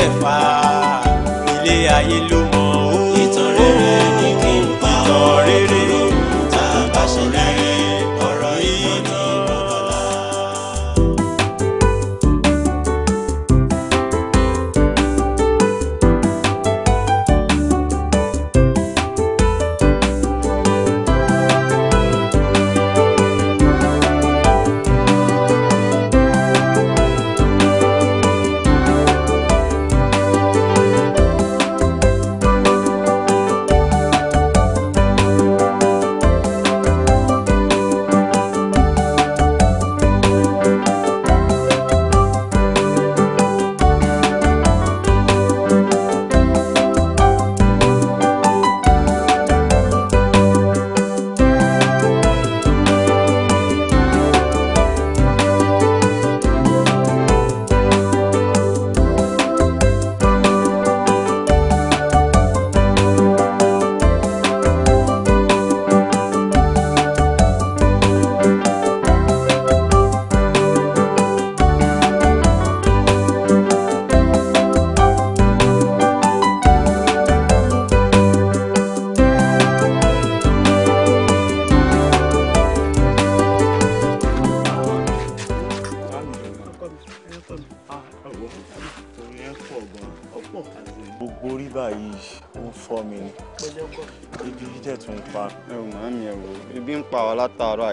mẹ́fà.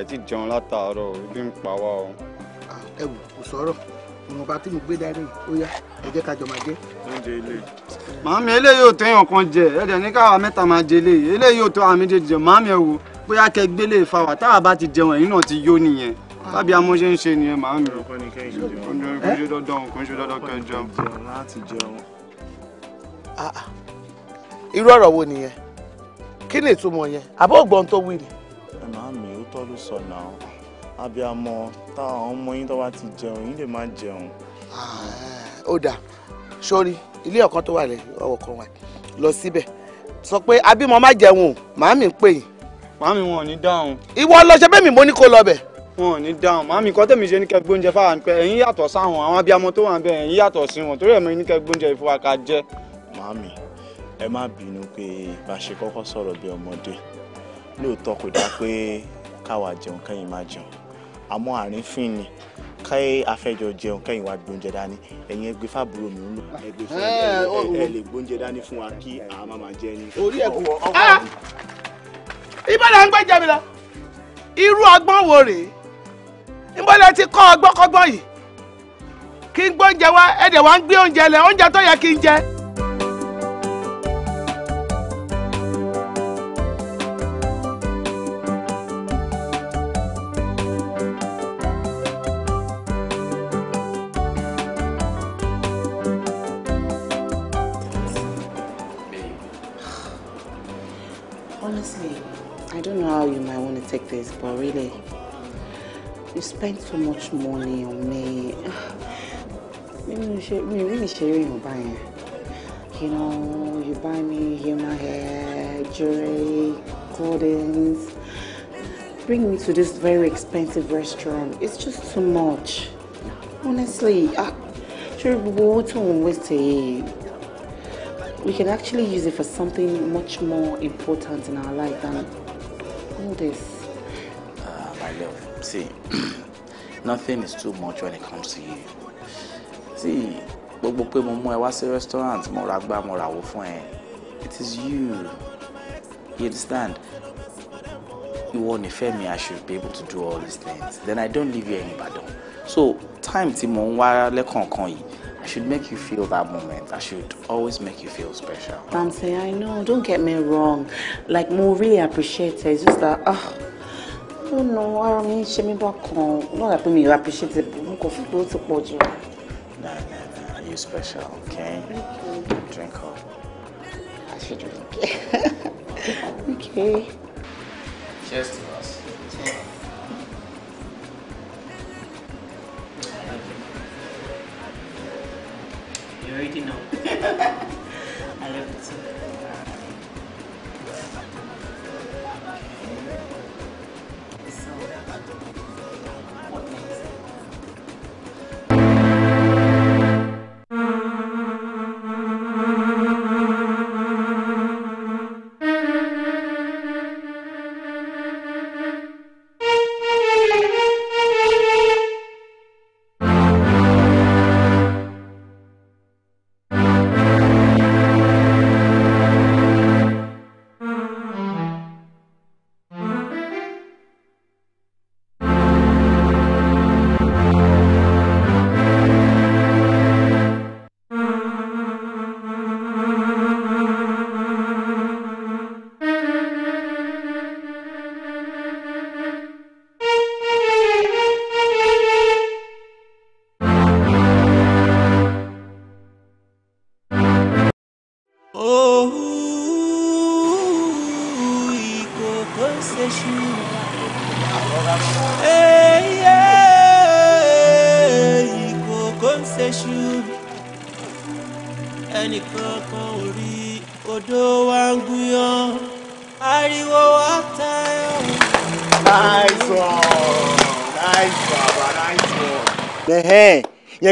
ti jẹun látàárọ̀ ibi ń pa wá o. ẹ wò kò sọ̀rọ̀ ìwọ̀nba tí mo gbé dání ó yá ẹ jẹ́ ká jọ máa jẹ. oúnjẹ ilé. màámi eléyìí ò tó èèyàn kan jẹ ẹ̀dẹ̀ ní káwa mẹ́ta máa jẹ eléyìí eléyìí ò tó àmì jẹjẹ màámi ẹ wò bóyá kẹ gbélé fa wà táwa bá ti jẹun ẹ̀yìn náà ti yó nìyẹn bábí amó ń ṣe nìyẹn màámi. kò wo nìyẹn kí ni ìtumọ̀ yẹn àbọ̀ ògbọ́n tó wí ni sọ náà abiyamọ táwọn ọmọ yín tó bá ti jẹun yín lè má jẹun. Ah, ó dáa sórí ilé ọ̀kan tó wà lẹ́yìn ọwọ́ kan wà lọ síbẹ̀ sọ pé abímọ má jẹun o màámi ń pè yín. màámi wọn ò ní dáhùn. ìwọ lọ ṣe bẹ́ẹ̀ mi mo ní kó lọ bẹ̀. wọn ò ní dáhùn màámi kọ́ tèmi ṣe ní kẹ́ gbóúnjẹ fáwọn pé ẹ̀yin yàtọ̀ sáwọn àwọn abiyamọ tó wà ń bẹ ẹ̀yin yàtọ̀ sí wọn torí ẹ̀mọ ní kẹ́ gbóúnjẹ ìfowó ká jẹ. màámi ẹ má bínú pé bá a ṣe kọ́kọ́ sọ̀rọ̀ bí ọmọdé lóòótọ́ kò dáa pé káwa jẹun kẹ́yìn má jẹun àmọ́ àrífín ni káyé afẹ́jọ jẹun kẹ́yìn wá gbóúnjẹ dání ẹ̀yin ẹgbẹ́ fàbúrò mi ń lò ẹgbẹ́ fún ẹ lè gbóúnjẹ dání fún wa kí àá má máa jẹ ní. orí ẹ̀ kò wọ́ ah! ìbára ń gbẹ́jẹ́ mi lọ irú ọgbọ́n wo rèé ìbọ̀lẹ̀ ti kọ́ ọgbọ́n yìí kí n gbóúnjẹ wá ẹ̀dẹ̀ wá ń gbé oúnjẹ lẹ̀ oúnjẹ tó yẹ kí n jẹ. but really, you spend so much money on me. Me really sharing your buying. You know, you buy me human hair, jewelry, clothing. Bring me to this very expensive restaurant. It's just too much. Honestly, sure, ah, what waste we can actually use it for something much more important in our life than all this. my love, see, nothing is too much when it comes to you. See, gbogbo pé mo mú ẹ wá sí restaurant mo ra gbá mo ra fún ẹ it is you you understand ìwọ nífẹ̀ẹ́ mi i should be able to do all these things then i don't leave you in Ibadan so time tí mo ń wá lẹ́kọ̀ọ̀kan yìí i should make you feel that moment i should always make you feel special. Bamse i know don't get me wrong like mo really appreciate it it's just that. Uh, ó nà ara mi ṣe mí bá kan náà dàbí mi ò appreciate it n kò fi pé ó ti pọ̀ jù. na na na you special okay drink up. I should drink. okay. cheers to us. You already know. I love it so much.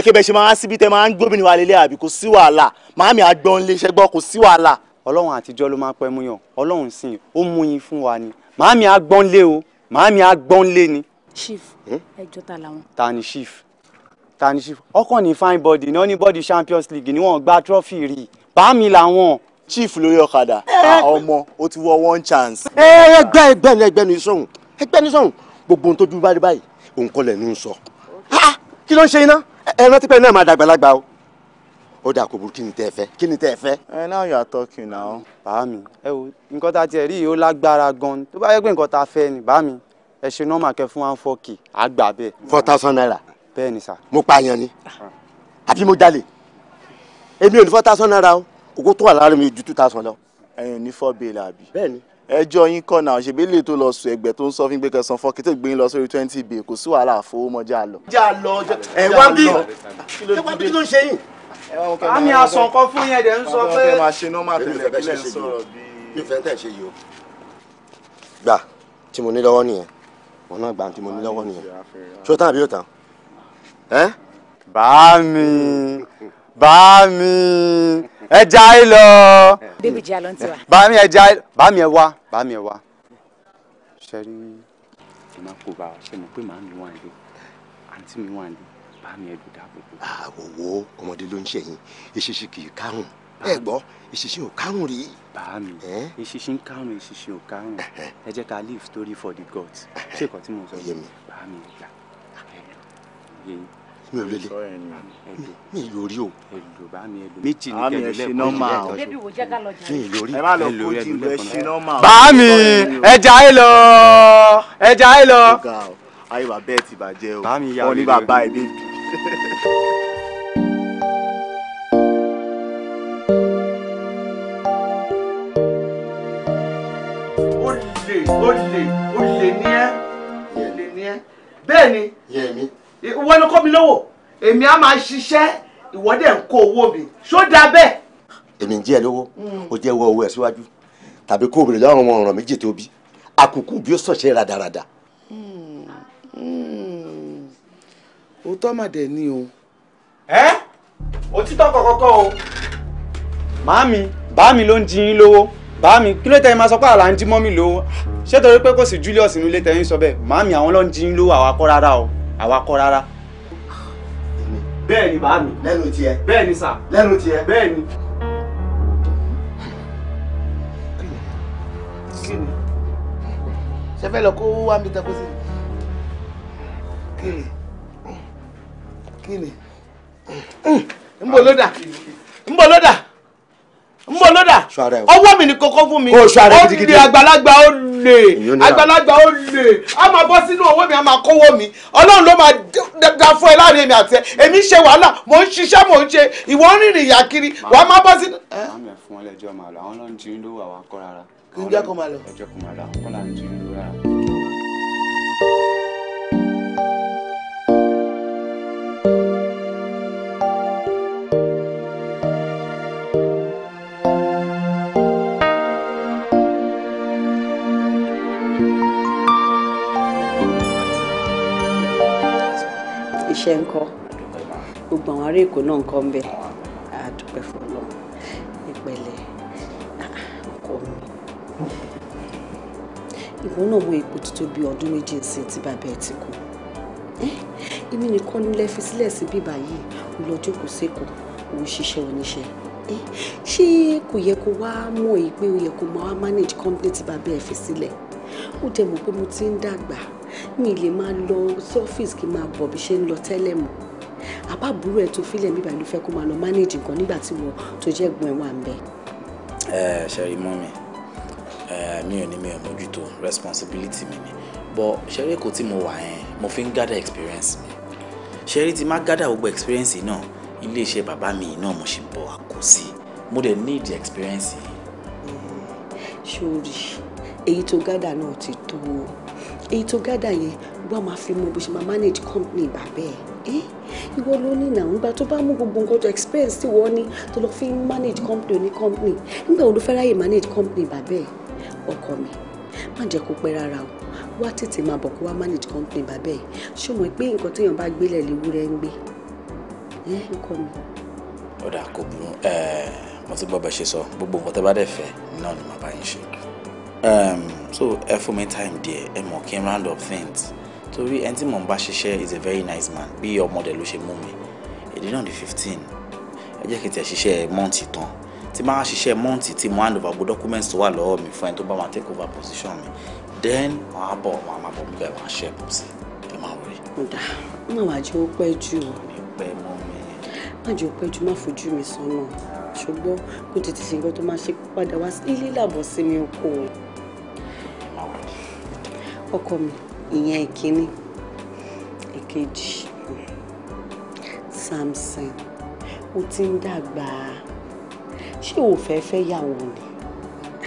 kí bẹ́ẹ̀ ṣe máa síbi tẹ́ máa ń gbóbìnrin wa lélẹ̀ àbí kò sí wàhálà màámi àgbọ̀n lè ṣẹ́gbọ́ kò sí wàhálà. ọlọ́run àtijọ́ ló máa pẹ́ mú yàn ọlọ́run sì ó mú yín fún wa ni màámi àgbọ̀n lé o màámi àgbọ̀n lé ni. chief eh? ẹjọ́ ta làwọn. ta ni chief ta ni chief ọkàn ní fine body ní only body champions league ni wọ́n gba trophy rí bàámi làwọn chief lórí ọ̀kadà eh, eh, ah, ọmọ ó ti wọ one chance. ẹ ẹ gbẹ ẹgbẹ ní ẹgbẹ ní sọhùn ẹgbẹ ní sọhùn gbogbo ohun tójú bá báyìí òun kọlẹ̀ ní sọ kí ló ń ṣe iná ẹ rántí náà máa dàgbàlagbà o ó dà kó burú kí ni tẹ́ ẹ kí ni tẹ́ ẹ fẹ́. ẹ now you are talking now. bàá mi ẹ wo nǹkan tá a tiẹ̀ rí yìí ó lágbára gan-an tó bá yẹ pé nǹkan tá a fẹ́ ni bàá mi ẹ ṣe nọ́ọ̀mà kẹ fún one four k á four thousand naira. bẹ́ẹ̀ ni sà. mo pa àyàn ni àbí mo jalè èmi ò ní four thousand naira o òkú tó wà lára mi ju two thousand lọ. ẹ̀yin ò ní four bẹ́ẹ̀lì àbí. bẹ́ẹ̀ ni ẹjọ́ yín kọ́ náà ṣèbí lè tó lọ sùn ẹgbẹ́ tó ń sọ fún gbẹ́kẹ̀ san fọ́ọ̀kì tó gbé yín lọ sórí twenty bay kò sí wàhálà àfowómọ́já lọ. já lọ ẹ wá bí ẹ wá bí kí ló ń ṣe yìí. àmì àsàn kan fún yẹn dẹ̀ ń sọ pé. ọkẹ máa ṣe normal tẹ́lẹ̀ tẹ́lẹ̀ sọ̀rọ̀ bí. ìfẹ́ tẹ̀ ṣe yìí o. gbà tí mo ní lọ́wọ́ nìyẹn wọn náà gbà tí mo ní lọ́wọ́ nìyẹn ṣó tán àbí ò tán. bá mi bá mi ẹja ẹ lọ. débi jẹ́ àlọ́ ti wá. bàmí ẹja bàmí ẹ wá bàmí ẹ wá. sẹ́rí tí máa kó bá ṣe mọ̀ pé màá mi wà nílé àǹtí mi wà nílé bàmí ẹ dáàbò àwòwò ọmọdé ló ń ṣẹ̀yìn eṣiṣi kì í kárùn ẹ gbọ́ eṣiṣi ò kárùn rí. bàmí eṣiṣi ń kárùn eṣiṣi ò kárùn ẹ jẹ́ ká leave story for the gods ṣé ìkọ́ tí mo sọ yé bàmí ẹ gbà ẹ lọ mi ò lélẹ̀ mi ì lórí o. méjì ní kẹ́lẹ́ lẹ́kùn nọ́mà o mi ì lórí ẹlòrí ẹlòrí. bàámi ẹja ẹ lọ ẹja ẹ lọ. ayé bàbá ti bàjẹ́ o wọn ní bàbá ẹ bẹ́ẹ̀ bí. olè olè olè ní ẹ ní ẹ bẹ́ẹ̀ ni ìwọ ni kó mi lówó èmi á máa ṣiṣẹ́ ìwọ dẹ̀ ń kó owó mi ṣó dáa bẹ́ẹ̀. èmi ń jẹ́ ẹ lówó o hmm. jẹ́ wọ owó ẹ síwájú tàbí kó obìnrin láwọn ọmọ ọ̀ràn méjì tó bí àkùkù bí ó sọ̀ṣẹ́ radarada. Hmm. òótọ́ mà dẹ̀ ni o. ẹ òtítọ́ kọ̀kọ́kọ́ o. màámi bàámi ló ń jí yín lówó mi kí ló tẹ ẹ máa sọ pé àlà ń jí mọ́mì lówó ṣé torí pé kò sí Julius nílé tẹ ẹ ń sọ bẹ́ẹ̀ màámi àwọn ló ń jí lówó àwa kọ́ rárá o àwa kọ́ rárá. bẹ́ẹ̀ ni bàá mi. lẹ́nu tiẹ̀. bẹ́ẹ̀ ni sà. lẹ́nu tiẹ̀. bẹ́ẹ̀ ni. kí ni ṣe fẹ́ lọ kó wá mi tako sí kí ni kí ni nbọ ló dà nbọ ló dà n bọ lódà ọwọ́ mi ni kọ́kọ́ fún mi ó lè àgbàlagbà ó lè àgbàlagbà ó lè a máa bọ́ sínú ọwọ́ mi a máa kọ́wọ́ mi ọlọ́run ló máa da fún ẹ láàrin èmi àti ẹ èmi ṣe wàhálà mò ń ṣiṣẹ́ mò ń ṣe ìwọ ń rìnrìn ìyá kiri wà á máa bọ́ sínú. àmì ẹ̀fọn ẹlẹ́jọ́ máa lọ àwọn ọlọ́run ti ń lówó àwọn akọ́ rárá. ẹjọ́ kò máa lọ ẹjọ́ kò máa lọ àwọn ọlọ́run ti ń lówó rárá. iṣẹ́ ńkọ́ gbogbo àwọn ará èkó náà ńkọ́ ń bẹ̀ àdúpẹ́ fọlọ́ ìpẹ̀lẹ́ ah, ọkọ mi ìwọ náà mọ ipò tó tóbi ọdún méjì sí tí bàbá ẹ ti kú èmi nìkan nílẹ̀ fi sílẹ̀ sí bíbá yìí lọ́jọ́ kò sékòó òun ṣiṣẹ́ oníṣẹ́ ṣé kò yẹ kó wá mọ̀ pé ó yẹ kó máa manage company tí bàbá ẹ fi sílẹ̀ ó dẹ̀ mọ̀ pé mo ti ń dàgbà mi lè máa lọ sí ọ́fíìsì kí n máa bọ̀ bí ṣe ń lọ tẹ́lẹ̀ mọ́ àbábúrò ẹ̀ tó fílẹ̀ mi báyìí fẹ́ kó máa lọ manage nǹkan nígbà tí wọ́n tó jẹ́ gbọ́n ẹ̀ wà ń bẹ̀. ẹ ṣẹ́rí mọ́ mi mi ò ní mi ò mójútó responsibility mi ni but ṣẹ́rí èkó tí mo wà yẹn mo fi ń gather experience mi ṣẹ́rí ti má gather gbogbo experience náà iléeṣẹ́ bàbá mi náà mo ṣe bọ̀ àkó sí mo dẹ̀ need experience yìí. ṣé o rí èyí tó gádà náà ti tó o èyí tó gádà yẹn wọ́n máa fi mọ bó ṣe máa manage company bàbá ẹ̀ ìwọ ló ní nà ńgbà tó bá mú gbogbo nǹkan tó experience tí wọ́n ní tó lọ fi manage company oní company nígbà wo ló fẹ́ ráyè manage company bàbá ẹ̀ ọkọ mi má jẹ́ kó pẹ́ rárá o wá tètè máa bọ̀ kó wá manage company bàbá ẹ̀ ṣé o mọ̀ pé nǹkan téèyàn bá gbélé léwúrẹ́ ń gbé ẹ̀ ọkọ mi. ọ̀dà kò burú mo ti gbọ́ bẹ́ẹ̀ ṣe sọ gbogbo nǹkan tẹ́ bá dẹ̀ fẹ́ náà ni màá bá yín ṣe um, so ẹ fún mi time díẹ̀ ẹ mọ̀ kí n round up things torí ẹni tí mò ń bá ṣiṣẹ́ is a very nice man bí ọmọdé ló ṣe mú mi èdè náà di fifteen ẹ jẹ́ kí n tẹ̀ ṣiṣẹ́ mọ́ǹtì tán tí máa ṣiṣẹ́ mọ́ǹtì tí mo hand over gbogbo documents tó wà lọ́wọ́ mi fún ẹni tó bá máa take over position mi then wàá bọ̀ wàá máa bọ̀ mú bẹ́ẹ̀ wàá ṣe pọ̀ sí ẹ máa wọlé. ọ̀dà náà wàá jẹ́ ó pẹ́ jù. mi pẹ́ mọ́ mi. má jẹ́ ó pẹ́ jù má fojú mi sọ́nà ṣùgbọ́n kó tètè ṣe nǹkan tó máa ṣe padà wá ilé làbọ̀ sí mi oko fọ́kọ mi ìyẹn ìkíní ìkejì Samson ó ti ń dàgbà ṣé o fẹ́ fẹ́ yàwó ni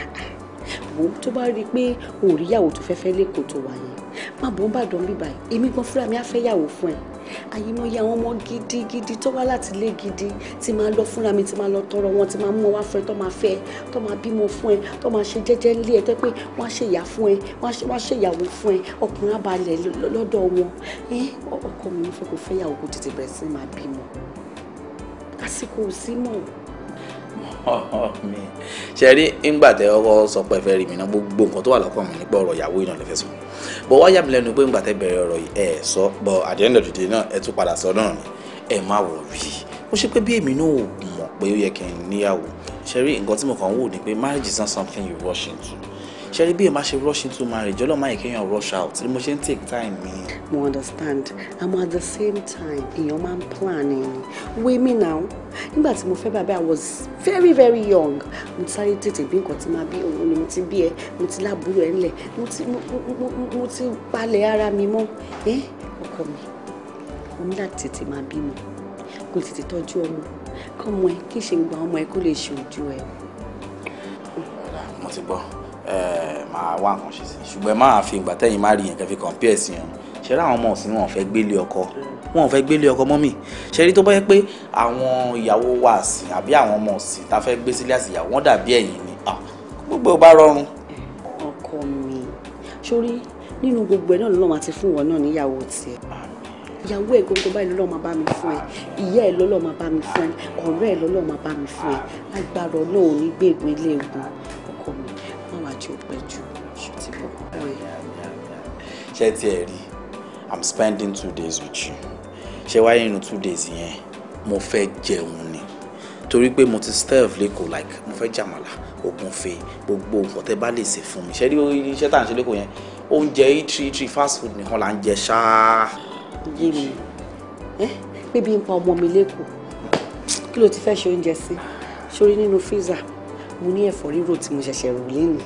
wo tó bá rí i pé o ò rí yàwó tó fẹ́ fẹ́ lẹ́kọ̀ọ́ tó wà yẹn má bọ́ ń bàdàn bíbá yìí èmi gan fúnra á fẹ́ yàwó fún ẹ àyìnbóyè àwọn ọmọ gidigidi tó wá láti ilé gidi tí máa lọ fúnra mi tí máa lọ tọrọ wọn tí máa mú ọ wá fún ẹ tó máa fẹ́ ẹ tó máa bímọ fún ẹ tó máa ṣe jẹ́jẹ́ ńlé ẹ tó pé wọ́n á ṣe ìyá fún ẹ wọ́n á ṣe ìyàwó fún ẹ ọkùnrin abalẹ̀ lọ́dọ̀ wọn ẹ ọkọ mi fẹ́ kó fẹ́ ìyàwó kó tètè bẹ̀rẹ̀ sí máa bímọ àsìkò ò sí mọ́ mi ṣe rí ńgbà tẹ ọkọ sọ pé fẹ́ rí mi náà gbogbo nǹkan tó wà lọ́kàn mi nípa ọ̀rọ̀ ìyàwó ìnà lẹ́fẹ̀ẹ́ sùn bọ̀ wá yà mí lẹ́nu pé ńgbà tẹ bẹ̀rẹ̀ ọ̀rọ̀ yìí ẹ̀ sọ bọ̀ at the end of the day náà ẹ tún padà sọ náà ni ẹ má wọ̀ rí ó ṣe pé bí èmi náà ò mọ̀ pé ó yẹ kí n níyàwó ṣe rí nǹkan tí mo kàn wò ni pé marriage is not something you rush into ṣe rí bí èèyàn bá ṣe rush into marriage ọlọ́mọ àyè kéèyàn rush out ni mo ṣe ń take time mi. mo understand àmọ́ at the same time èèyàn máa ń plan ni wé mi náà nígbà tí mo fẹ́ bàbá i was very very young mo ti sáré tètè bí nǹkan tí máa bí òun ni mo ti bí ẹ mo ti lábúrò ẹ ńlẹ̀ mo ti palẹ̀ ara mi mọ́ ẹ eh? ọkọ mi mo ní láti tètè máa bímọ kò tètè tọ́jú ọmọ kọ́mọ ẹ kí ṣe ń gba ọmọ ẹ kó lè ṣe ojú ẹ. mo ti gbọ́. Eh, máa wá nǹkan ṣe sí ṣùgbọ́n ẹ máa fi ìgbà tẹ́yìn má rí yẹn kẹfí compare sí yẹn ṣe rí àwọn ọmọ ọ̀sìn wọn fẹ́ gbélé ọkọ wọn fẹ́ gbélé ọkọ mọ́mì ṣe rí tó bá yẹ pé àwọn ìyàwó wa àsìn àbí àwọn ọmọ ọ̀sìn tá a fẹ́ gbé sílé àsìn ìyàwó wọn dàbí ẹ̀yìn ni ah, gbogbo bá rọrùn. ọkọ mi sórí nínú gbogbo ẹ náà lọ́lọ́ máa ti fún wọn náà níyàwó tiẹ̀ ìyàwó ẹ gbogbo báyìí lọ́lọ́ máa bá mi fún ẹ ìyá ẹ lọ́lọ́ máa bá mi fún ẹ ọ̀rẹ́ ẹ lọ́lọ́ máa bá mi fún ẹ agbára ọlọ́run ní gbègbè ilé ìgbọ̀n ṣé ti ẹ̀ rí i'm spending two days with you ṣé wáyé nínú two days yẹn mo fẹ́ jẹun ni torí pé mo ti serve lẹ́kọ̀ọ́ like mo fẹ́ jàmàlà ògúnfe gbogbo nǹkan tẹ́ bá lè ṣe fún mi ṣé rí iṣẹ́ tá à ń ṣe lẹ́kọ̀ọ́ yẹn oúnjẹ itri itri fast food nìkan là ń jẹ ṣáá. yé mi ẹ pé bí n pa ọmọ mi lẹ́kọ̀ọ́ kí ló ti fẹ́ ṣe oúnjẹ sí sórí nínú freezer mo ní ẹ̀fọ́ rírò tí mo ṣẹ̀ṣẹ̀ rò lénìí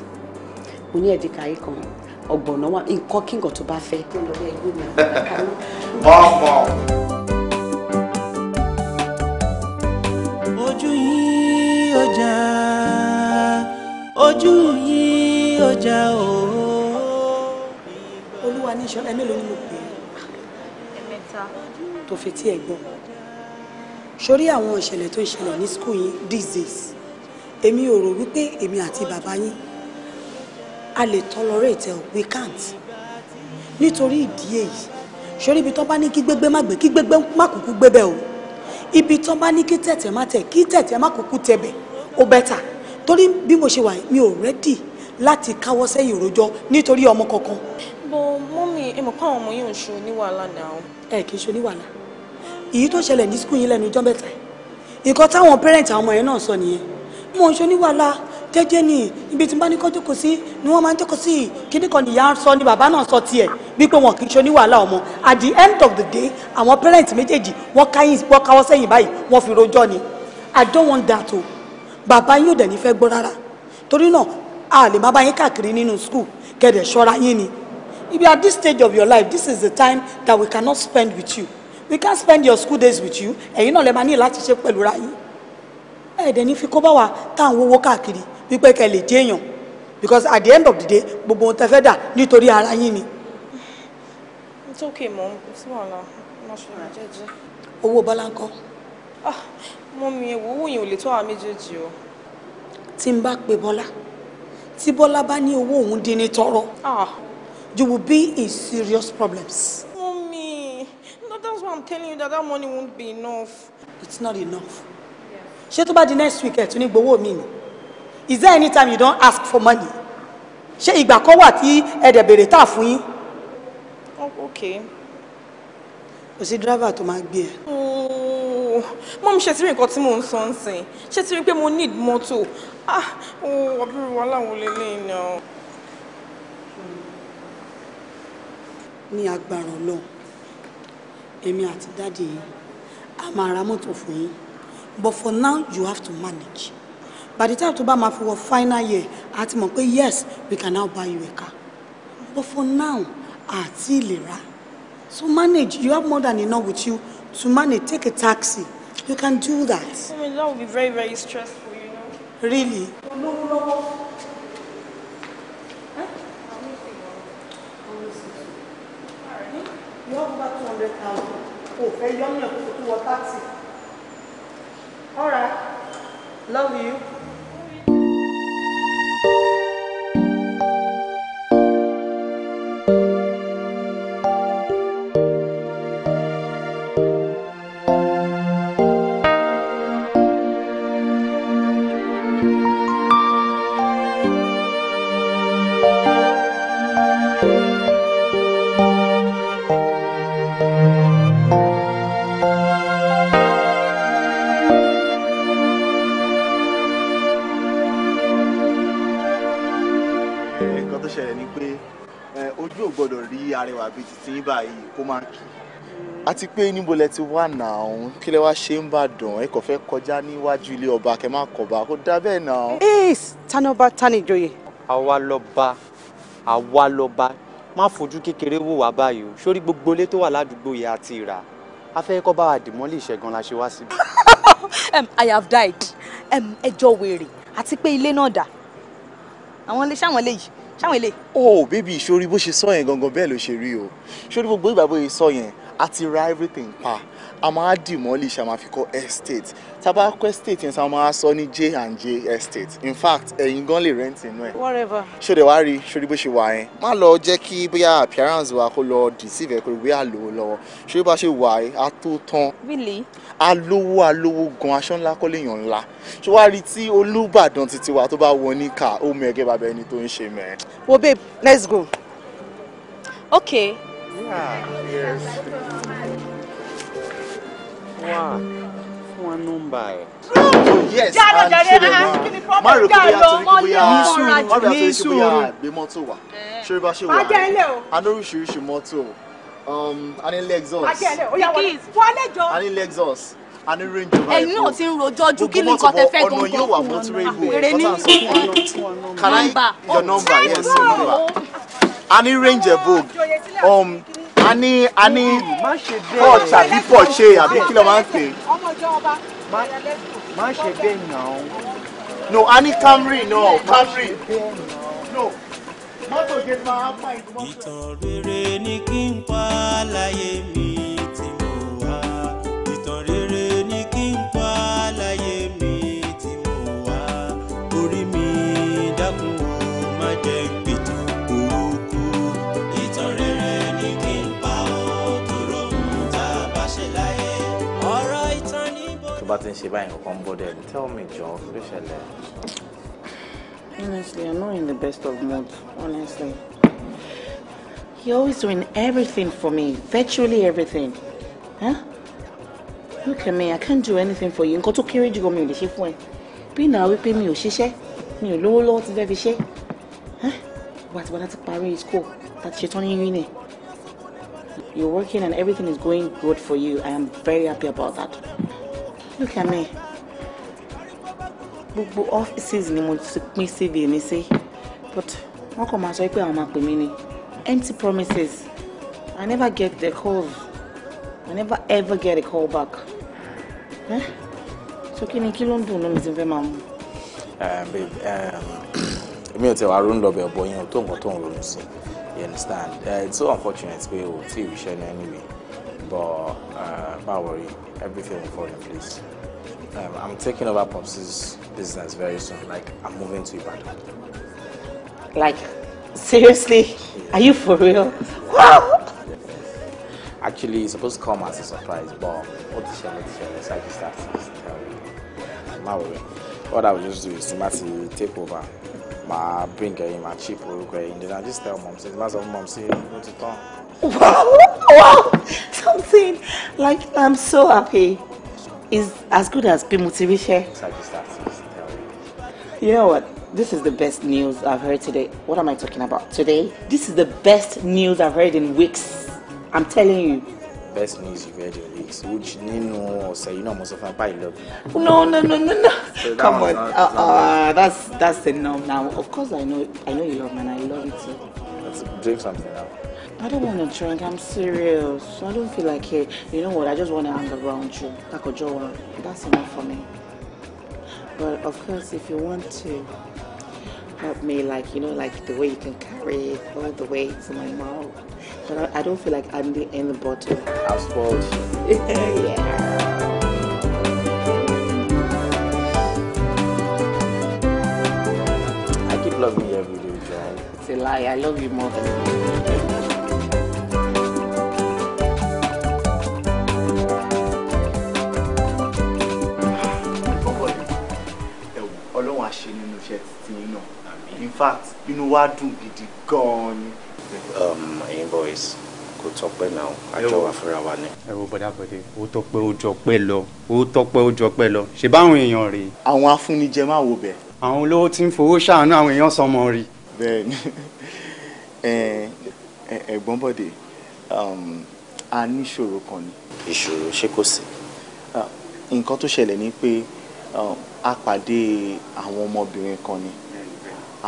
mo ní ẹ̀dínkàyé kan ọgbọ̀nà wa nǹkan kí nǹkan tó bá fẹ́. ọmọ. ojú yìí ọjà ojú yìí ọjà o. olúwa ní ìṣọ́lá mélòó ni mo pè é. ẹ̀mẹ́ta. tó fi tí ẹ gbọ́ sórí àwọn ìṣẹ̀lẹ̀ tó ń ṣẹlẹ̀ ní skul yín disease èmi ò rò wípé èmi àti bàbá yín a lè tolerate ẹ we can't nítorí ìdí èyí sórí ibi tó bá ní kí gbégbé má gbé kí gbégbé má kúkú gbé bẹ́ẹ̀ o ibi tó bá ní kí tẹ̀tẹ̀ má tẹ̀ kí tẹ̀tẹ̀ má kúkú tẹ̀ bẹ̀ ó bẹ́tà torí bí mo ṣe wà mi ò rẹ́dì láti káwọ́ sẹ́yìn rojọ́ nítorí ọmọ kankan. bó mọ́mí ẹ mọ̀ pé àwọn ọmọ yìí ń ṣe oníwàhálà náà. ẹ kì í ṣe oníwàhálà èyí tó ṣẹlẹ̀ ní skul yín lẹ́nu ọjọ́ mẹ́ta nǹkan táwọn pẹ́rẹ́ǹtì àwọn ọmọ yẹn náà sọ nìyẹn mo ń ṣe oníwàhálà jẹ́jẹ́ ni ibi tí n bá ní kọjú kò sí ni wọ́n máa ń jókòó sí kíní kan nìyá sọ ni bàbá náà sọ tiẹ̀ wípé wọn kì í ṣe ní wàhálà ọmọ at the end of the day àwọn parent méjèèjì wọ́n káyìn wọ́n káwọ́ sẹ́yìn báyìí wọ́n fi rojọ́ ni i don't want that o bàbá yóò dẹ̀ ní fẹ́ gbọ́ rárá torí náà a lè má bá yín káàkiri nínú school kẹ̀dẹ̀ ṣọ́ra yín ni if you are at this stage of your life this is the time that we cannot spend with you we can't spend your school days with you ẹ̀yin náà lè máa ní láti ṣe pẹ̀lú ra yín ẹ̀ẹ́dẹ̀ ní fi kó bá wa tá à ń wọ́wọ́ káàkiri wípé kẹ́ lè jẹ́ because at the end of the day gbogbo ohun tẹ́ fẹ́ dà nítorí ara yín ni. it's okay mọ sí wàhálà má ṣe máa jẹ́jẹ́. owó bọ́lá ń kọ́. Ah, mọ mi ìwúwú yìí ò lè tó àwọn méjèèjì o. tí n bá pe bọ́lá tí bọ́lá bá ní owó òun dín ní tọrọ ah. you will be in serious problems. Mommy, no, that's why I'm telling you that that money won't be enough. It's not enough. ṣé tó bá di next week ẹ̀ tún ní gbowó mi ni is there any time you don ask for money ṣé ìgbà kan wà tí ẹ̀dẹ̀ béèrè tà fún yín. Oh, okay. kò sí dírẹ́fà tó máa gbé ẹ. mọ mi ṣe ti rí nǹkan tí mò ń sọ ń sìn ṣe ti pé mo need mọ́tò ah àbúrò wa láwọn lélẹ́yìn náà. ní agbára ọlọ́run èmi àti dáàdi yìí a máa ra mọ́tò fún yín but for now you have to manage by the time to buy my for wọ final year a ti mọ̀ yes we can now buy you a car but for now àti ìlera so manage you have more than enough with you to manage take a taxi you can do that. I mean that would be very very stressful you know. really. olówólọ́wọ́. you have about two hundred thousand kò fẹ́ yọ́nà kó tó wọ taxi. all right love you. Bye. arẹwà bíi titi yín báyìí kó máa kì àti pé níbo lẹ ti wà náà òun kí lẹ wá ṣe ń bàdàn ẹ kò fẹ́ kọjá níwájú ilé ọba kẹ má kọba kó dá bẹ́ẹ̀ náà. ace tanọba tanijoye. àwa lọba àwa lọba má fojú kékeré wò wá báyìí o sórí gbogbo ilé tó wà ládùúgbò yìí àti ìrà afẹ́kọ́ bá wa dìmọ́lì ìṣẹ́gun la ṣe wá síbi. i have died ẹjọ́ wèrè àti pé ilé náà dà àwọn ilé ṣáwọn eléyìí ṣáwọn ilé. oh baby ìṣòrí bó ṣe sọ yẹn gangan bẹ́ẹ̀ ló ṣe rí o ṣórí gbogbo ìgbà bó ṣe sọ yẹn a ti ra everything pa a máa demolish a máa fi kọ́ estate tábà kọ́ estate yẹn sá máa sọ ní J and J estate in fact ẹ̀yin gan lè rent inú ẹ̀. whatever. ṣòdè wá rí ṣòdì bó ṣe wà yẹn má lọ jẹ́ kí bóyá appearance wa kó lọ deceive ẹ̀ kó bóyá lò ó lọ́wọ́ ṣòdì bá ṣe wà yẹn a tó tán. really. alówó alówó gan aṣọ ńlá kọ́ lèèyàn ńlá ṣé wàá rí tí Olúbàdàn títí wa tó bá wọ ní ká ó mú ẹgẹ́ bàbá ẹni tó ń ṣe mẹ́. wo babe let's go. okay. Yeah, yes wá fún wa nọ́mbà yes and ṣe lè máa má rò pé àtọ̀ ní bóyá ní sùúrù ní sùúrù gbé mọ́tò wá eh. ṣé bá ṣe wà ní adóríṣiríṣi mọ́tò um, a ní Lexus a ní Lexus a ní Range Rover ẹ̀yin náà ti ń rojọ́ ju kí ni nǹkan tẹ fẹ́ gan gan fún wọn èrè your number yes your number a ní Range Vogue a ní a ní port àbí àbí kí ló máa ń pè. má ṣe bẹ́ẹ̀ náà. no a ní Camry No, Camry. no mọ́tò ṣe máa ń pa ìdúmọ̀. ìtàn rere ni kí n pa láyé mi. ń ṣe báyìí kankan bọ́dẹ̀ tell me jọ kí ló ṣẹlẹ̀. honestly i'm not in the best of mood honestly he always doing everything for me virtually everything huh? look at me i can't do anything for you nǹkan tó kéré jù mi ò lè ṣe fún ẹ bí náà wípé mi ò ṣiṣẹ́ mi ò lówó lọ́wọ́ ti fẹ́ fi ṣe wà tí wọ́n ti parí school láti ṣetán ní uni you're working and everything is going good for you i am very happy about that look at me gbogbo offices ni mo ti pín CV mi sí but wọ́n kàn máa sọ pé àwọn máa pè mí ni empty promises I never get the calls I never ever get a call back eh? so kí ni kí ló ń dùn lómi tí n fẹ́ máa mú. Um, um, èmi ò tẹ wàá ronú lọ́bẹ̀ ọ̀bọ yẹn tó nǹkan tó ń ronú sí you understand uh, it's so unfortunate pé o tí ì ríṣẹ́ ní anyway but uh, don't worry, everything will fall in place. Um, I'm taking over Pops's business very soon. Like, I'm moving to Ibadan. Like, seriously? Yeah. Are you for real? Wow! Actually, it's supposed to come as a surprise, but what the shell, what the shell, it's like just that. Don't worry. What I will just do is to take over màá bring ẹyin màá chip orúkọ ẹyin then i just tell mom say má sọ mom say ó ti tán. wow wow something like i'm so happy is as good as pé mo ti ríṣẹ́. you know what this is the best news i've heard today what am i talking about today this is the best news i've heard in weeks i'm telling you. best news you've heard in weeks which Nino ọ̀sẹ̀ you know, most of my pilot. no no no no no so come on uh, uh that's that's the norm now of course i know i know you love me and i love you too. let's drink something now. I don't want to drink. I'm serious. I don't feel like it. You know what? I just want to hang around you. Like a That's enough for me. But of course, if you want to help me, like, you know, like the way you can carry all the weight to my mouth. but I, I don't feel like I'm the end bottle. I'm spoiled. yeah. I keep loving you every day, John. It's a lie. I love you more than you. Ọlọ́run á ṣe nínú iṣẹ́ títí náà. In fact, you know what? gidi gan-an gone. Um, invoice. boys kò tọpẹ́ náà àjọ wà fúnra wa ni. ẹ wo bọ́dàbọ́dẹ ó tọpẹ́ ó jọpẹ́ lọ ó tọpẹ́ ó jọpẹ́ lọ ṣe báwọn èèyàn rèé. àwọn afúnijẹ máa wo bẹ́ẹ̀. àwọn olówó ti ń fowó ṣàánú àwọn èèyàn sọmọ rí. bẹ́ẹ̀ni ẹ̀gbọ́n bọ̀dẹ̀ um, a níṣòro kan ni. ìṣòro ṣé kò sí. nǹkan tó ṣẹlẹ̀ ni pé um, a pàdé àwọn ọmọbìnrin kan ni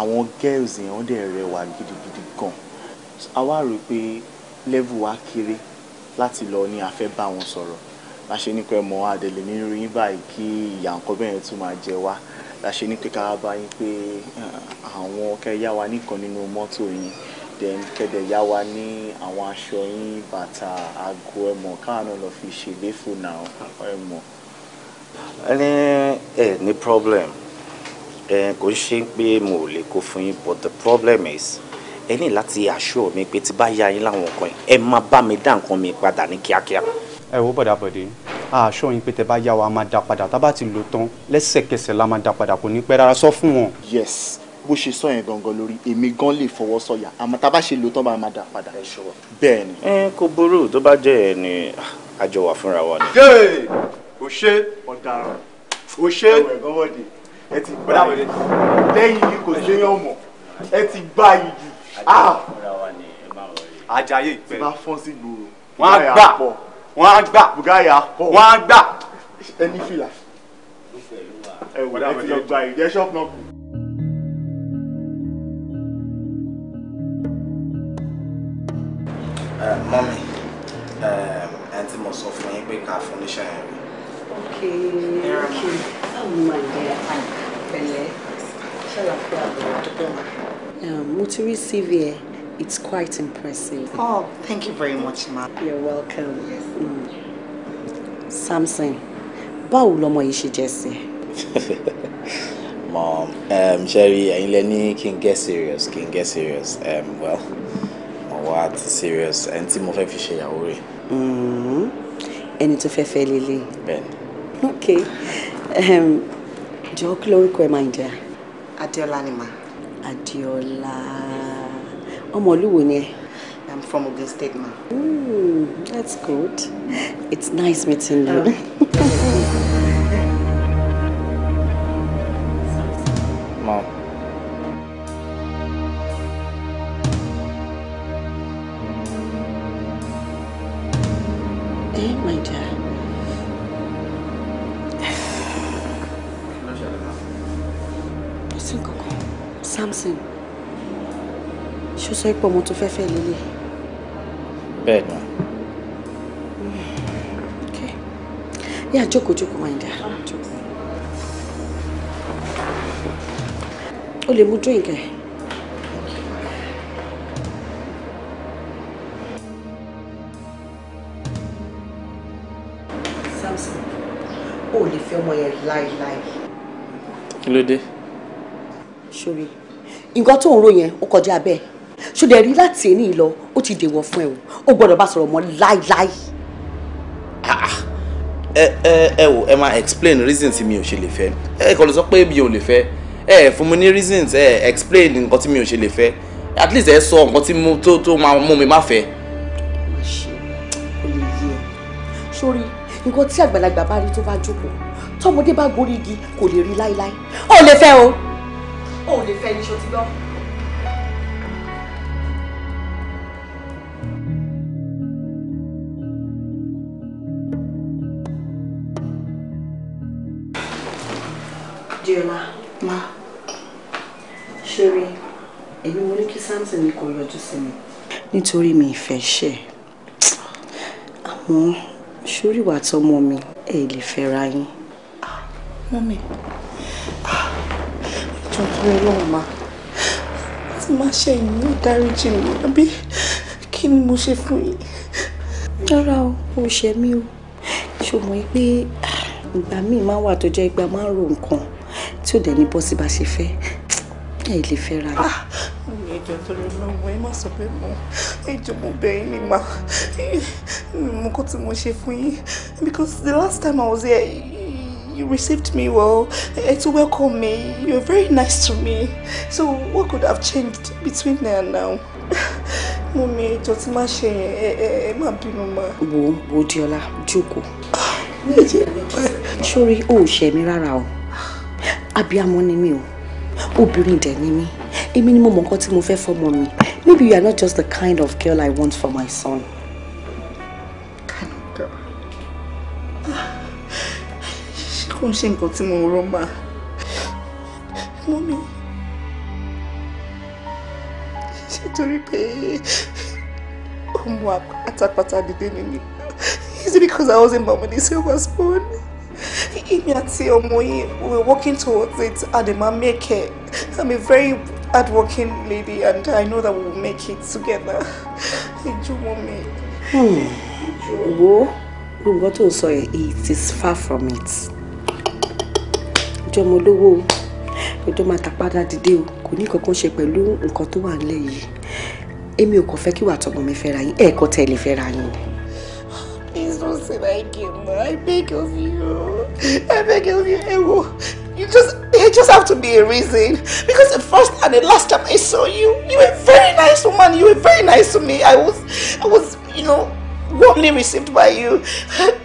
àwọn girls yẹn wọ́n dẹ̀ rẹwà gidigidi gan-an a wá rò pé level wa kéré láti lọ ni a fẹ́ bá wọn sọ̀rọ̀ la ṣe ní pé mọ adèlè mi rí yín báyìí kí ìyà nǹkan bẹ́ẹ̀ tún máa jẹ wá la ṣe ní pé ká bá yín pé àwọn kẹ́ yá wa nìkan nínú mọ́tò yín then kẹ́dẹ̀ yá wa ní àwọn aṣọ yín bàtà aago ẹ̀mọ́ káwọn náà lọ fi ṣèléfò náà ẹ̀mọ́. ẹni ẹ ní problem kò ṣe pé mo ò lè kó fún yín but the problem is ẹ ní láti assure mi pé tí bá yá yín láwọn nǹkan yìí ẹ máa bá mi dá nǹkan mi padà ní kíákíá. ẹ wo bọ̀dà bọ̀dé a assure yín pé tẹ bá yá wa máa dá padà tá a bá ti lò tán lẹ́sẹ̀kẹsẹ̀ la máa dá padà kò ní pẹ́ rárá sọ fún wọn. yes bó ṣe sọ yẹn gangan lórí èmi gan lè fọwọ́ sọ̀yà àmọ́ tá a bá ṣe lò tán bá máa dá padà. bẹ́ẹ̀ ni. ẹ kò burú tó bá jẹ́ ẹ ni àjọ ah, wà fúnra wa ni. yéè ẹ ti gbá yìí jù ajayi ah! ìpẹ́ tí bá fọ́n sí gbòòrò wọ́n á gbà wọ́n á gbà bùgáyà pọ̀ wọ́n á gbà ẹni fìlà ẹ wò ẹ ti lọ gba ìjẹ́ ṣọ́ọ̀pù náà kù. mọ́mí ẹni tí mo sọ fún yín pé ká fún níṣẹ́ yẹn rí. ok ok báwo oh ni màá jẹ àpẹlẹ ṣàlàyé àbẹ̀wò tó bọ̀ wá mo um, ti rí CV ẹ it's quite impressive. oh thank you very much ma. you're welcome. Yes. Mm. Samson báwo lọmọ yìí ṣe Mom, um, Sherry, ẹ̀yin lẹ get serious, kí get serious. Um, well, mo wá serious ẹni tí mo fẹ́ fi ṣe ìyàwó rẹ̀. Mm-hmm. Ẹni tó fẹ́ fẹ́ lélẹ̀. Bẹ́ẹ̀ni. Ok, um, jọ kí lórúkọ ẹ máa Adiola ọmọ ìlú wo I'm from Ogun State ma. Ooh, hmm, that's good it's nice meeting you. Oh. Mom. sọ pé ọmọ tó fẹ́ fẹ́ lélẹ̀. bẹ́ẹ̀ ni. yà jókòó jókòó máa ah, o lè mú drink ẹ̀. o lè fẹ́ ọmọ yẹn láéláé. kí ló dé. sori nǹkan tó ń ro yẹn ó kọjá bẹ́ẹ̀ ṣùdẹ̀ rí láti ẹni lọ ó ti dèwọ̀ fún ẹ o ó gbọ́dọ̀ bá sọ̀rọ̀ mọ́ láíláí. Ah, ah. ẹ ẹ ẹ wò ẹ máa explain reason tí mi ò ṣe lè fẹ́ ẹ kọ́ ló sọ pé mi ò lè fẹ́ ẹ fún mi ní reasons ẹ explain nǹkan tí mi ò ṣe lè fẹ́ at least ẹ sọ nǹkan tí mo tó tó máa mú mi má fẹ́. sórí nǹkan tí àgbàlagbà bá rí tó bá jókòó tọmọdé bá gorí igi kò lè rí láíláí ó lè fẹ́ o ó lè fẹ́ ní ṣọtí gbọ́. Diola. Ma. Ṣeré, èmi mo ní kí Samson ní kò yọjú sí mi. Nítorí mi ìfẹ́ ṣẹ̀. Àmọ́ ṣoríwà tọmọ mi ẹ lè fẹ́ra yín. Mọ́mí, ìjọba ọlọ́run ma. Láti má ṣe ìyìn ní ìdáríjì mi, àbí kí ni mo ṣe fún yín? Rárá o, o ṣẹ̀ mí o. Ṣùgbọ́n pé ah, ìgbà míì máa wà tó jẹ́ ìgbà máa ń ro nǹkan tí ò dẹ̀ ní bọ́ sí bá ṣe fẹ́ ẹ lè fẹ́ ra rẹ. ẹjọ tó lè lọ wọ ẹ má sọ pé mo ẹjọ mo bẹ̀ yín ni mà mo kọ́ tí mo ṣe fún yín because the last time I was here you received me well ẹ tún welcome me you were very nice to me so what could have changed between now and now mo mi ètò tí máa ṣe yẹn ẹ ẹ ẹ má bínú mọ́. wo wo diola jókòó. Ah, sórí o ò ṣẹ̀mí rárá o abiyamọ ni mi o obìnrin dẹ̀ ni mi èmi ni mo mọ nǹkan tí mo fẹ́ fọmọ mi maybe you are not just the kind of girl I want for my son. kind of girl ṣé kò ń ṣe nǹkan tí mo rọ́ máa mú mi ṣe torí pé ọmọ àtàpàtà dìde mi ni it's because I wasn't born with a silver spoon èmi àti ọmọ yìí we are working towards it a dẹ̀ máa make i'm a very hardworking lady and i know that we'll make it together ìjú mọ́ mi. Hmm. wo nǹkan tó ń it is far from it ìjọ ọmọ olówó ọjọ́ máa tàpadà dìde o kò ní kankan ṣe pẹ̀lú nǹkan tó wà nílẹ̀ yìí èmi ò kàn fẹ́ kí wàá tọmọ mi fẹ́ra yín ẹ̀ẹ̀kan tẹ̀lé fẹ́ra yín ni person I came. I beg of you. I beg of you, Ewo. You just, there just have to be a reason. Because the first and the last time I saw you, you were very nice woman. You were very nice to me. I was, I was, you know, warmly received by you.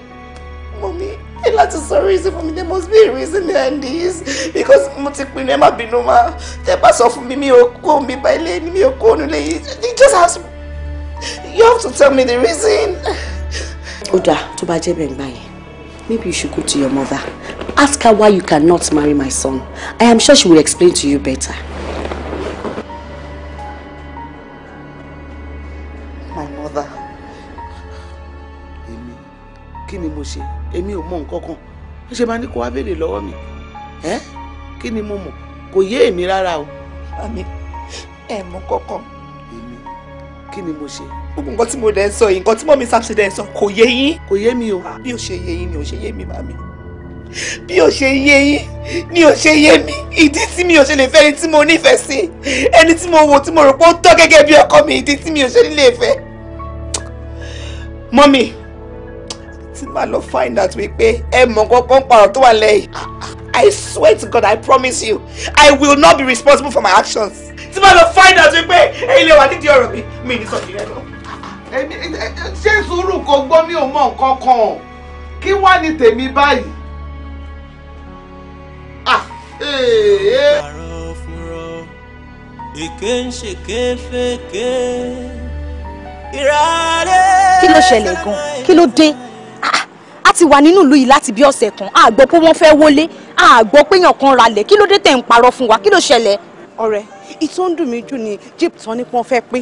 Mommy, has to be a reason for me. there must be a reason behind this because mo ti pinnu ẹ má bínú ma me, bá sọ fún mi me oko kó you just have to you have to tell me the reason. Oda, to tó bá maybe you should go to your mother ask her why you cannot marry my son I am sure she will explain to you better. my mother Emi, kini ni mo ṣe èmi ò mọ nǹkan kan ó ṣe máa ní kó wá béèrè mi ẹ́ kí ni mo mọ̀ kò yé èmi o. Ami. ẹ̀ mú kọ́kọ́ kí ni mo ṣe. gbogbo nǹkan tí mo dẹ̀ ń sọ yìí nǹkan tí mọ́mí sábṣe dẹ̀ ń sọ kò yé yín. kò yé mi o. Ah, bí o ṣe yé yín ni o ṣe yé mi màmí bí o ṣe yé yín ni o ṣe yé mi ìdí tí mi ò ṣe lè fẹ́ ẹni tí mo nífẹ̀ẹ́ sí ẹni tí mo wò tí mo rò pé ó tọ́ gẹ́gẹ́ bí ọkọ mi ìdí tí mi ò ṣe lè fẹ́. mọ́mí tí màá lọ find out wípé ẹ mọ̀ kankan pààrọ̀ tó wà lẹ́yìn ah, ah. I swear to God, I promise you, I will not be responsible for my actions. It's about the find out wípé ilé wa nídìí ọ̀rọ̀ mi, mi ní sọ̀rọ̀ ìrẹ́nu. Ṣé sùúrù kò gbọ́ mi ò mọ nǹkan kan? Kí wá ní tèmi báyìí? Èké ah, eh, eh. ń ṣe kéfèké. Kí ló ṣẹlẹ̀ gan Kí ló dé? a ti wà nínú ìlú yìí láti bí ọ̀sẹ̀ kan a gbọ́ pé wọ́n fẹ́ wọlé a gbọ́ pé èèyàn kan ralẹ̀ kí ló dé tẹ̀ ń parọ́ fún wa kí ló ṣẹlẹ̀. ọ̀rẹ́ ìtò ń dùn mí jù ní jíìpù tán ní pọ́n fẹ́ pé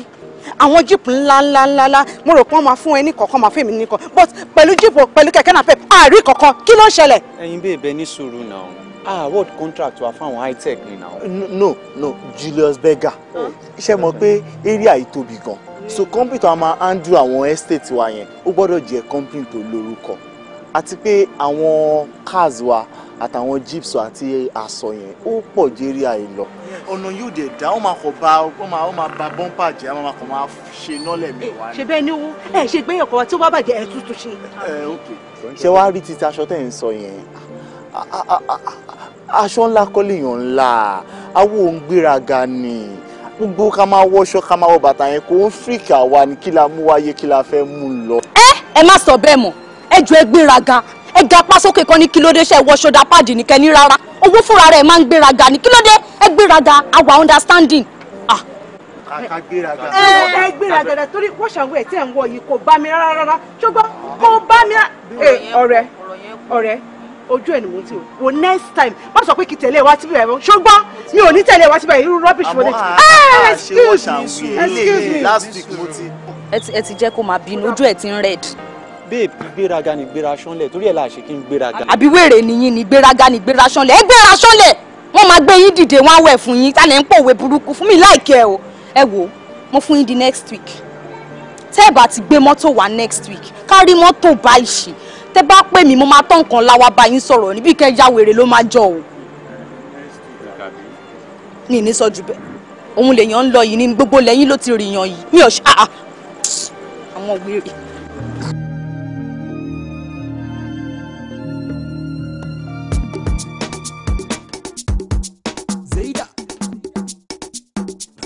àwọn jíìpù ńlá ńlá ńlá ńlá mo rò pé máa fún ẹ ní kọ̀ọ̀kan máa fún ní kan but pẹ̀lú jíìpù pẹ̀lú kẹ̀kẹ́ náà pep àárí kọ̀ọ̀kan kí ló ṣẹlẹ̀. ẹ̀yin bẹ́ẹ̀ bẹ ní sùúrù náà ah world contract wa fáwọn high tech ni náà. no no Julius Berger oh. ṣe mọ̀ pé area yìí tóbi gan so company tó a máa handle àwọn estate wa yẹn ó gbọ́dọ̀ jẹ́ company tó lórúkọ àti pé àwọn cars wa àtàwọn jeeps wa àti aṣọ yẹn ó pọ̀ jérí àìlọ. ọ̀nà yóò dẹ̀ dá ó máa kọ̀ bá ó máa ó máa ba bọ́ńpà jẹ́ àwọn máa kọ̀ máa ṣe nọ́lẹ̀ mi wá. ṣe bẹ́ẹ̀ ni owó ẹ ṣe gbé ọkọ̀ wa tí ó bá bàjẹ́ ẹ tútù ṣe. ṣé wàá rí títa aṣọ tẹ̀ ń sọ yẹn aṣọ ńlá kọ́lé èèyàn ńlá awo ń gbéraga ni gbogbo ká máa wọṣọ ká máa wọ bàtà yẹn kò ń fìkà wa ni kí la mú wáyé kí la fẹ́ mú lọ. ẹ ẹ má sọ bẹ́ẹ̀ mọ́ ẹjọ́ ẹ gbéraga ẹ ga pásókè kan ní kílódé ṣe wọ ṣọdá páàdì ní kẹni rárá owó fúnra rẹ̀ máa ń gbéraga ní kílódé ẹ gbéraga àwa understanding. ká gbéraga. ẹ gbéraga rẹ torí wọ́ṣàwọ́ ẹ̀ tí ẹ̀ ń wọ yìí kò bá mi rárá rárá ṣùgbọ́n kò bá mi ọ̀rẹ́ ọ̀rẹ́ ojú ẹ̀ nìwọ̀n tí o wò next time má sọ pé kí tẹ̀lé wa síbẹ̀ ẹ̀rọ ṣùgbọ́n mi ò ní tẹ̀lé wa síbẹ̀ irú rubbish wọlé tí. Ah, excuse excuse me. ẹ ti jẹ́ kó máa bínú ojú ẹ̀ ti ń red babe ìgbéraga ni ìgbéra sánlẹ̀ torí ẹ̀ la ṣe kí n gbéraga. àbí wèrè nìyí ni ìgbéraga ni ìgbéra sánlẹ̀ ẹ gbéra sánlẹ̀ wọ́n máa gbé yín dìde wọ́n á wẹ̀ fún yín tani ẹ̀ ń pòwe burúkú fún mi láìkí ẹ o ẹ wò mo fún yín di next week tẹ́ ẹ bá ti gbé mọ́tò wá next week kárí mọ́tò báyìí tẹ́ bá pè mí mo máa tán nǹkan láwa bá yín sọ̀rọ̀ níbi kẹ́ ya wèrè ló máa jọ o ní ní sọ jù bẹ́ẹ̀ òun lèèyàn ń lọ yìí ní gbogbo lẹ́yìn ló ti rìyàn yìí mi ò ṣe ah, ah. àwọn wèrè.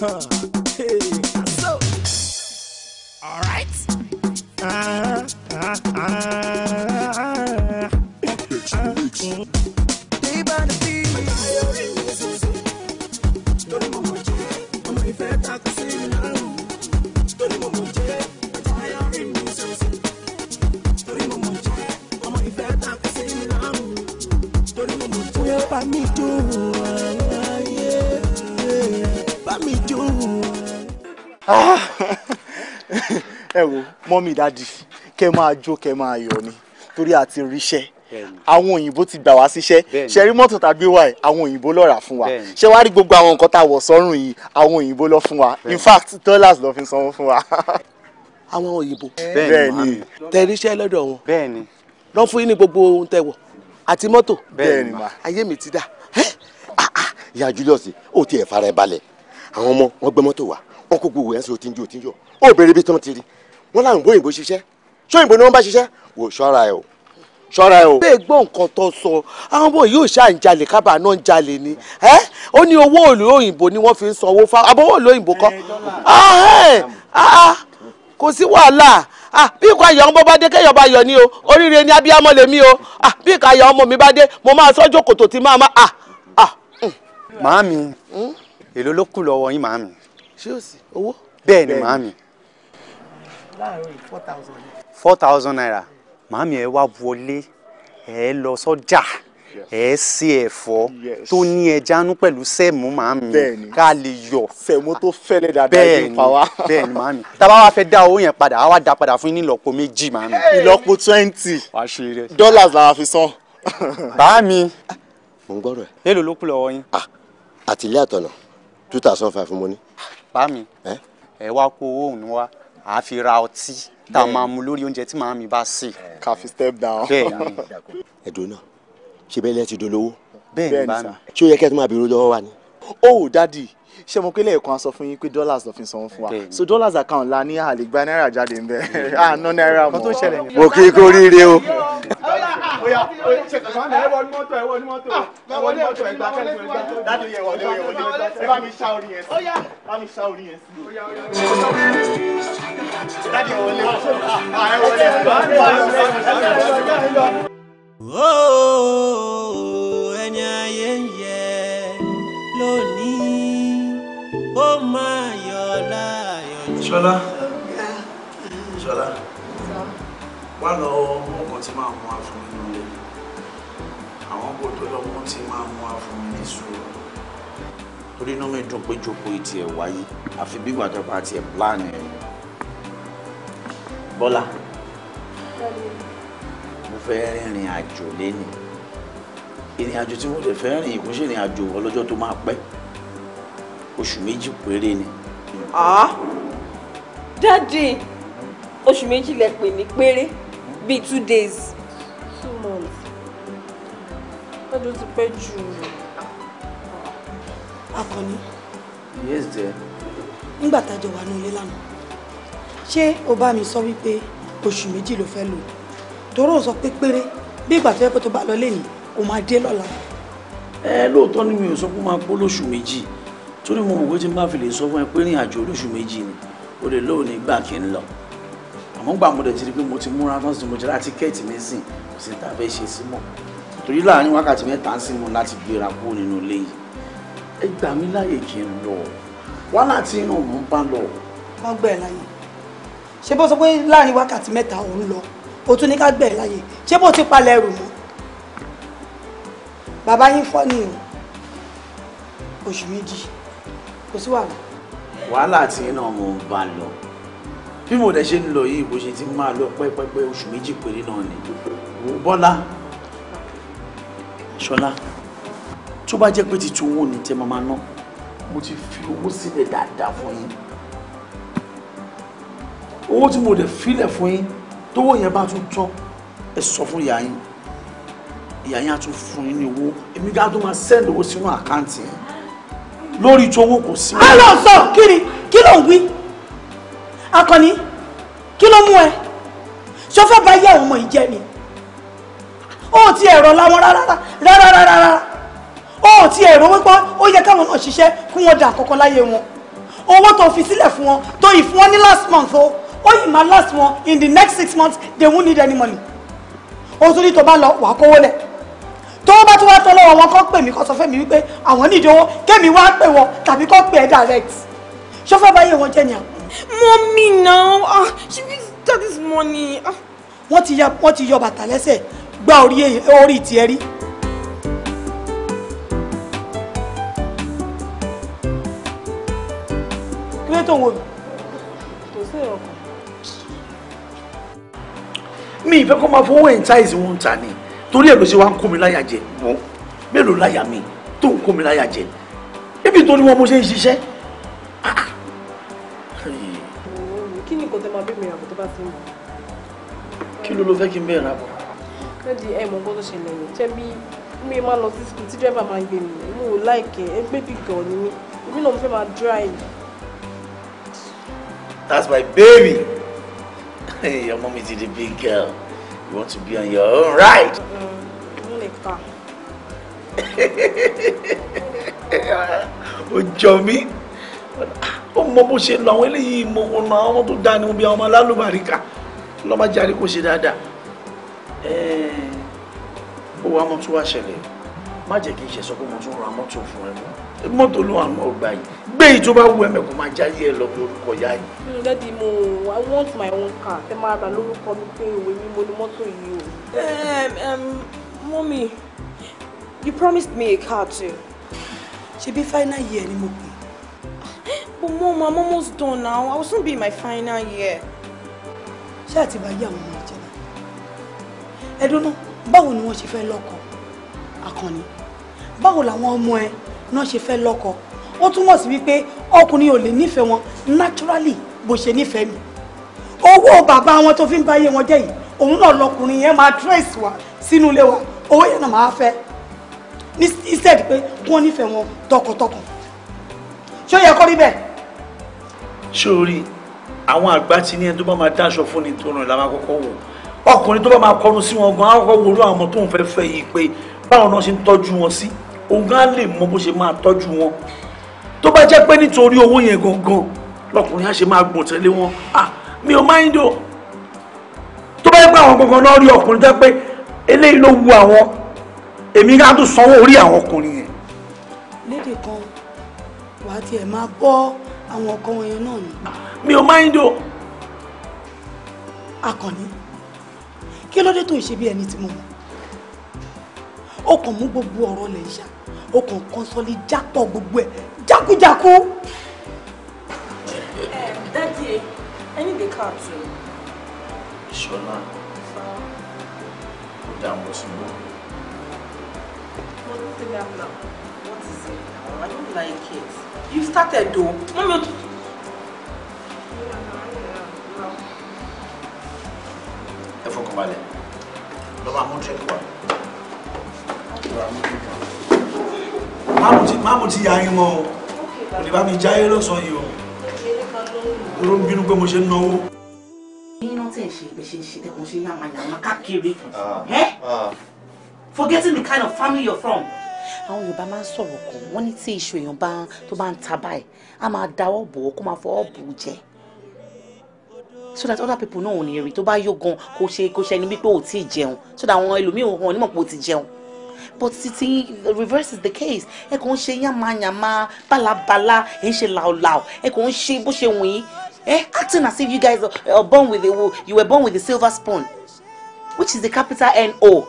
Huh. Hey, so. All right. Ah, ah, ah, ah, ah, ah, ah, ẹ wo mọ́mí dáàdì kẹ́ máa jó kẹ́ máa yọ̀ ni torí a ríṣẹ́ àwọn òyìnbó ti gbà wá síṣẹ́ ṣe rí mọ́tò tá a ẹ̀ àwọn òyìnbó ló fún wa ṣe wá rí gbogbo àwọn nǹkan tá a wọ̀ sọ́rùn yìí àwọn òyìnbó ló fún wa in fact dollars ló fi sanwó fún wa. àwọn òyìnbó bẹ́ẹ̀ ni tẹ ríṣẹ́ lọ́dọ̀ wọn bẹ́ẹ̀ ni lọ fún yín ní gbogbo ohun tẹ wọ̀ àti mọ́tò bẹ́ẹ̀ ni ma ayé mi ti dà. Ah, ah, ìyá Julius ó tiẹ̀ fara ẹ balẹ̀ àwọn ọmọ wọn gbé mọ́tò wá wọn kó gbogbo ẹ̀ ń sọ tíjọ tíjọ ó bèrè ibi tán ti rí wọn láwọn bóyìnbó ṣiṣẹ́ ṣóyìnbó ni wọ́n bá ṣiṣẹ́ wò ṣọ́ra ẹ̀ o ṣọ́ra ẹ̀ o. bẹ́ẹ̀ gbọ́ nǹkan tó sọ àwọn ọmọ yóò ṣáà ń jalè kábàá náà ń jalè ni ẹ́ ó ní owó òlò òyìnbó ni wọ́n fi ń sanwó fáwọn àbọ̀wọ́ òlò òyìnbó kọ́ ah, eh, ah, ah. kò sí wàhálà bí nǹkan ayọ̀ ọmọ bá dé kéèyàn bá yọ ni o oríire ni abiyamọ lèmi o bí nǹkan ayọ̀ ọmọ mi bá dé mo máa sọ́jọ́ kòtò tí máa máa. Mm. màámi èló ló kù lọ́wọ́ yín màámi ṣé o sì owó. bẹ́ẹ̀ ni màámi. láàárọ̀ four thousand naira. four thousand naira màámi ẹ wá wọlé ẹ lọ sọ́jà ẹ ṣe ẹ̀fọ́ tó ní ẹjánú pẹ̀lú sẹ́ẹ̀mù màámi ká lè yọ. sẹ́ẹ̀mù tó fẹ́lẹ̀ dáadáa yìí pa wá. bẹ́ẹ̀ ni màámi tábà wá fẹ́ dá owó yẹn padà á wá dá padà fún yín nílọ́po méjì màámi. ìlọ́po twenty dollars la fi san. bàámi. mo ń gbọ́dọ̀ ẹ̀. mélòó ló kù lọ́wọ́ yín. Ah, àtìlẹ́ àtọ̀nà two thousand five mo ní bá mi ẹ wá kó owó òun wá àá fi ra ọtí tá a máa mu lórí oúnjẹ tí màámi bá sè. ká fi step down. bẹ́ẹ̀ni ẹdùn náà ṣe bẹ́ẹ̀ lẹ ti dolówó. bẹ́ẹ̀ni bá mi. ṣé ó yẹ kẹ́ ẹ tó máa bèrè lọ́wọ́ wa ṣé mo pé lẹ́ẹ̀kan sọ fún yín pé dollars lọ fi sanwó fún wa so dollars account la ní àlè náírà jáde ń bẹ àná náírà mọ́ mo kí kó ríire o. Oh, ah, ẹ̀yin ah, ayé ń yẹ. Shola. Shola. Wá lọ mú ọkọ̀ tí máa mú afún mi nílé. Àwọn kò tó lọ mú tí máa mú afún mi ní sùúrù. Torí inú mi dùn pé jókòó ìtì ẹ̀ wáyé. Àfi bí ìgbàjọba àti ẹ̀ pílánì ẹ̀. Bọ́lá. Mo fẹ́ rìnrìn àjò lénìí. Ìrìn àjò tí mo lè fẹ́ rìn kò ìrìn àjò ọlọ́jọ́ tó máa pẹ́ oṣù méjì péré ni. dáàdì oṣù méjì lẹ pè ní péré bíi two days. two months ọdún ti pẹ́ jù. akọni. yes dear. nígbà tá a jọ wà ní ilé lánàá ṣé o bá mi sọ wípé oṣù méjì ló fẹ́ lò tóró sọ pé péré bí ìgbà tó yẹ pé tó bá lọ lẹ́yìn kò máa dé lọ́la. ẹ eh, lóòótọ́ ni mi ò sọ pé ó máa pọ́ lóṣù méjì torí mo wòó tí n bá fi lè sọ fún ẹ pé ní àjò olóṣù méjì ni o lè lóun ní gbà kí n lọ àmọ́ gbà mo dẹ̀ ti rí pé mo ti múra tán sí mo jẹ́ láti kẹ́ẹ̀tì mi sìn kò sì ta fẹ́ ṣe sí mọ́ torí láàárín wákàtí mẹ́ta sí mo láti gbéra kúrò nínú ilé yìí ẹ gbà mí láàyè kí n lọ wá láti inú mo bá lọ. wọ́n gbẹ̀ láyè ṣé bó sọ pé láàárín wákàtí mẹ́ta òun lọ o tún ní ká gbẹ̀ láyè ṣé bó ti palẹ̀ rù mọ́ bàbá yín fọ́ nìyẹn oṣù méjì kò sí wàhálà. wàhálà tí náà mo bá lọ bí mo dẹ̀ ṣe ń lọ yìí bó ṣe ti máa lọ pẹ́pẹ́pẹ́ oṣù méjì péré náà ni bọ́lá ṣọlá tó bá jẹ́ pé ti tu owó ni tẹ́ máa ná mo ti fi owó sílẹ̀ dáadáa fún yín owó tí mo dẹ̀ filẹ̀ fún yín tówó yẹn bá tún tán ẹ sọ fún ìyá yín ìyá yín á tún fún yín ní owó èmi gá tó máa sẹ́ndì owó sínú àkáǹtì yẹn lórí tówó kò sí. a lọ sọ kiri kí ló ń wí akọni kí ló mú ẹ ṣọfẹ́ bá yẹ ọmọ ìjẹ ni ó ti ẹ̀rọ láwọn rárá rárá rárá ó ti ẹ̀rọ wípé ó yẹ káwọn náà ṣiṣẹ́ kí wọ́n dà kọ́kọ́ láyé wọn owó tó fi sílẹ̀ fún wọn tó yìí fún wọn ní last month o ó yìí máa last wọn in the next six months they won't need any money ó tún ní tó bá lọ wàá kówó lẹ̀ tó bá tún wá tọ́ lọ́wọ́ wọn kọ́ pè mí kọ́ sọ fẹ́ mi wípé àwọn nídìí owó kémi wá pè wọ tàbí kọ́ pè ẹ́ direct ṣó fẹ́ báyé wọn jẹ́ ni àwọn. Mommy now ah she be that this money. Ah. wọ́n ti yọ wọ́n ti yọ bàtà lẹ́sẹ̀ gba orí e, tiẹ̀ rí. kí ló tó ń wo mi. kò sí ìrọ̀kàn. mi ìfẹ́ kó máa fowó entice wọn ta ni torí ẹ̀ ló ṣe wá ń kó mi láyà jẹ wọ́n mélòó láyà mi tó ń kó mi láyà jẹ ibi tó ní wọn mo ṣe ń ṣiṣẹ́. kí ni nǹkan tẹ máa bí mi ràbọ̀ tó bá ti ń bọ̀. kí ló ló fẹ́ kí n bẹ́ẹ̀ ràbọ̀. lẹ́dí ẹ mọ̀ nǹkan tó ṣẹlẹ̀ yìí jẹ́ bí mi máa lọ sí sùkúl tí dírẹ́bà máa ń gbé mi mo ò láìkẹ́ ẹ gbé bí gan ni mi èmi náà mo fẹ́ máa drive. that's my baby ọmọ mi ti di big girl. You want to be on your own right? Ó jọ mí. Ó mọ bó ṣe lọ àwọn eléyìí mo ọ̀nà dan tó dá ni mo bí àwọn ọmọ alálùbáríkà. Lọ́ba jáde kó ṣe dáadáa. Ó wá mọ́ tún wá ṣẹlẹ̀. Má jẹ́ kí n ṣe sọ pé mo tún ra mọ́tò ló wà ọgbà yìí gbé èyí tó bá kò máa jáyé ẹ lọ bí orúkọ yá yìí. dádì mo i want my own car tẹ máa rà lórúkọ mi pé òwe mi mo ní mọ́tò yìí o. mọ́mí you promised me a car too. ṣebí final year ni mo pè. but mom i'm almost done now i will soon be in my final year. ṣé àti báyìí àwọn ọmọ ìjẹba ẹdùnú báwo ni wọ́n ṣe fẹ́ lọ́kọ Àkànní báwo làwọn ọmọ ẹ náà ṣe fẹ́ lọ́kọ ó túmọ̀ sí wípé ọkùnrin ò lè nífẹ̀ẹ́ wọn naturally bó ṣe nífẹ̀ẹ́ mi owó bàbá wọn tó fi ń báyé wọn jẹ́ yìí òun náà lọkùnrin yẹn máa trace wa sínú ilé wa owó yẹn náà máa fẹ́ instead pé wọ́n nífẹ̀ẹ́ wọn tọkàntọkàn ṣé ó yẹ kó rí bẹ́ẹ̀. sórí àwọn àgbà tí ní ẹni tó bá máa dáṣọ fún ni tó rìn la máa kọ́kọ́ wò ọkùnrin tó bá máa kọrun sí wọn gan-an á kọ́kọ́ wo irú àwọn ọmọ tó ń fẹ́ fẹ́ yìí pé báwọn náà ṣe ń tọ́jú wọn sí. Si òun gan lè mọ bó ṣe máa tọ́jú wọn tó bá jẹ́ pé nítorí owó yẹn gangan lọkùnrin á ṣe máa gbọ̀n tẹ́lé wọn ah mi ò máa ń dò tó bá jẹ́ pé àwọn gangan náà rí ọkùnrin jẹ́ pé eléyìí ló wu àwọn èmi ká tó sanwó orí àwọn ọkùnrin yẹn. lédè kan wàá tiẹ̀ máa bọ́ àwọn ọkọ wọn yẹn náà ni. Ah, mi ò máa ń dò. akànnì kí ló tó ìṣe bí ẹni tí mo mọ̀ ó kàn mú gbogbo ọ̀rọ̀ lẹ̀ yá okùn kan sọlé jápọ̀ gbogbo ẹ̀ jákújákú. dádì ẹni dè ká àtúntò. ìṣọlá kò dá wọn sí mọ. wọ́n ti gbà náà wọ́n ti sè é I don't like it. You started though. mọ́mi o tún. ẹ fọkàn balẹ̀ lọ́wọ́ àwọn tẹ́lẹ̀ wà máàmù ti yà yín mọ́ o kò lè bá mi jáyé lọ́sàn yìí o ló ń bínú pé mo ṣe ń náwó. iná tẹ̀ ṣe ìgbésẹ̀ ṣe tẹ̀kùn ṣe yàmàyàmà káàkiri ah. Eh? Ah. forgetting the kind of family you're from àwọn yorùbá máa ń sọ̀rọ̀ kan wọ́n ní tí iṣu èèyàn bá tó bá ń ta báyìí a máa dáwọ́ bò ó kó máa fọwọ́ bò ó jẹ so that other people náà ò ní rí tó bá yó gan kó ṣe kó ṣe ẹni wípé ò tí ì jẹun so that àwọn ẹlòmíì ò hàn onímọ̀ pé ò ti jẹun but titi reverse is the case ẹ kàn ń ṣe yamayama balabala ẹ ń ṣe làwlàw ẹ kàn ń ṣe bó ṣe wù yín acting as if you guys are born with a you were born with a silver spoon which is the capital N-O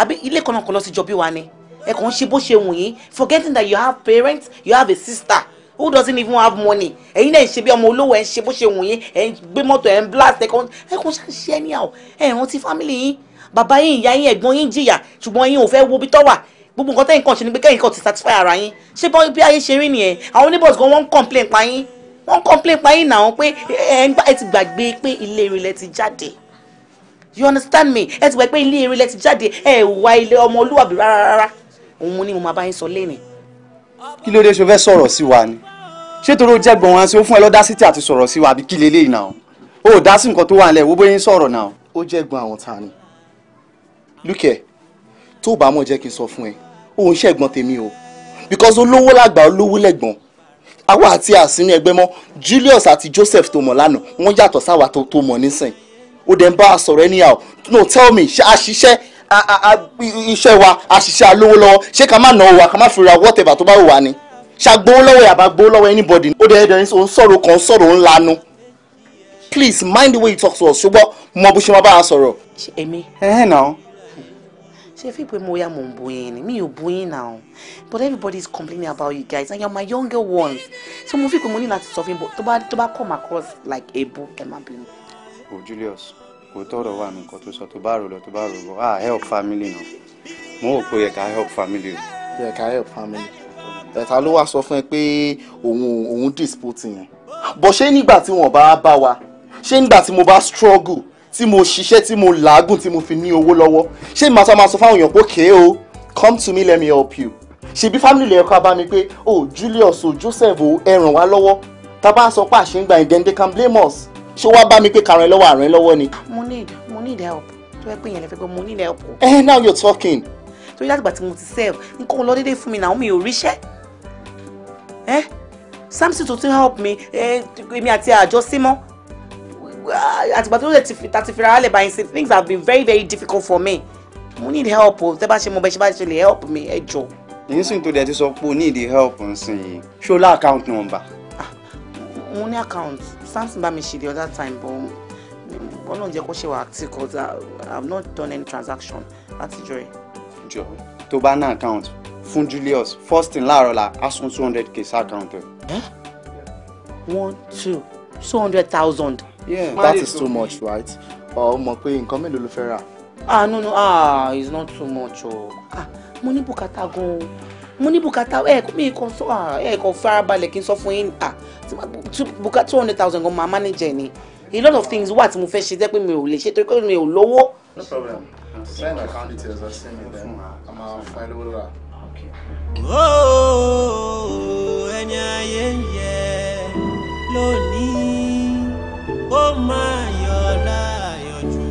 àbí ilé kan náà kan lọ sí jọbí wa ni ẹ kàn ń ṣe bó ṣe wù forgetting that you have parents you have a sister who doesn't even have money ẹ̀yin náà ń ṣe bí ọmọ olówó ẹ̀ ń ṣe bó ṣe wù yín ẹ̀ ń gbé mọ́tò ẹ̀ ń blast ẹ̀ kàn ẹ̀ kàn ṣe anyhow ẹ̀ rántí family yín bàbá yín ìyá yín ẹ̀gbọ́n yín jìyà ṣùgbọ́n yín ò fẹ́ wo bí tọ́ wà gbogbo nǹkan tẹ́yìn kan ṣe ni pé kẹ́yìn kan ti satisfy ara yín ṣé bọ́n bí ayé ṣe rí nìyẹn àwọn neighbors gan wọ́n ń complain pa yín wọ́n ń complain pa yín náà pé ẹ ti gbàgbé pé ilé eré lẹ ti jáde you understand me ẹ ti gbàgbé pé ilé eré lẹ ti jáde ẹ wá ilé ọmọlúwàbí rárá rárá òun ni mo máa bá yín sọ lẹ́nìí. kí ló dé ṣe fẹ́ sọ̀rọ̀ sí wa ni ṣé torí o jẹ́ gbọ̀n wá sí o fún ẹ lọ́dá look here tó o bá mọ̀ jẹ́ kí n sọ fún ẹ òun ṣẹ̀gbọ́n tèmi o because olówó làgbà olówó lẹ̀gbọ́n àwa àti àsínú ẹgbẹ́ mọ́ Julius àti Joseph tó mọ̀ lánàá wọ́n yàtọ̀ sáwa tó mọ̀ nísìn ó dẹ̀ ń bá a sọ̀rọ̀ anyhow no tell me àṣìṣe iṣẹ́ wa àṣìṣe alówó lọ́wọ́ ṣé ká má ná owó wa ká má fi ra whatever tó bá wù wá ni ṣàgbówó lọ́wọ́ ẹ̀ àbágbówó lọ́wọ́ anybody ó dẹ̀ ẹ̀dẹ̀ ń sọ̀rọ̀ kan sọ̀rọ̀ ń lanu please mind the way you talk to us ṣùgbọ́n mọ bó ṣe máa bá a sọ̀rọ̀. èmi. ẹ náà ṣe fi pé mo ya mò ń bu yín but everybody is complaining about you guys and you're my younger ones so mo fi pé mo ní láti sọ fún yín tó come across like ebu ẹ má bínú. o oh, Julius kò tọrọ wà nǹkan tó sọ tó bá rò lọ tó bá ah help family now. More rò pé help family Yeah, yẹ help family That ló wá sọ fún ẹ pé òun òun dispute yẹn bó ṣe nígbà tí wọ́n bá bá wa ṣé nígbà struggle tí mo ṣiṣẹ́ tí mo làágùn tí mo fi ní owó lọ́wọ́ ṣé màá sọ máa sọ fáwọn èèyàn pé okay o come to me let me help you ṣebí family lè ẹ̀ka bá mi pé o Julius o Joseph o ẹ ràn wá lọ́wọ́ tá a bá sọ pé àṣìǹgbà yẹn they can blame us ṣé wàá bá mi pé kàrán ẹ lọ́wọ́ àrán lọ́wọ́ ni. mo need mo need help tó yẹ pé ìyẹn lè fẹ́ gbọ́ mo need help. ẹ eh, now you're talking. torí láti ìgbà tí mo ti serve nǹkan lọ déédéé fún mi náà mi ò ríṣẹ́ ẹ eh? Samson tó tún help mi eh, èmi àti àjọṣímọ́ Ah, àtìgbà tó lè ti fi ara báyìí since things have been very very difficult for me mo need help o tẹ́ bá ṣe mo bẹ ṣe bá ṣe lè help mi ẹ jọ. nísìnyí tó dẹ̀ ti sọ pé o need help nsìnyí ṣọlá account number. Ah, mo ní account samson bá mi ṣe the other time but ọlọ́run jẹ́ kó ṣe wà active cause i have not done any transaction láti jọ ẹ̀. jọ tó bá ná account fún Julius first in láàárọ̀ la a san two hundred k sí account ẹ. Eh? one two two hundred thousand yeah that is too much right ọ mọ̀ pé nǹkan mélòó ló fẹ́ ah no no ah it's not too much o oh. ah mo ní bùkátà gan o mo ní bùkátà ẹ eh, mi kàn sọ ẹ ah, eh, kàn farabalẹ̀ kí n sọ fún yín ah bùkátà two hundred thousand gan máa manager ni a lot of things wà tí mo fẹ́ ṣe jẹ́ pé mi ò lè ṣe torí pé mi ò lówó. no problem send account details or send me them a máa fún ẹ lówó lọ́la. ooo oh, ẹ̀yin ayé ń yẹ lónìí ó máa yọ láàyò jù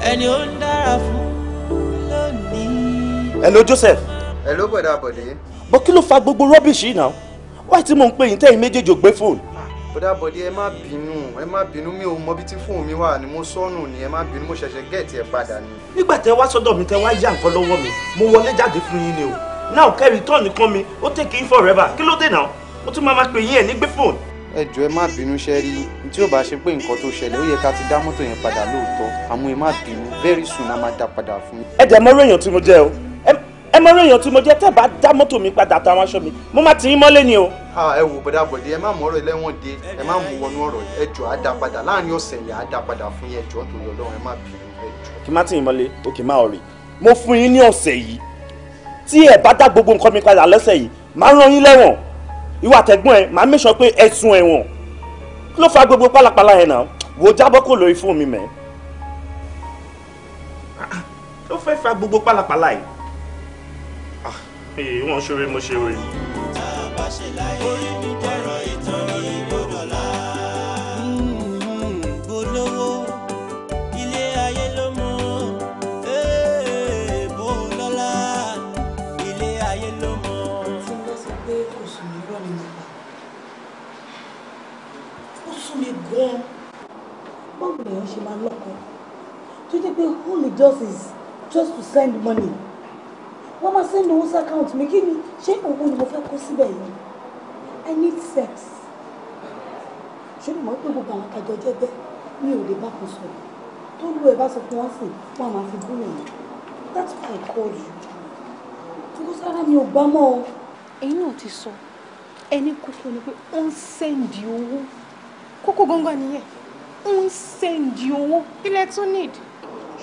ẹni ó ń dára fún lónìí. hello Joseph. hello bọ̀dá bọ̀dé. bó kí ló fa gbogbo rọ́bìṣì náà wáyé tí mò ń pè yín tẹ́yìn méjèèjì ò gbé fóònù. bọ̀dá bọ̀dé ẹ má bínú ẹ má bínú mi ò mọbi tí fóònù mi wà ni mo sọnù ni ẹ má bínú mo ṣẹ̀ṣẹ̀ gẹ̀ẹ́tì ẹ padà ni. nígbà tẹ wá sọ́dọ̀ mi tẹ wá yá nǹkan lọ́wọ́ mi mo wọlé jáde fún yín ni o now kẹrin tọ́ nìkan mi ó take in forever kí ló dé náà mo tún máa máa pè yín ẹ̀ ní gbé fóònù. ẹ jọ̀ọ́ ẹ má bínú ṣẹ́rí tí ò bá ṣe pé nǹkan tó ṣẹlẹ̀ ó yẹ ká ti dá mọ́tò yẹn padà lóòótọ́ àmọ́ ẹ má bínú very soon a máa dá padà fún mi. ẹ dẹ̀ mọ́rọ̀ èèyàn tí mo jẹ́ o ẹ mọ́rọ̀ èèyàn tí mo jẹ́ tẹ́ bá dá mọ́tò mi padà àtàwọn aṣọ mi mo má ti yín mọ́lé ni o. ẹ wo bọ̀dá bọ̀dé ẹ má mú ọ̀rọ̀ ẹlẹ́wọ̀n dé ẹ má mú wọnú ọ̀rọ̀ ẹ jọ á dá padà láàrin ọ̀sẹ̀ yẹn á dá padà fún yẹn jọ torí Ọlọ́run ẹ má bínú ẹ jọ. kì má ti yín mọ́lé o kì má ọ̀rẹ́ mo fún yín ní ọ̀sẹ̀ yìí tí ẹ bá dá gbogbo nǹkan mi padà lọ́sẹ̀ yìí má rán yín lẹ́wọ̀n ìwà àtẹ̀gbọ́n ẹ má mẹ́sàn pé ẹ̀sùn ẹ̀wọ̀n kí ló fa gbogbo pálapàla yẹn náà wò jábọ́ kò lórí fóònù mi mẹ́. ló fẹ́ fa gbogbo pálapàla yìí. èyí ah, eh, wọ́n ṣeré mo ṣeré. tá a bá ṣe láyé nípa. pé wọ́n lè just is just to send money wọ́n máa send owó sí account mi kí ni ṣé owó ni mo fẹ́ kó síbẹ̀ yìí I need sex ṣé mo pé gbogbo àwọn àtàjọ jẹ́ bẹ́ẹ̀ mi ò lè bá kan sọ̀rọ̀ tó lu ẹ̀ bá sọ fún wọn sì wọn máa fi yìí that's why I called you tukú sára mi ò gbá mọ́ o. ẹ̀yin náà ti sọ ẹni kókó ni pé ó ń sẹ́ǹdì owó kókó gangan nìyẹn ó ń sẹ́ǹdì owó kí lẹ tún need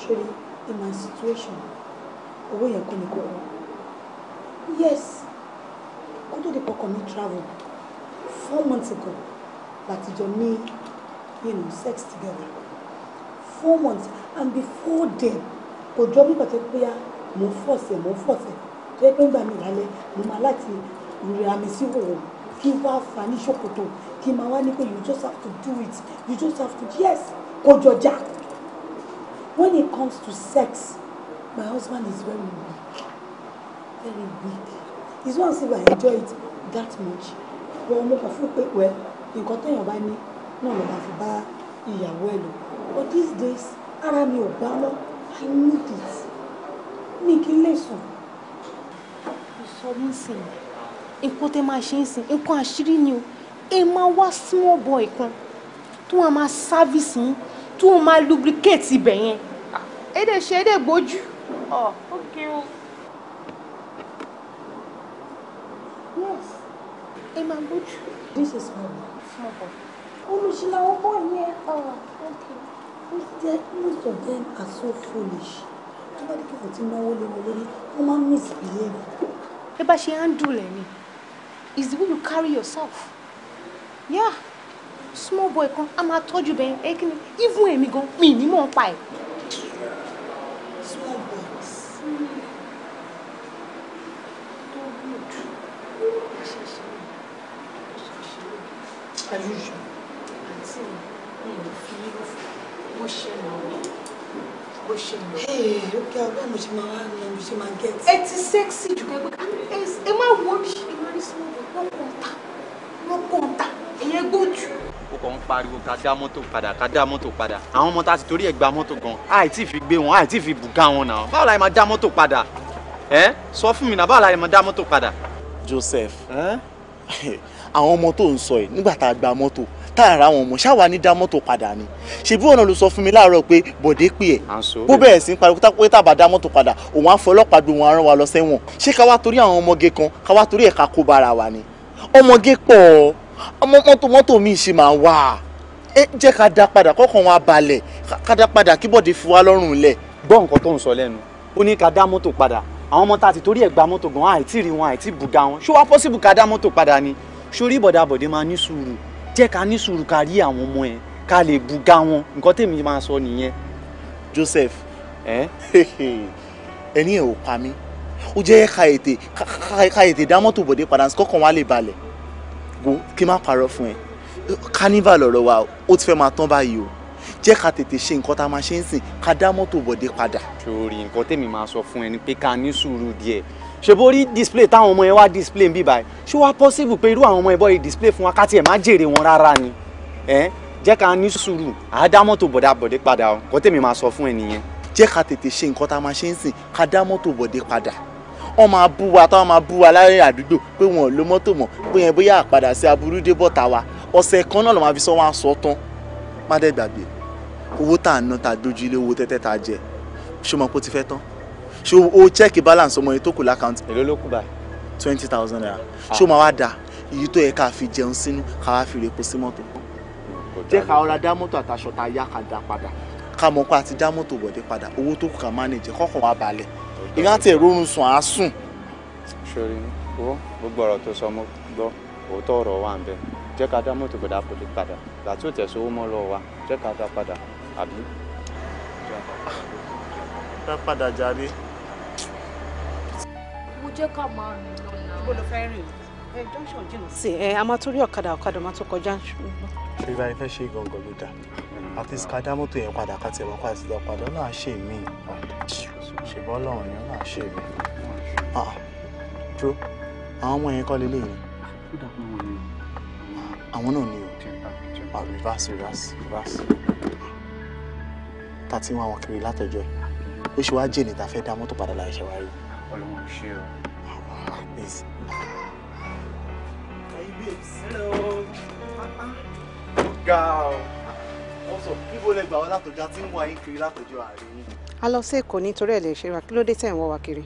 ṣeré in my situation owó yẹn kọ́ ni kò wọ́n yes kó tó di pọkàn mi travel four months ago láti jọ ní you know sex together four months and before then kò jọ mí pàtẹ́ pé mo fọ̀sẹ̀ mo fọ̀sẹ̀ tó yẹ pé ń gbà mí lálẹ́ mo máa láti rira mi sí òwò kí n wá fà ní ṣòkòtò kí n máa wá ní pé you just have to do it you just have to yes kó jọjà when it comes to sex my husband is very weak very weak He's not as if I enjoy it that much Well, mo kàn well, pé wẹ́ nǹkan téèyàn bá ní náà lọ́ba fi bá but these days ara mi ò I need it mi kì í lè sùn. ìsọ mi sìn nǹkan tẹ máa ṣe ń sìn nǹkan àṣírí ni o small boy kan tó máa máa sáfìsì yín tó o máa lubricate ibẹ̀ yẹn èdè ṣe èdè gbójú ọ ó gé o. ẹ máa gbójú. this is small boy. small boy. olùsìlàwò bọ̀ yẹn ọ̀rọ̀ okay. most of them are so foolish tó bá dé kẹfẹ́ tí náwó lé wọn lórí wọ́n máa ń misbehave. bí bá ṣe handle ẹ̀ ni is the way you carry yourself. yeah small boy kan a máa tọ́jú bẹ́ẹ̀ ẹ kí ni even èmi gan mi ní mọ̀ pa small boys tó good àyùjọ àti mi ò fi irú bó ṣe nà ó bó ṣe nà ó. ó kí ọgbẹ́ mo ṣe máa wá ní ẹni ẹ ti sẹ́ẹ̀sì jù kẹ́gbẹ́ ẹ má wọ́n bí ẹ má rí small boy wọ́n kàn ta wọ́n kàn ta ó kàn ń pariwo ká dá mọ́tò padà ká dá mọ́tò padà àwọn ọmọ tá a ti torí ẹ̀ gba mọ́tò gan àì tí fi gbé wọn àì tí ì fi bùgá wọn náà báwo la ẹ máa dá mọ́tò padà ẹ sọ fún mi náà báwo la ẹ máa dá mọ́tò padà. Joseph àwọn ọmọ tó ń sọ yìí nígbà tá a gba mọ́tò tá a ra àwọn ọmọ ṣáwa ní dá mọ́tò padà ni ṣebí ọ̀nà ló sọ fún mi láàárọ̀ pé bọ̀dé pè ẹ̀ bó bẹ̀rẹ̀ sí ń pariwo pé tá a bá dá mọ́tò padà òun á fọ ọlọ́pàá gbé wọn arán wa lọ sẹ́wọ̀n ṣé ká wá torí àwọn ọmọge kan ká wá torí ẹ̀ kó bára wa ni ọmọge pọ̀ ọ́ mọ́tò mọ́tò mi ṣe máa wà ẹ jẹ́ ká dá padà kọ́kàn wa balẹ̀ ká dá padà kí bọ́dé fi wá lọ́rùn lẹ̀. gbọ́ nǹkan tó ń sọ lẹ́nu ó ní ká dá mọ́tò padà àwọn ọmọ tá a ti torí ẹ̀ gba mọ́tò gan àìtí rí wọn àìtí bùgá wọn ṣó wá pọ́sibù ká dá mọ́tò padà ni sórí bọ̀dàbọ̀dé máa ní sùúrù jẹ́ ká ní sùúrù ká rí àwọn ọmọ ẹ̀ ká lè bùgá wọn nǹkan tèmi máa sọ nìyẹn. Joseph ẹni ẹ ò pa mí ó jẹ́ ká ètè ká ètè dá mọ́tò bọ̀dé padà kọ́kàn wa lè balẹ̀ wo kí n má parọ́ fún ẹ carnival lọ̀rọ̀ wa ó ti fẹ́ máa tán báyìí o jẹ́ ká tètè ṣe nǹkan tá a máa ṣe ń sìn ká dá mọ́tò bọ̀dé padà. sori nǹkan tèmi máa sọ fún ẹ ni pé ká ní sùúrù díẹ̀ ṣe rí display táwọn ọmọ yẹn wá display ń bí báyìí ṣé wàá possible pé irú àwọn ọmọ yẹn bọ́ yìí display fún wa ká tiẹ̀ má jèrè wọn rárá ni ẹ jẹ́ ká ní sùúrù àá dá mọ́tò bọ̀dá bọ̀dé padà o nǹkan tèmi máa sọ fún ẹ nìyẹn. jẹ́ ká tètè ṣe nǹkan tá a máa ṣe ń sìn ká dá mọ́tò bọ̀dé padà wọ́n máa bú wa táwọn máa bú wa láyé àdúgbò pé wọn ò lo mọ́tò mọ́ pé yẹn bóyá àpàdà sí aburú dé bọ̀ tàwa ọ̀sẹ̀ kan náà ló máa fi sọ wọn aṣọ tán má dẹ́ gbàgbé owó tá à ń ná tá a dojú ilé owó tẹ́tẹ́ tá a jẹ ṣé o mọ̀ pé ó ti fẹ́ tán ṣé o check balance ọmọ yẹn tó kù lákàntì. èló ló kù báyìí. twenty thousand naira ah. ṣé o máa wá da iye tó yẹ ká fi jẹun sínú ká wá fi rèpo sí mọ́tò jẹ́ ká ọ̀la dá mọ́tò àtàṣọ tá a yá ká dá padà ká mọ̀ pé a ti dá mọ́tò bọ̀dé padà owó tó kù ká manage kọ́kàn wá balẹ̀ ìgbà tí èrò oorun sùn á sùn. sori wo gbogbo ọ̀rọ̀ tó sọ mo gbọ́ òótọ́ ọ̀rọ̀ wà ń bẹ jẹ́ ká dá mọ́tò gbọ́dá kò lè padà láti òtẹ̀ sówó mọ́ lọ́wọ́ wa jẹ́ ká dá padà àbí. dá padà jàre. mo jẹ́ ká máa rìn lọ́nà. bó ló fẹ́ rìn ẹ junction jìnnà. sí ẹ a máa torí ọ̀kadà ọ̀kadà máa tó kọjá. ṣé ibà ẹ fẹ́ ṣe gangan ló dáa àti skadamoto yẹn padà ká tiẹ̀ wọ́n padà sí ìdápadà náà ṣe mí ṣùgbọ́n lọ́rùn yẹn náà ṣe mí. àwọn ọmọ yẹn kọ́ lé léyìn. àwọn náà ni o reverse reverse reverse tàti wọn àwọn kiri látọjọ́ yìí ó ṣe wá jẹ́ ní ta fẹ́ dá mọ́tò padà láì ṣe wá ọlọ́run ṣe o. Hey babes, hello. Uh-uh. Go ọ̀sọ̀ níbo lẹ gbà wá látọjọ́ tí ń wá yín kiri látọjọ́ ààrẹ yín. a lọ sí èkó nítorí ẹ lè ṣe wa kí ló dé tẹ̀ ń wọ́ wa kiri.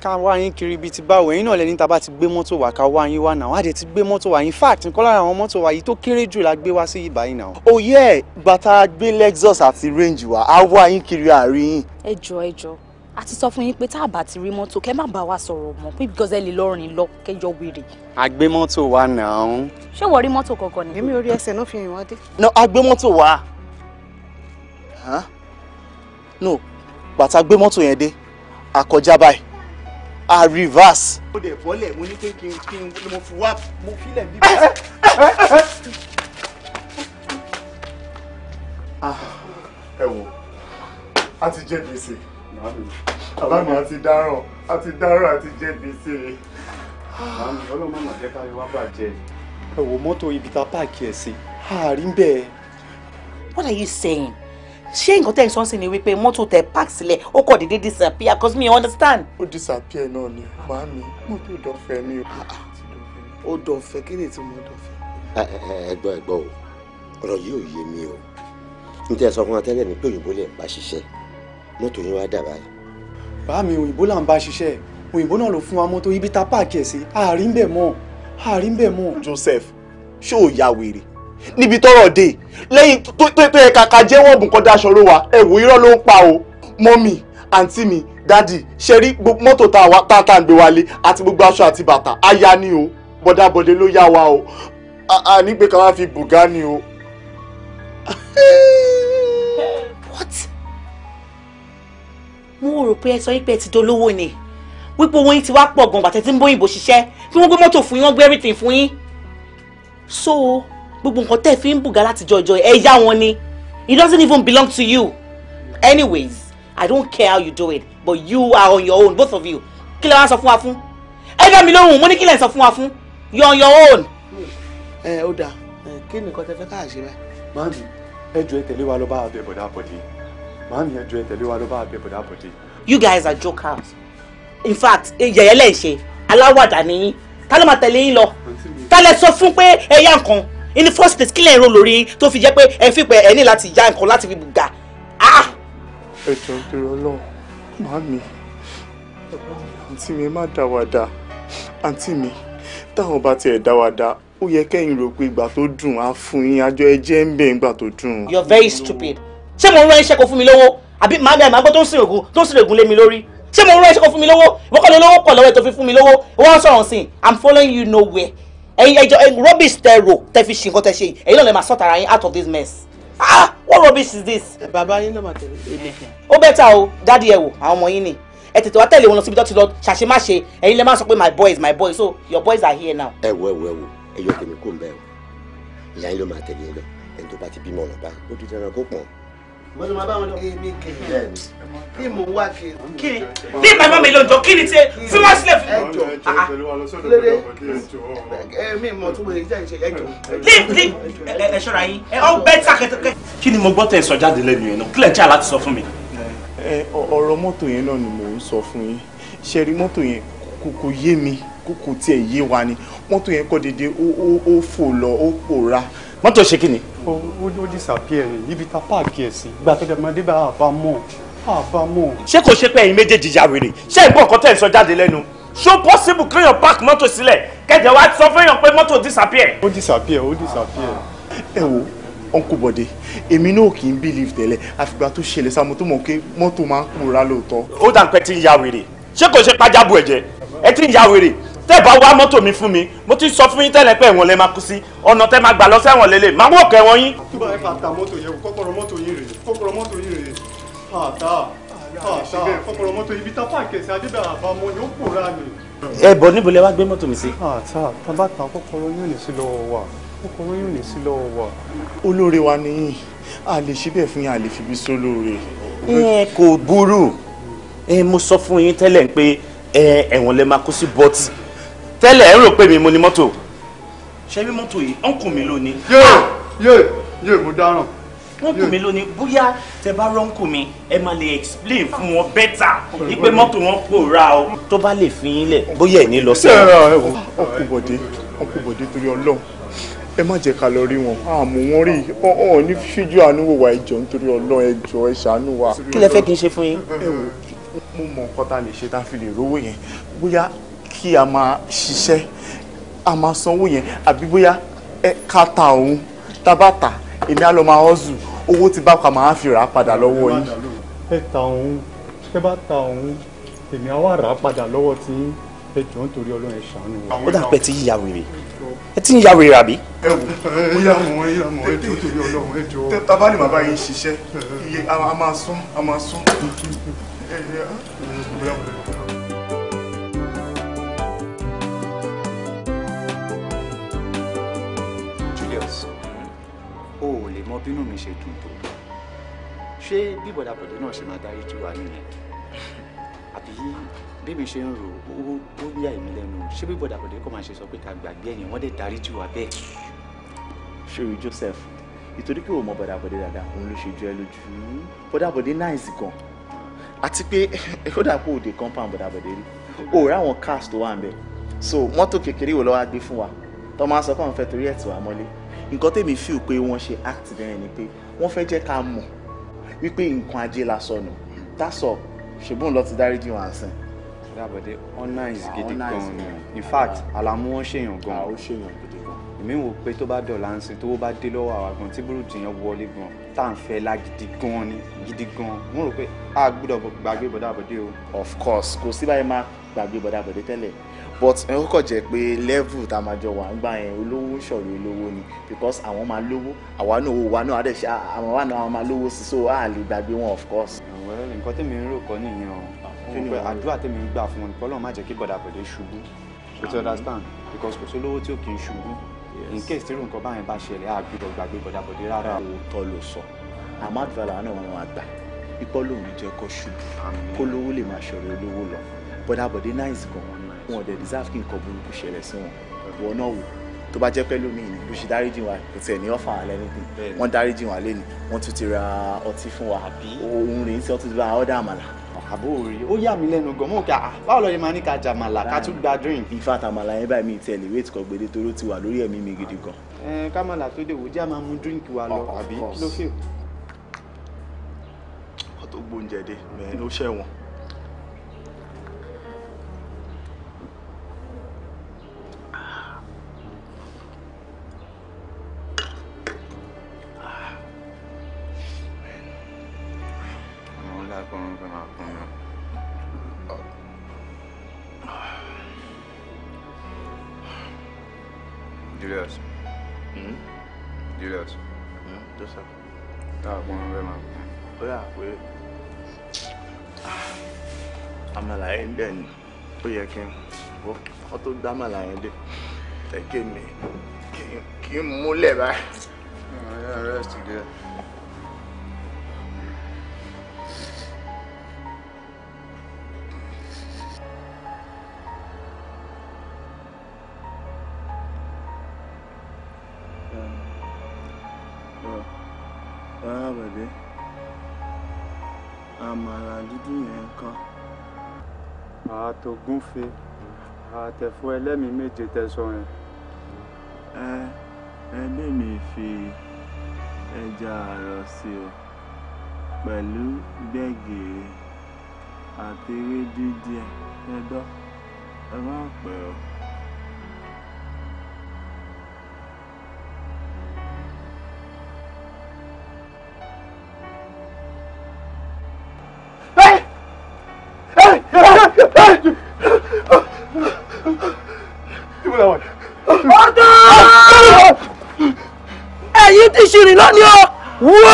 ká wá yín kiri bíi ti báwo ẹ̀yin náà lẹni tá bá ti gbé mọ́tò wá ká wá yín wá náà wá dé ti gbé mọ́tò wá in fact nǹkan lára àwọn mọ́tò wá yìí tó kéré jù la gbé wá sí ibà yìí náà. òye oh bàtà gbé Lexus àti Range wá á wá yín kiri ààrẹ yín. ẹ jọ ẹ jọ a ti sọ fún yín pé tá a bá ti rí mọ́tò kẹ́ má bá wa sọ̀rọ̀ mọ́ pé because ẹ lè lọ́rin lọ kẹjọ wèrè. a gbé mọ́tò wa náà. ṣé wọ́n rí mọ́tò kankan ni. èmi ò rí ẹsẹ̀ náà fi rìn wá dé. no a gbé mọ́tò wa no bàtà gbé mọ́tò yẹn dé a kọjá báyìí a reverse. mo dẹ̀ bọ́lẹ̀ mo ní kí n kí n mo fi wá mo filẹ̀ bí. Ah. ẹ wo a ti jẹ gbèsè. Bàbá mi àti dáràn àti dáràn àti jẹ́ gbèsè. Bàbá mi jẹ́ ká lè wá bàjẹ́. Ẹ wo mọ́tò ibi tá páàkì ẹ̀ sí, àárín bẹ́ẹ̀. What are you saying? ṣé nǹkan tẹ́ ń sọ sí ni wípé mọ́tò tẹ park sílẹ̀ ó kọ̀ déédéé disappear cause me understand. ó disappear náà ni màá mi mọ́tò dọ̀fẹ́ ni o. Ah, ah. ó dọ̀fẹ́ kí ni tí mo dọ̀fẹ́. ẹgbọ́n ẹgbọ́n o ọ̀rọ̀ yìí ò yé mi o n tẹ́ sọ fún wa tẹ́lẹ̀ ní pé òyìnbó lè bá ṣiṣẹ́ mọ́tò yín wá dà báyìí. bá mi òyìnbó là ń bá ṣiṣẹ́ òyìnbó náà ló fún wa mọ́tò ibi tá páàkì ẹ̀ sí àárín bẹ̀ mọ́ àárín bẹ̀ mọ́. Joseph ṣé ò ya wèrè níbi tọrọ dé lẹ́yìn tó yẹ kàkà jẹ́wọ́ ọ̀bùn kan daṣọ ló wa ẹ̀wò irọ́ ló ń pa o mọ́mì àǹtí mi dádì ṣe rí tá a tá a gbé wálé àti gbogbo aṣọ àti bàtà á yá ni o bọ́dábọ́dé ló yá wa o ànígbé kan wá fi bùgá ni o. What? mo rò pé ẹ sọ pé ẹ ti dolówó ni wípé owó yín ti wá pọ̀ gan bàtẹ́ tí ń bóyìnbó ṣiṣẹ́ kí wọ́n gbé mọ́tò fún yín wọ́n gbé everything fún yín so gbogbo nǹkan tẹ́ ẹ fi ń bùgá láti jọjọ ẹ yá wọn ni it doesn't even belong to you anyways i don't care how you do it but you are on your own both of you kí lẹ wá sọ fún wa fún ẹ dá mi lóhùn mo ní kí lẹ sọ fún wa fún you are on your own. ẹ ó dáa kí nìkan tẹ fẹ́ káà ṣe báyìí. máàmì ẹ jọ ẹ tẹ̀lé wa lọ bá àbẹ̀ bọ̀dá màámi ẹjọ ẹ tẹ̀lé wa ló bá bẹ bọ̀dá bọ̀dé. you guys are jokers in fact yẹ̀yẹ́ lẹ́ ń ṣe aláwàdà nìyí ta ló máa tẹ̀lé yín lọ ta lẹ sọ fún pé ẹ yá nǹkan in the first place kí lẹ́yìn ro lórí tó fi jẹ́ pé ẹ fi pé ẹ ní láti yá nǹkan láti fi gbà á. Ah! ẹ jọ ń tẹ̀rọ lọ màámi àǹtí mi má dáwàdà àǹtí mi táwọn bá tiẹ̀ dáwàdà ó yẹ kẹ́yìn rò pé ìgbà tó dùn á fún yín àjọ ẹjẹ́ ń bẹ̀ ìgbà tó dùn. you are very stupid ṣé mo ń rán iṣẹ́ kó fún mi lówó àbí màá mi àmàgbọ́ tó ń sìn ògùn tó ń sìn ògùn lé mi lórí ṣé mo ń rán iṣẹ́ kó fún mi lówó ìwọ kọ́ ló lówó pọ̀ lọ́wọ́ ètò fífún mi lówó ìwọ ń sọ̀rọ̀ sìn i'm following you nowhere ẹ̀yin ẹjọ́ rubbish tẹ rò tẹ fi ṣe nǹkan tẹ ṣe yìí ẹ̀yin náà lè máa sort ara yín out of this mess ah what rubbish is this. bàbá yín ló máa tẹ̀lé èmi. E ó bẹ́tà o dádì ẹ wò àwọn ọmọ yín ni ẹ tètè wá tẹ̀lé wọn lọ síbi tó ti lọ ṣàṣemáṣe ẹ̀yin lè máa sọ pé my boys my boys so your boys are here now. ẹ wo ẹ wo ẹ wo ẹ yọ tèmi kó n bẹ o ìyá yín ló máa tẹ̀lé yín e lọ ẹni tó bá ti bímọ ọ̀nà bá ó ti dáná kó pọ̀n mo ti máa bá wọn lọ. èmi kìlẹ̀ bí mo wá kiri. kiri bí màmá mi lọ́jọ́ kiri ti fi wọ́n sílẹ̀ fún mi. ẹjọ lóde èmi mọ̀ tó wọlé jẹ́ ẹjọ. leave leave yín ẹ ọ bẹ́ẹ̀ ta kẹ́tẹ́kẹ́. kí ni mo gbọ́ tẹ̀ sọ jáde lẹ́nu yẹn náà kílẹ̀ tí a láti sọ fún mi. ọ̀rọ̀ mọ́tò yẹn náà ni mò ń sọ fún yín ṣe mọ́tò yẹn kò yé mi kò tiẹ̀ yé wa ni mọ́tò yẹn kọ́ déédéé ó fò lọ ó pòórá mọ́tò ṣe kí ni. ó ó disappear ni ibi ta páàkì ẹ̀ sí ìgbà tó dẹ̀ máa dé bá àbámọ̀ àbámọ̀. ṣé kò ṣe pé ẹ̀yin méjèèjì ya wèrè ṣé ìgbọ́ nǹkan tẹ̀ ń sọ jáde lẹ́nu ṣó possible kéèyàn park mọ́tò sílẹ̀ kẹ̀jẹ̀ wá sọ fẹ́yàn pé mọ́tò disappear. ó disappear ó disappear. ẹ wo uncle bode èmi náà kì í believe tẹ́lẹ̀ àfìgbà tó ṣẹlẹ̀ sáà mo tó mọ̀ pé mọ́tò máa ń pòórá lóòótọ́. ó dà ń pẹ́ tí tẹ́ bá wá mọ́tò mi fún mi mo ti sọ fún yín tẹ́lẹ̀ pé ẹ̀wọ̀n lẹ máa kú sí ọ̀nà tẹ́ máa gbà lọ sẹ́wọ̀n lélẹ̀ máa wọ̀ kẹ́wọ̀n yín. tí báyìí ká ta mọ́tò yẹn kọ́kọ́rọ́ mọ́tò yín rèé kọ́kọ́rọ́ mọ́tò yín rèé àtà àtà kọ́kọ́rọ́ mọ́tò ibi tá pàǹkì ẹ̀sìn adébẹ̀rẹ̀ àbámọ́ yóò pòórá mi. ẹ bọ níbo lẹ wá gbé mọ́tò mi sí. àtà ta kọ́kọ́rọ́ yóò ní lè máa kó sí bọ́tì tẹ́lẹ̀ ẹ̀ ń rò pé mi mo ni mọ́tò ṣe bí mọ́tò yìí ọ̀nkù mi lónìí. yóò yóò yóò mo dáràn. ọ̀nkù mi lónìí bóyá tẹ bá rọ́ǹkù mi ẹ máa lè explain fún wọn bẹ́tà wípé mọ́tò wọn pòórá o tó bá lè fi yín lẹ̀ bóyá ẹ̀ ní lọ sí. ọ̀nkù bọ̀dé ọ̀nkù bọ̀dé torí ọlọ́run ẹ má jẹ́ ká lọ rí wọn àmọ́ wọn rí ọ̀hún ní fíjú àánú wò wá ìjọ nítorí ọlọ́run ẹ ẹ ṣàánú wa. kí lẹ fẹ́ kí n ṣe fún yín. mo mọ nǹkan tá a lè ṣe tá a fi lè rówó yẹn bóyá kí a máa ṣiṣẹ́ a máa sanwó yẹn àbí bóyá ẹ ká ta òun tábàtà èmi á lọ máa hustle owó ti bá pa máa fi rà á padà lọ́wọ́ yín. ẹ ta òun ẹ bá ta òun èmi á wá rà á padà lọ́wọ́ tí ẹ jọ ń torí ọlọ́run ẹ ṣàánú ó dà pé ti yíya wèrè ẹ ti ń ya wèrè àbí. ẹ wò ó yà mọ ẹ yà mọ ẹ jọ torí ọlọ́run ẹ jọ. tábà ní bàbá yìí ṣiṣẹ́ iye a máa sún a máa sún. mọ bínú mi ṣe dùn tó ṣé bí bọ̀dà bọ̀dé náà ṣe máa dárí jù wá nìyẹn àbí bí mi ṣe ń rò ó ó yà èmi lẹ́nu ṣé bí bọ̀dà bọ̀dé kọ́ máa ṣe sọ pé ká gbàgbé ẹ̀yìn wọ́n dẹ̀ dárí jù wá bẹ́ẹ̀. ṣèwì Joseph ìtorí pé o mọ bọ̀dà bọ̀dé dáadáa òun ló ṣe jọ ẹ lójú bọ̀dà bọ̀dé náìsì gan àti pé ó dà pé òde compound bọ̀dà bọ̀dé rí o ráwọn cars tó wà ń bẹ̀ so mọ́tò kékeré wo ló wá gbé fún wa tọ́ máa sọ pé àwọn fẹ́ torí ẹ̀ tì wá mọ́lé nǹkan tèmi feel pé wọ́n ṣe act bẹ́ẹ̀ ni pé wọ́n fẹ́ jẹ́ ká mọ̀ wípé nǹkan ajé la sọnù tásọ̀ ṣùgbọ́n lọ ti dáríjì wọn àsìn. dábọ̀dé ọ̀nà ìsìgidi ah, gan-an ni in fact ah. àlàmú wọn ṣèyàn gan-an. àwọn ah, ṣèyàn gidi gan-an. èmi wò pé tó bá dọ̀la ń sin tó bá dé lọ́wọ́ àwa gan-an tí burúkú yẹn wọlé gan-an tá à ń fẹ́ la gidi gan-an ni gidi gan-an mo rò pé a gbọ́dọ̀ gbàgbé bọ̀dá bọ̀dé o. of course kò sí báyìí máa gbàgbé bọ̀dá bọ̀dé tẹ́lẹ̀ but ó kàn jẹ́ pé level tá a máa jọ wà ń gbà yẹn olówó ń ṣọ̀rọ̀ olówó ni because àwọn máa lówó àwa náà owó wa náà á dẹ̀ ṣe àwọn wa náà máa lówó sí so a lè gbàgbé wọn of course. àwọn nǹkan tèmi ń rò kọ́ nìyẹn o fún pé àdúrà tèmi ń gbà fún wọn kọ́lọ́ má jẹ́ kí bọ̀dà bọ̀dẹ̀ ṣubú kò tí understand because kò sólówó tí ò kì í ṣubú in case tí irú nǹkan báyẹn bá ṣẹlẹ̀ á gbúdọ̀ gbàgbé bọ̀dà bọ̀dẹ̀ rárá. òótọ́ ló sọ ahmad vala náà wọn máa gbà ipò lòun jẹ́ kó ṣubú kó lówó lè máa ṣọ̀rọ̀ olówó lọ bọ̀dà bọ̀dẹ̀ náà ìsìnkàn wọn wọn ò dẹ̀ deserve kí nǹkan burúkú ṣẹlẹ̀ sí wọn ìwọ náà wò tó bá jẹ́ pẹ́ lómi ni bó ṣe dáríjì wa kò tẹ̀ ní ọ̀fà alẹ́ níbi wọ́n dáríjì wa lé ní wọ́n tún ti ra ọtí fún wa ohun rèé tí wọ́n tún ti bá ọ̀dà àmàlà. àbó rí ó yà mí lẹ́nu gan mọ́ kí a báwo lọ́ọ́ yẹn máa ní ká jà màlà ká tún gba drink. ifá àtàmàlà yẹn báyìí mi ì tẹ̀lé wéètì kan gbèdé toró ti wà lórí ẹ̀mí mi gidi gan. ẹ kámàlà tó dé wò jẹ́ àmà drink wa lọ àbí kí ló fẹ́ o. ọ̀tọ̀ gbóúnjẹ dé mẹ́rin ó ṣẹ̀wọ̀n gbámàlà yẹn dé ẹ gé mi kì í múlẹ̀ báyìí. rest there. àmàlà dúdú yẹn kan àtògúnfe àtẹ̀fọ́ ẹlẹ́mìí méje tẹ̀sán yẹn. ẹ ẹ bí mi fi ẹja àrọ̀ sí o pẹ̀lú gbẹ̀gìrì àti ewédú díẹ̀ ẹ dọ́ ẹ má pẹ́ o. rìn lónìí o wúwo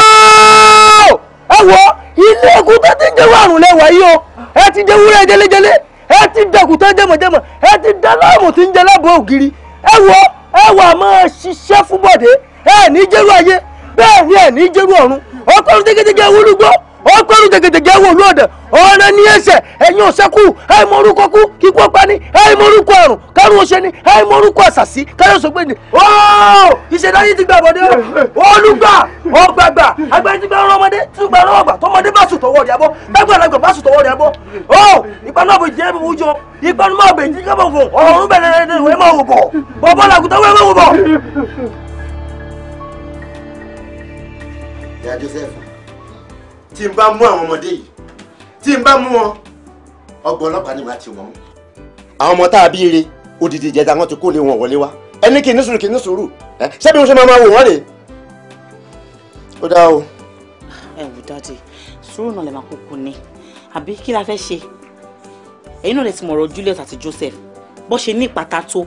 ẹ wọ ilé ẹkùn tó ti ń jẹwọ àrùn lẹwà yìí o ẹ ti jẹ wúrẹ jẹlẹjẹlẹ ẹ ti dẹkùn tó jẹmọjẹmọ ẹ ti dẹ láàmù tí ń jẹ lábọ ògiri ẹ wọ ẹ wà máa ṣiṣẹ́ fún bọ̀dé ẹ ní jẹ́rú ayé bẹ́ẹ̀ ni ẹ ní jẹ́rú ọ̀run ọkọ̀ ọ̀run tẹ́gẹ́tẹ́gẹ́ wúlúgbọ́ ọkọ̀rù jẹgẹjẹgẹ wò lóde ọ̀rẹ́ ní ẹsẹ̀ ẹ̀yin ọ̀sẹ́kù ẹ̀yin morúkọ kú kíkú ọ̀pá ní ẹ̀yin morúkọ ọ̀rùn kárùn ọ̀ṣẹ́ ní ẹ̀yin morúkọ àṣàṣì káyọ̀ sọ pé ní. ooo ìṣẹ̀dáyé ti gbà bọ̀dé olùgbà ọgbàgbà agbẹ́ni ti gbà ọ̀rọ̀ ọmọdé tí ó gbà ọ̀rọ̀ ọgbà tọmọdé bá sùn tọwọ́ rẹ̀ abọ́ lágbàlagbà bá sùn tọwọ́ rẹ̀ abọ́ ooo ìpanúmọ̀bẹ̀ jẹ́ ìbùjọ ìpanúmọ̀bẹ̀ jí kábọ̀ fún ọ̀run bẹ̀rẹ̀ wẹ́ máa wò bọ̀ bọ̀bọ̀ làkútà wẹ́ máa wò bọ̀. ìyá Joseph tí n bá mú àwọn ọmọdé yìí tí n bá mú wọn ọgbọ́n ọlọ́pàá ni màá ti àwọn ọmọ tá a bí ire odidi ìjẹta wọn ti kó lé wọn wọlé wá ẹni kì í ní sùúrù kì í ní sùúrù ẹ ṣé bí mo ṣe máa máa wò wọ́n rè ó dá o. ẹ wù dáàdì sùúrù náà lè máa kókó ni àbí kí la fẹ́ ṣe ẹ̀yin náà lè ti mọ̀rọ̀ Julius àti Joseph bó ṣe ní ìpàtà tó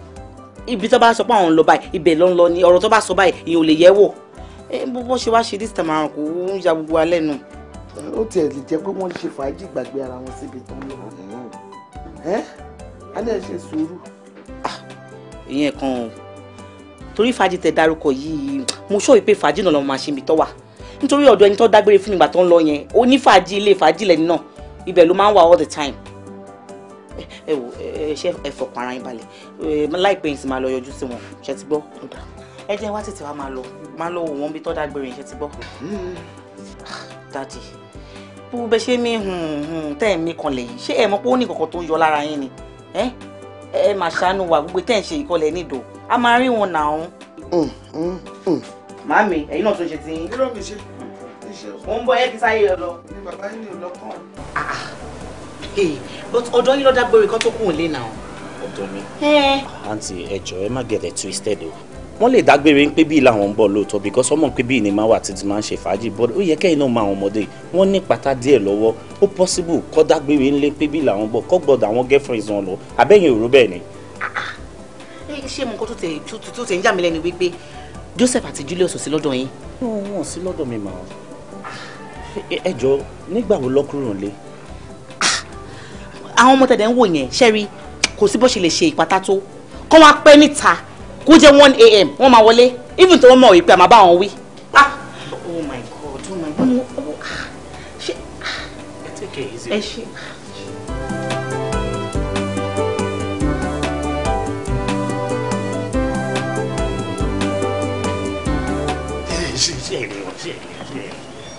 ibi tó bá sọ pé àwọn ń lọ báyìí ibẹ̀ ló ń lọ ni ọ̀rọ̀ tó bá sọ báyìí ìyẹn ò lè yẹ̀ wò bó ṣe wá ṣe this time àrùn kò ń ya gbogbo alẹ́ nù ó tiẹ̀ lè jẹ́ pé wọ́n ṣe fàájì gbàgbé ara wọn síbi tán lọ mm-hmm. ẹ́ alẹ́ ṣe sùúrù. Ah, ìyẹn kan o torí fàájì tẹ dárúkọ yìí mo ṣọ́ ìpè fàájì náà lọ́mọ àṣemí tó wà nítorí ọ̀dọ̀ ẹni tó dágbére fún ìgbà tó ń lọ yẹn ó ní fàájì ilé fàájì lẹ́ni náà ibẹ̀ ló máa ń wà all the time ẹ wò ẹ ṣe ẹ fọkàn ara yín balẹ̀ láìpẹ́ yìí sì máa lọ yọjú sí wọn ṣe ti gbọ́ ẹ jẹ́ wá tètè wá máa lọ máa lọ wò wọ́n bí tó dágbére yẹn ṣe ti gbọ́ mm-hmm. ah, dáàdì bó bẹ ṣe mí tẹ́ ẹ̀ mi kanlẹ̀ yìí ṣé ẹ mọ̀ pé ó ní kankan tó ń yọ lára yín ni ẹ ẹ máa ṣàánú wa gbogbo tẹ́ ẹ̀ ń ṣe ìkọlẹ̀ nídò a máa rí wọn nà án. Mm, mm, mm. màámi ẹ̀yin náà tún ṣe ti yín. irọ́ mi ṣe mo ń bọ ẹ kí sáyé lọ. ni bàbá yín ni ò kàn. ọ̀dọ́ yín lọ́dá gbèrè kan tó kù ń lé nà án. ọ̀dọ́ mi. àǹtí ẹ̀jọ̀ ẹ má get twisted o wọ́n lè dágbére ń pé bíi làwọn ń bọ̀ lóòótọ́ because ọmọ pé bíi ni máa wà títí máa ń ṣe fàájì but ó yẹ kẹ́yìn náà máa àwọn ọmọdé wọ́n ní pátá díẹ̀ lọ́wọ́ ó possible kọ́ dágbére ń lé pé bíi làwọn ń bọ̀ kọ́ gbọ́dọ̀ àwọn girlfriends wọn lọ abẹ́yìn òru bẹ́ẹ̀ ni. ṣé mo kọ́ tó tẹ̀ tó tẹ̀ ń yà mí lẹ́nu wípé Joseph àti Julius ò sí lọ́dọ̀ yín. wọn ò sí lọ́dọ̀ mi mà ẹ jọ nígbà wo lọ́kùnrin lé. àwọn ọmọ tẹ̀dẹ̀ ń wò yẹn ṣẹ́rí kò sí bó ṣe lè ṣe ìpátá kó jẹ́ one a.m. wọ́n máa wọlé even tó wọ́n mọ̀ wípé àmàbá wọn wí. Ah! oh my god oh my god ah, ṣe ẹ ṣe.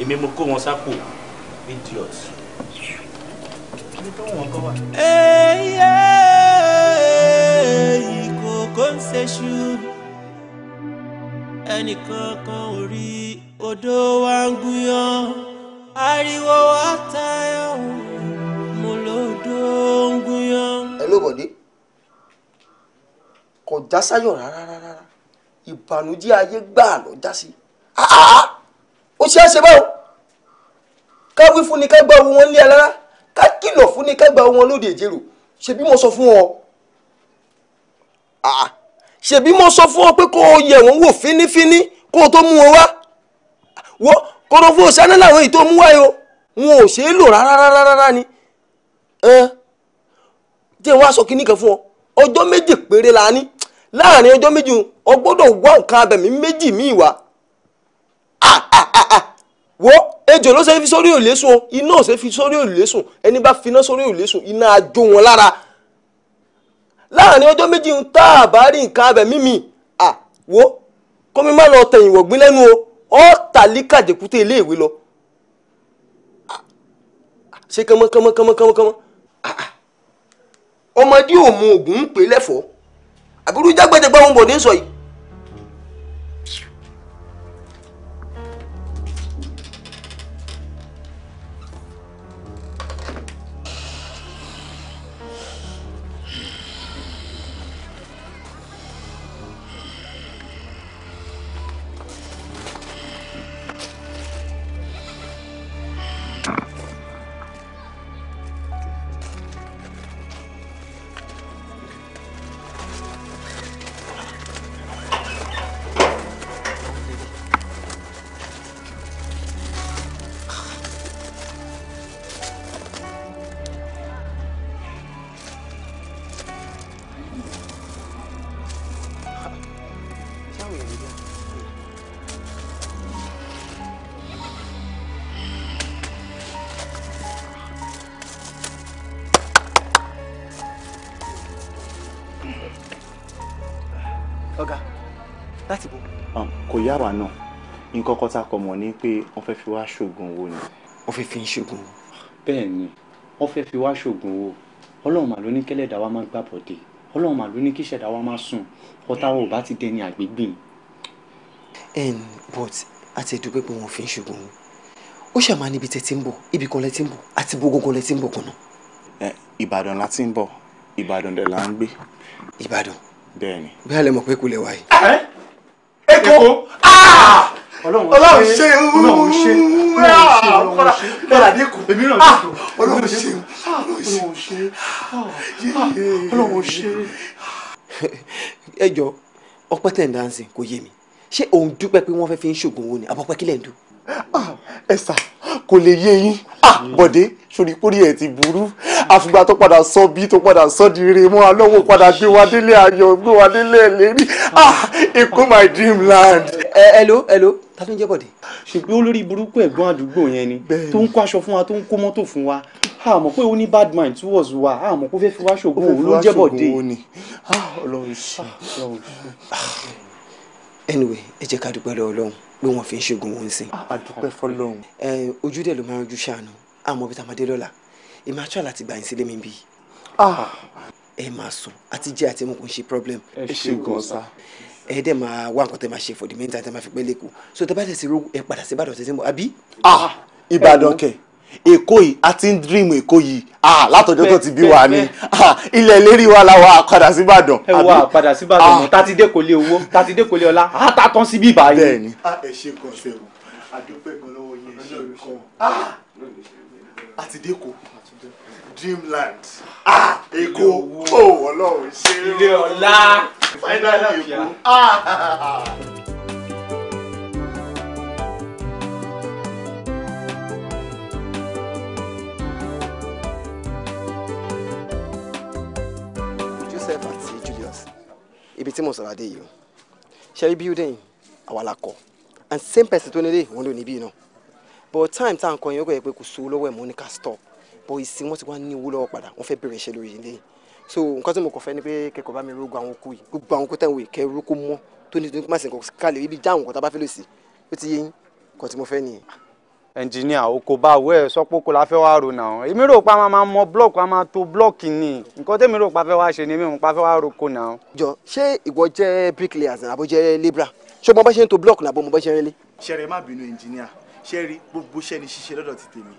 èmi mo kó wọn sápò idiot. Hey, yeah, yeah kó ń ṣeṣu ẹnìkan kan ò rí odò wa ń gúnyán ariwo wa tayọ mo lòdò ń gúnyán. ẹ ló bọ̀dé kò já sáyọ̀ rárá rárá ìbànújẹ́ ayé gbáà ló já sí ah, ah, ah. ó ṣe é ṣe báwo ká wí fún ni ká gbá owó wọn ní alára ká kìlọ̀ fún ni ká gbá owó wọn lóde ìjẹ́rò ṣebí mo sọ fún ọ. Ah, ah. ṣebí mo sọ fún ọ pé kó o yẹ wọn wò fínífíní kó o tó mú wọn wá wọ kọ̀rọ̀fọ̀ ṣáná làwọn èyí tó mú wáyé o wọn ò ṣe é lò rárá rárá rárá ni jẹ́ wọ́n á sọ fún ọ ọjọ méjì péré la ní láàrin ọjọ méjì ọ gbọdọ wá nǹkan abẹ̀mí méjì míì wá ah, wo ejò ló ṣe fi sórí òlé sùn iná ò ṣe fi sórí òlé sùn ẹni bá finá sórí òlé sùn iná á jó wọn lára. láàrin ọjọ́ méjì ń tá a bá rí nǹkan abẹ mímì à wo kọ́mi má lọ tẹ̀yìn wọ̀gbìn lẹ́nu o ọ́ tàlíkàjẹ̀kúté iléèwé lọ ṣé kánmọ́ kánmọ́ kánmọ́ kánmọ́ kánmọ́ ọmọdé ò mu oògùn ń pè lẹ́fọ̀ọ́ àbúrú jágbẹ́jẹgbẹ́ òun bò ní sọ yìí. láwa náà nǹkan kan tá a kọ mọ̀ ni pé wọ́n fẹ́ fi wá ṣoògùn owó ni. wọ́n fẹ́ fi ń ṣoògùn owó. bẹ́ẹ̀ ni wọ́n fẹ́ fi wá ṣoògùn owó ọlọ́run màlúù ní kẹ́lẹ́dà wa máa gbà bọ̀dẹ̀ ọlọ́run màlúù ní kíṣẹ̀dá wa máa sùn ọ̀tá wa ò bá ti dẹni àgbégbìn. ẹn but àti ẹ̀dùgbẹ́ pé wọ́n fi ń ṣoògùn owó ó ṣàmà níbi tẹ́ ti ń bọ̀ ibì kan lẹ́ ti ń bọ̀ àti gbogbo lẹ́ ti ń bọ̀ kan ìbàdàn la ti ń bọ̀ ìbàdàn dẹ̀ la ń gbé. ìbàdàn. bẹ́ẹ̀ ni. bí a mọ̀ pé kò wáyé èkó ah! ọlọ́run ṣe ọlọ́run ṣe ọlọ́run ṣe lọ́la ní èkó èmi náà ah! ní èkó ah! ọlọ́run ṣe ọlọ́run ṣe ọlọ́run ṣe. ẹ jọ ọpẹ́ tẹ ń dánsì kò yé mi ṣé òun dúpẹ́ pé wọ́n fẹ́ẹ́ fi ń ṣoògùn owó ni àbọpẹ kílẹ ń dùn. ẹ sà kò lè yé yín mm. bọ̀dé sórí pórí ẹ̀ ti burú àfìgbà tó padà sọ bí tó padà sọ di rere mọ́ alọ́wọ́ padà gbé wa délé ayọ̀ gbé wa délé ẹlẹ́rìí ah Èkó my dream land. ẹ ẹ ló ẹ ló ta ló ń jẹ́ bọ̀dẹ̀. ṣùgbọ́n olórí burúkú ẹ̀gbọ́n àdúgbò yẹn ni tó ń kó aṣọ fún wa tó ń kó mọ́tò fún wa a mọ̀ pé ó ní bad mind towards wa a mọ̀ pé ó fẹ́ fi wá ṣògùn òun ló ń jẹ́ bọ̀dẹ̀. Ah, ọlọ́run ṣe ah, ọlọ́run ṣe. anyway ẹ jẹ́ ká dúpẹ́ lọ́wọ́ ọlọ́run pé wọ́n fi ń ṣègùn òun sí. a dúpẹ́ fọlọ́run. ojú dẹ̀ ló máa ń ojú ṣàánú àmọ́ bí tamade lọ́la èmi àtúwà láti gbà yín sílé mi bí. Ah. ẹ máa sùn àti jẹ́ àti mọ̀kún ṣe problem. ẹ ṣe gan sa. ẹ dẹ̀ máa wá nǹkan tẹ́ máa ṣe for the meantime tẹ́ máa fi pẹ́ lẹ́kọ̀ọ́ so tẹ́ bá tẹ̀ sí ro ẹ padà sí ìbàdàn tẹ́sí mọ́ àbí. Ah, ìbàdàn kẹ̀ èkó yìí a ti ń dream èkó yìí ah, látọjọ́ tó ti bí wa ni ilẹ̀ ìlérí wa la wa padà sí ìbàdàn. ẹ wá padà sí ìbàdàn mọ́ tátidé kò lé owó tátidé kò lé ọlá àtàtàn sí bí ìbàdàn. bẹ́ẹ̀ni. ẹ ṣe gan sẹwọn àdúpẹ́ gan yẹn ṣe kàn àti dẹ́kọ̀ dreamland ah, ah! èkó ó ọlọ́run ṣe é ilé ọ̀la finally èkó ah. Joseph àti Julius ibi tí mo sọ̀rọ̀ adé yìí o ṣe rí building àwa la kọ́ and same person tó nílé òun ló ní bí náà but time tá à yẹn ó gbẹ̀yẹ pé kò sówó lọ́wọ́ ẹ̀ mọ́ ní ká stop but ìsìn wọ́n ti wá ní owó lọ́wọ́ padà wọ́n fẹ́ bẹ̀rẹ̀ iṣẹ́ lórí ilé so nǹkan tí mo kàn fẹ́ ni pé kẹ́kọ̀ọ́ bá mi rógo àwọn okú yìí gbogbo àwọn okú tẹ̀ ń wè kẹ́ rókó mọ́ tó ní tó ní pàṣẹ kálẹ̀ ibi já nǹkan tá bá fẹ́ lò sí ó ti yé yín nǹkan tí mo fẹ́ nìyẹn. ẹnjìníà oko bá wẹ sọ pé kò la wá ro nà èmi rò pé a máa mọ blọọkì a máa to blọọkì ni nǹkan tẹ́mi rò pé a fẹ́ wá ṣe ni èmi rò fẹ́ wá roko nà ọ́. jọ ṣé ìwọ jẹ bricklayers àbójẹ labourer ṣé mo bá ṣe ń to blọọkì nàbọ ṣe rí gbogbo iṣẹ́ ni ṣíṣe lọ́dọ̀ ti tèmi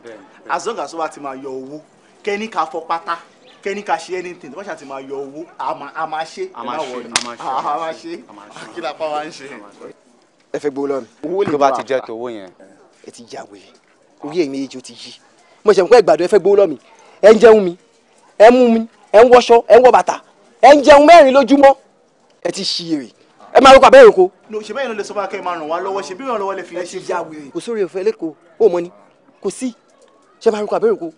as long as wọ́n bá ti máa yọ owó kẹ́ni ká fọ pátá kẹ́ni ká ṣe anything wọ́n ṣáà ti máa yọ owó a máa ṣe a máa wọ̀ ni a máa ṣe kí lápá wa ń ṣe. ẹ fẹ́ gbowó lọ́nà. owó lè bá ti jẹ́ tówó yẹn. ẹ ti yà wèrè orí èmi èjì ó ti yí mo ṣe nǹkan ìgbàdo ẹ fẹ́ gbowó lọ́mì ẹ ń jẹun mi ẹ mú mi ẹ ń wọṣọ ẹ ń wọ bàtà ẹ ń jẹun mẹ́rin lójúmọ́ ẹ ti ṣiyèrè ẹ máa rúkọ ṣe bẹ́ẹ̀ ni lè sọ fún akẹ́yìn máa ràn wá lọ́wọ́ ṣe bí ìrànlọ́wọ́ lè fi ẹ ṣe yá wèrè. kò sórí òfin ẹlẹ́kọ̀ọ́ ó mọ ni kò sí ṣé máa roko àbẹ́rẹ́ roko.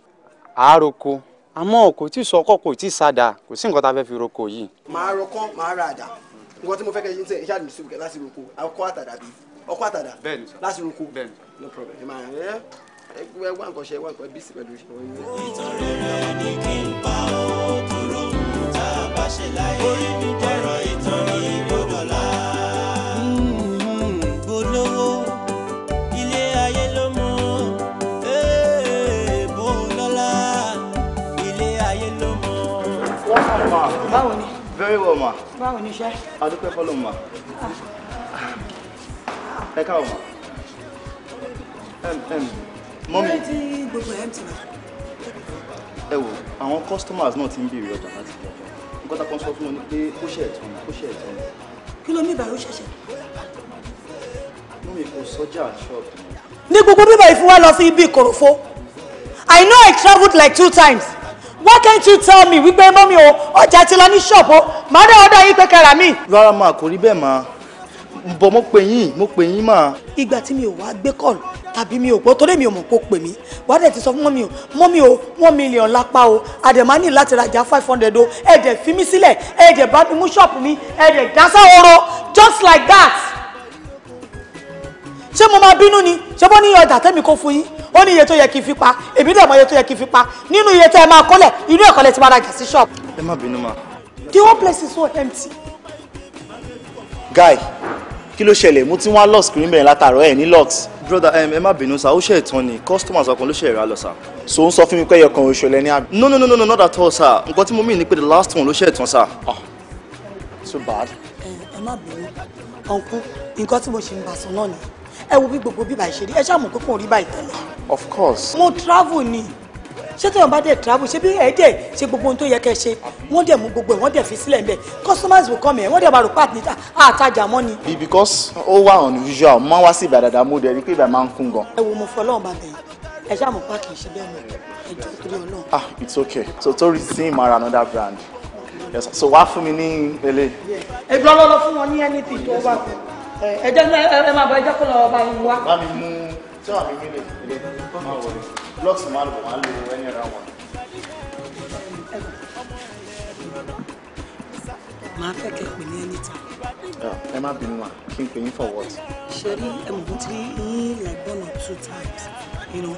àároko àmọ́ kò tí ì sọkọ kò tí ì sádà kò sí nǹkan tá a fẹ́ fi roko yìí. màá rọkán màá ra àdá nǹkan tí mo fẹ́ kẹ́ ṣe ń tẹ̀ ẹ ṣáà mi sí láti roko ọkọ àtàdà bíi ọkọ àtàdà láti roko no problem ẹ máa ẹ ẹ wá nǹkan ṣe wá nǹkan bí very well ma. báwo ni iṣẹ́. adúpẹ́ fọlọ́ ma. Ah. ẹ káwọ ma. mọ́mí. ilé ti gbogbo ẹ̀ ń tì náà. ẹ wo àwọn customers náà ti ń béèrè ọjà láti lọ nǹkan tá a kàn sọ fún wọn ni pé ó ṣe ẹ̀tọ́ ni ó ṣe ẹ̀tọ́ ni. kí ló ní ìbàrú ṣẹ̀ṣẹ̀. mọ́mí kò sọ́jà ṣọ́ọ̀bù. ní gbogbo bíbá ìfúnwá lọ sí ibi ìkòròfó I know I traveled like two times why can't you tell me wípé mọ́mí o ọjà ti lọ ní ṣọ́ọ̀bù màá dé ọ̀dọ̀ yín pé kẹrà mi. rárá máa kò rí bẹ́ẹ̀ máa bọ̀ mo pè yín mo pè yín máa. ìgbà tí mi ò wá gbé kọ́ọ̀lù tàbí mi ò gbọ́ torí mi ò mọ̀ kó pè mí wàá dẹ̀ ti sọ fún mọ́mí o mọ́mí o one million lápá o àdèmá ní láti rajà five hundred o ẹ̀jẹ̀ fi mí sílẹ̀ ẹ̀jẹ̀ bá mi mú ṣọ́ọ̀bù mi ẹ̀jẹ̀ dáṣà oró just like that. ṣé mo máa bínú ni ṣé bọ́ ní ọjà tẹ́mi kó fún yín ó ní iye tó yẹ kí fi pa èmi dẹ̀ mọ iye tó yẹ kí fi pa nínú iye tẹ́ ẹ máa kọ́lẹ̀ inú ẹ̀kọ́lẹ̀ ti máa rajà sí ṣọ́ọ̀bù. ẹ má bínú ma. the whole place is so empty. guy kí ló ṣẹlẹ̀ mo ti wá lux kiri bẹ̀rẹ̀ látàárọ̀ ẹ̀ ní lux. broda ẹ má bínú sa ó ṣe ìtàn ni customers ọkàn ló ṣe ìrà lọ sa. so ń sọ fún mi pé ẹyọkan oṣù lẹ ní àbí. no no no no not at all sa nǹkan tí mo mean ni pé the last one ló ṣe ìtàn sa. ah so bad. ẹ má bínú ọ̀nkú nǹkan tí mo ṣe ń bàṣọ náà nìyẹn ẹ wo bí gbogbo bíbá ṣe rí ẹ ṣáà mọ̀ pé kò rí báyìí tẹ́lẹ̀. of course. mo travel ni ṣé tí wọn bá dẹ̀ travel ṣé bí ẹ dẹ̀ ṣe gbogbo ohun tó yẹ kẹ́ ṣe wọ́n dẹ̀ mú gbogbo ẹ̀ wọ́n dẹ̀ fi sílẹ̀ ń bẹ̀ customers will come here wọ́n dẹ̀ bá rò pàtì níta àtajà mọ́ ni. be because ó wà unusual mo máa wá sí ìbàdàdà mo dẹ̀ rí pé ìbà máa ń kún gan. ẹ wo mo fọ ọlọ́run bàbá yìí ẹ ṣáà mọ̀ pàkì ìṣe bẹ́ẹ̀ mọ̀ ẹjọ́ torí ọlọ́run. ah it's okay so torí sí ìmọ̀ra another brand yes, so wá fún mi ní ilé. ẹ gbọ́dọ̀ lọ fún wọn ní anything tó wà fún ẹ jẹ́ ẹ máa bọ ẹjọ́ kó lọ bá mi wá. bá mi mú tí wàá mi mú ilé ilé máa wọlé blọọsì máa lò máa lò ẹni ra wọn. màá fẹ́ kẹ́ pè ní ẹni ta. ẹ má bínú wa kí n pè yín for what. ṣeré ẹ̀mọ̀gbọ́n ti ní like one or two times you know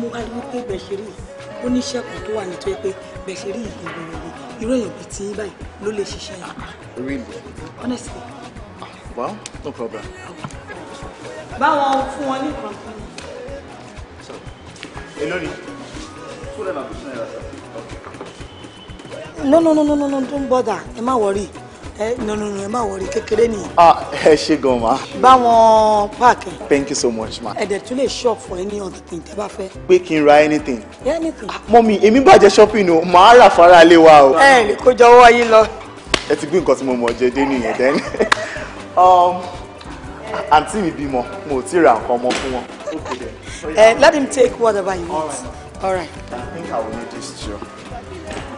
mo wá rí pé bẹ́ẹ̀ ṣe rí ó ní iṣẹ́ kan tó wà ní tó yẹ pé bẹ́ẹ̀ ṣe rí ìgbìmọ̀ ìròyìn bíi ti yín báyìí ló lè ṣiṣẹ́ yìí. really honestly. Well, no problem. Báwọn fún wọn ní kan. Elori. Two hundred and fifty No no no no no don't bother ẹ má wọrí ẹ no no no ẹ má wọrí kékeré ni. Ah, ẹ ṣe gan ma. Báwọn páàkì. Thank you so much ma. Ẹ̀dẹ̀ tún lè shop for any other thing tẹ́ bá fẹ́. Pé kí ra anything. Anything. Ah, Mọ́mí èmi bàjẹ́ shopping o, màá rà fara lé wa o. Ẹ lè kó jọ ọwọ́ yín lọ. Ẹ ti gbé nǹkan tí mo mọ̀ jẹ dé nìyẹn dẹ́ni. until um, we bímọ more, we'll see ì ra nǹkan ọmọ fún wọn. Eh, let him take whatever he want. all right. i think i will need this too.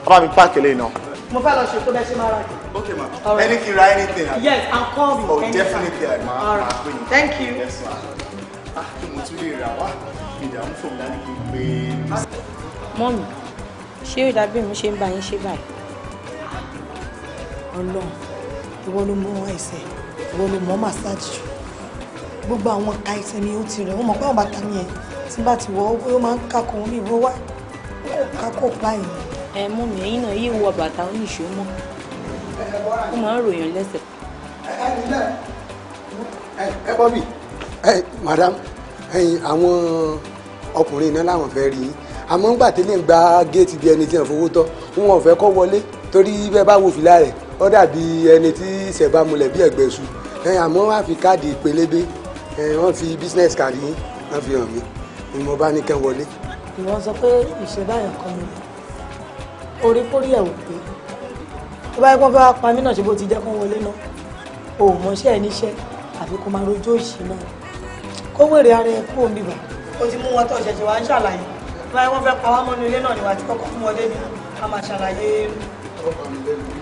bàbá mi páàkì lẹ́yìn náà. mo fẹ́ lọ ṣètò bẹ́ẹ̀ ṣe máa okay ma'am. all right. anything ra anything. yes i'm calling. oh anytime. definitely i ma ma thank you. yes ma'am. ah kí mo tún lè rà wá ìdààmú fún mi she fi have been ṣé ìdàgbé mi ṣe ń bá yín ṣe báyìí ọlọ́run ìwọ ló mú ẹsẹ̀ wọ́n ló mọ́ massage jù gbogbo àwọn ka ẹsẹ̀ mi ó ti rẹ̀ wọ́n mọ̀ pé àwọn bàtà mi ẹ̀ tí bá ti wọ̀ ó máa ń kakọ̀ wọn bí ìwọ wá kakọ̀ báyìí. ẹ mú mi ẹ̀yin náà yìí wọ bàtà oníṣòwò mọ ó máa ń ròyìn lẹ́sẹ̀. ẹ bọ́ bí madam ẹ̀yin àwọn ọkùnrin náà làwọn fẹ́ rí yín àmọ́ ń gbà tẹ́lẹ̀ ń gba géètì bí ẹni tí wọ́n fowó tọ́ wọn ò fẹ́ kó wọlé torí bẹ́ẹ̀ bá wo fìlà rẹ̀ ó dàbí ẹni tí ṣẹ̀bámulẹ̀ bí ẹ̀gbẹ́ su àmọ́ wá fi káàdì pélébé wọ́n fi business card yín wọ́n fi hàn mí ni mo bá ní kẹ́ wọlé. ìwọ sọ pé ìṣẹ̀báyàn kan mi orí kórè ẹ̀ ò pé tó bá yẹ kó fẹ́ wá pa mí náà ṣe bó ti jẹ́ kó wọlé náà o ò mọṣẹ́ ẹ níṣẹ́ àfi kó máa rojọ́ òṣì náà kó wèrè ara ẹ kú òun bíbà. o ti mú wọn tó ṣẹ̀ṣẹ̀ wá ń ṣàlàyé báyìí wọ́n fẹ́ pa wá mọ́nú ilé náà ni wàá ti kọ́kọ́ fún wọn a máa ṣàlàyé. mi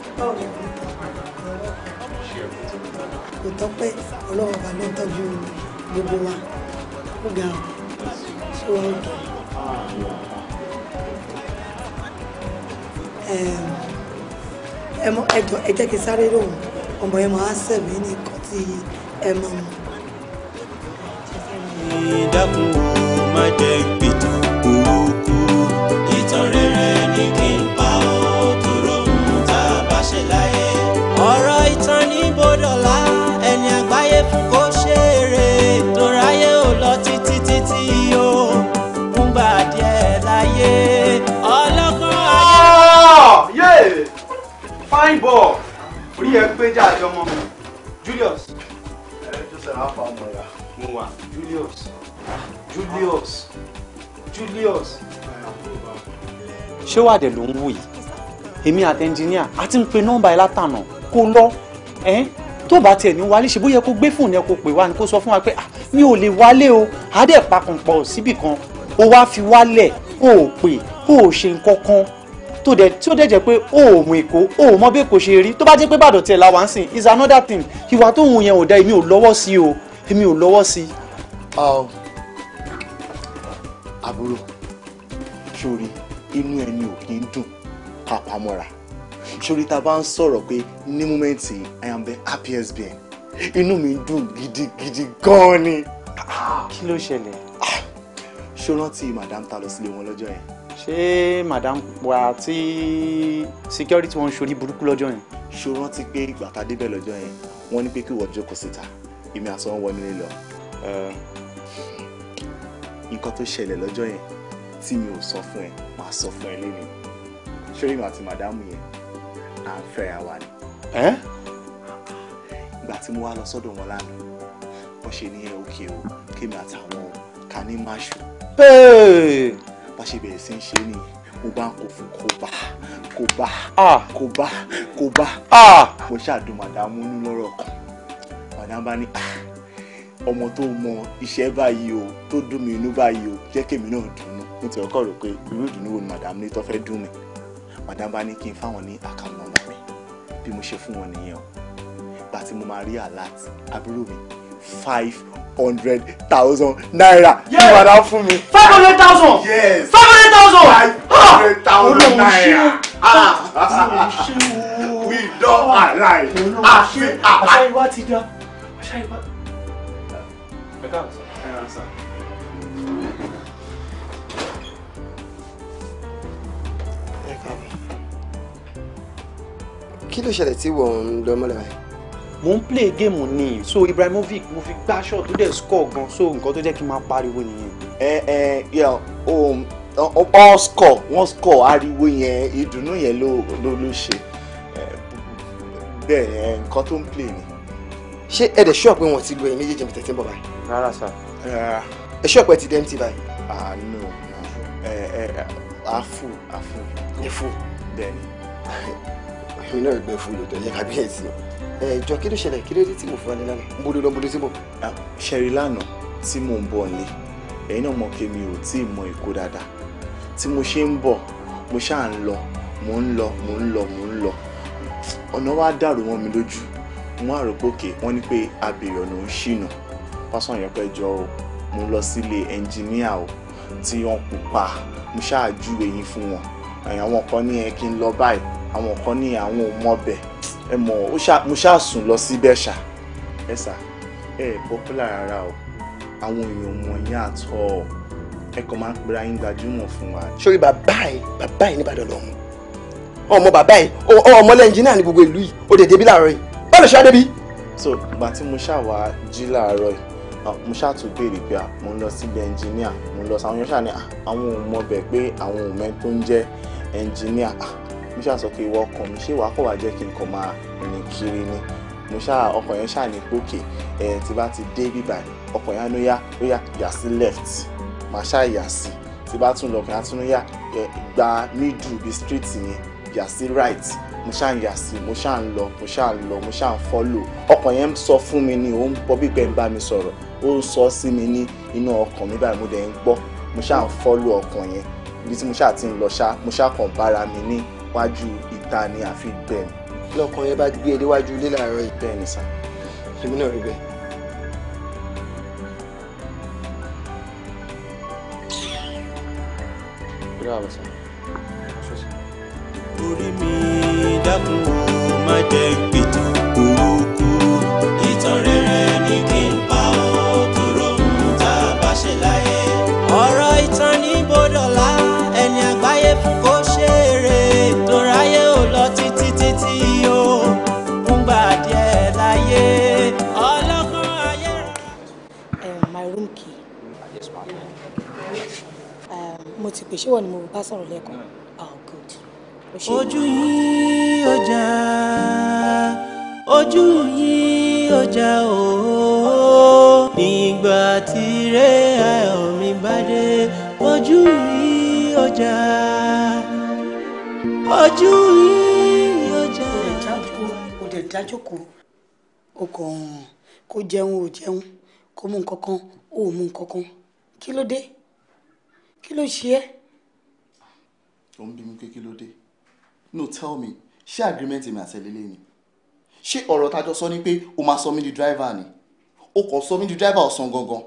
kò tọ́pẹ́ ọlọ́run ọba ló ń tọ́jú gbogbo wa ó ga ọ ṣé wọ́n ń ẹmọ ẹjọ ẹ kí sáré lòun ọmọ ẹ máa sẹ̀mí nìkan tí ẹ mọ̀ ìdákùn ò má jẹ́ kí. fine ball orí ẹ pé jáde ọmọ mi Julius. Julius Julius Julius. ṣé wàá dẹ̀ ló ń wò yìí èmi àti ẹnjìníà a ti ń pe nọ́mbà ẹ látànà kó lọ ẹ tó bá tiẹ̀ ní wálé ṣe bó yẹ kó gbé fóònù ẹ kó pè wá ni kó sọ fún wa pé ah, mi ò lè wálé o àádẹ́ pàkànpọ̀ síbì kan o wá fi wálẹ̀ o ò pè o ṣe nǹkan kan tó dẹ̀ tí ó dẹ̀ jẹ́ pé o ò mọ èkó o ò mọ bí èkó ṣe rí tó bá jẹ́ pé bàdàn tiẹ̀ làwọn sìn is another thing ìwà tó hùn yẹn ò dá èmi ò lọ́wọ́ sí o èmi ò lọ́wọ́ sí. Um, àbúrò sórí inú ẹni ò kí ń dùn kápámọ́ra sórí tá a bá ń sọ̀rọ̀ pé ní múmẹ́ǹtì i am the happiest being inú mi dùn gidigidi gan-an ni. kí ló ṣẹlẹ̀. Ah, ṣó rántí madam ta lọ sílé wọn lọ́jọ́ yẹn ṣé madam wa tí security wọn ń ṣorí burúkú lọ́jọ́ yẹn. ṣó rántí pé ìgbà tá a débẹ̀ lọ́jọ́ yẹn wọ́n ní pé kí wọ́n jókòó síta èmi àti wọn wọnú ilé lọ. nǹkan tó ṣẹlẹ̀ lọ́jọ́ yẹn tí mi ò sọ fún ẹ máa sọ fún ẹ lẹ́nu ṣórí mi àti madam yẹn à ń fẹ́ra wa ni. ìgbà tí mo wá lọ sọ́dọ̀ wọn lánàá wọ́n ṣe ní òkè o kémi àtàwọn kaní máṣu bá ṣe bẹ̀rẹ̀ sí ń ṣe ni mo bá ń kó fún kó bá kó bá kó bá kó bá mo ṣàdùn màdàmú nú lọ́rọ̀ kan màdàmú bá ní ọmọ tó mọ iṣẹ́ báyìí o tó dùn mí inú báyìí o jẹ́ kèmi náà dùnú nítorí ọkọ rò pé irú ìdùnnú wo ni màdàmú ní tó fẹ́ dùn mí màdàmú bá ní kí n fáwọn ní àkàmọ́ mi bí mo ṣe fún wọn nìyẹn o gbà tí mo máa rí àlá àbúrò mi five hundred thousand naira ní padà fún mi. five hundred thousand. yes five hundred thousand. five hundred thousand ah! naira. Ah. we don arrive. àṣẹ àṣàyíwá ti dá àṣàyíwá. ẹ káàkiri sọ ẹ ràn sá. kí ló ṣẹlẹ̀ tí wọ́n ń lọ mọ́lẹ̀ báyìí mò ń play game ni so Ibrahimovic mo fi gbá shot tó dẹ̀ score gan so nǹkan tó jẹ́ kí n máa pariwo nìyẹn. ẹ ẹ yẹ o ọ score wọ́n score ariwo yẹn ìdùnnú yẹn ló ló ló ṣe bẹ́ẹ̀ ẹ nǹkan tó ń play ni. ṣé ẹ dẹ̀ ṣọ́ọ̀ pé wọ́n ti lu ẹ̀yin méjèèjì mi tẹ̀sí ń bọ̀ báyìí. rárá sá. ẹ ṣọ́ọ̀ pé ti dẹ́ mt báyìí. ah no no ẹ ẹ àfù àfù. ẹ fù. bẹ́ẹ̀ni. èmi náà gbẹ fún lòtọ́ yẹ kábíyèsí náà ìjọ kí ló ṣẹlẹ̀ kí ló dé tí mo fún ọ ní lánàá mo lè lọ mo lè sí bọ̀. ṣẹ̀rí lánàá tí mò ń bọ̀ ni ẹ̀yin náà mọ̀ pé mi ò tí ì mọ èkó dáadáa tí mo ṣe ń bọ̀ mo ṣáà ń lọ mò ń lọ mò ń lọ mò ń lọ ọ̀nà wa dàrú mọ́ mi lójú wọ́n á rò pé òkè wọ́n ní pé abèrè ọ̀nà ń ṣìnà pásán yẹn pẹ́ jọ o mo lọ sílé ẹnjìníà o tí wọ́n pupa mo ṣáà júwe yín fún wọn àwọn kan ní ẹ kí n lọ báyìí àwọn kan ní àwọn ò mọ̀ bẹ́ẹ̀ ẹ mọ̀ mo ṣáà sùn lọ sí bẹ́ṣà ẹ sà ẹ popular rárá o àwọn èèyàn mọ̀ yín àtọ̀ ẹ kàn máa ń pera yín gbajúmọ̀ fún wa. sori bàbá ẹ bàbá ẹ ní Ìbàdàn lọ́hùn ọmọ bàbá ẹ ọmọ lẹ́ńjìnà ní gbogbo ìlú yìí ó dẹ̀ débi láàárọ̀ yìí báwo ṣe á débi. so ìgbà tí mo ṣáà wá jí láàárọ̀ yìí mo ṣáà tún béèrè pé mo ń lọ sílé ẹnjìníà mo ń lọ sáwọn yẹn ṣáà ní àwọn ò mọ bẹ̀ pé àwọn ò mẹ́ tó ń jẹ́ ẹnjìníà mo ṣáà sọ pé ìwọ ọkàn mi ṣé wàá kọ̀ wá jẹ́ kí n kàn máa rìn kiri ni mo ṣáà ọkàn yẹn ṣáà ní pókè ẹ tí bá ti dé bíbà ọkàn yẹn á lóyà lóyà yà sí left màá ṣáà yà sí tí bá tún lọkàn yẹn á tún lóyà gba middle bíi street yẹn yà sí right mo ṣáà ń yà sí mo ṣáà ń lọ mo ṣáà ń lọ mo ṣáà ń follow ọkàn yẹn sọ fún mi ni ó ń bọ gbígbẹ́ ń bá mi sọ̀rọ̀ ó ń sọ sí mi ní inú ọkàn mi báyìí mo dẹ̀ ń gbọ́ mo ṣáà ń follow ọkàn yẹn ibi tí mo ṣáà ti ń lọ ṣá mo ṣáà kàn bára mi ní wájú ìta ni àfi bẹ́ẹ̀ ni. lọ́kàn yẹn bá gbé e déwájú ilé làárọ̀ yìí. bẹ́ẹ̀ ni sà. èmi náà rí bẹ́ẹ̀. orí mi dákun ó má jẹ́ gbèjì. pè ṣé wọ́n ni mo bá sọ̀rọ̀ lẹ́ẹ̀kan oh good. ojú yín ọjà ojú yín ọjà ooo nígbà tí rẹ ayọ̀ mi bá dé ojú yín ọjà ojú yín ọjà. o dẹ̀ dájókòó o kàn kó jẹun ò jẹun kó mú nǹkan kan ò mú nǹkan kan kí ló dé kí ló ṣe é ló ń bí mi pé kí no tell me ṣé agreement mi àtẹ̀lélé ni ṣé ọ̀rọ̀ tájọ sọ ni pé o máa sọ mí di driver ni o kò sọ mí di driver ọ̀sán gangan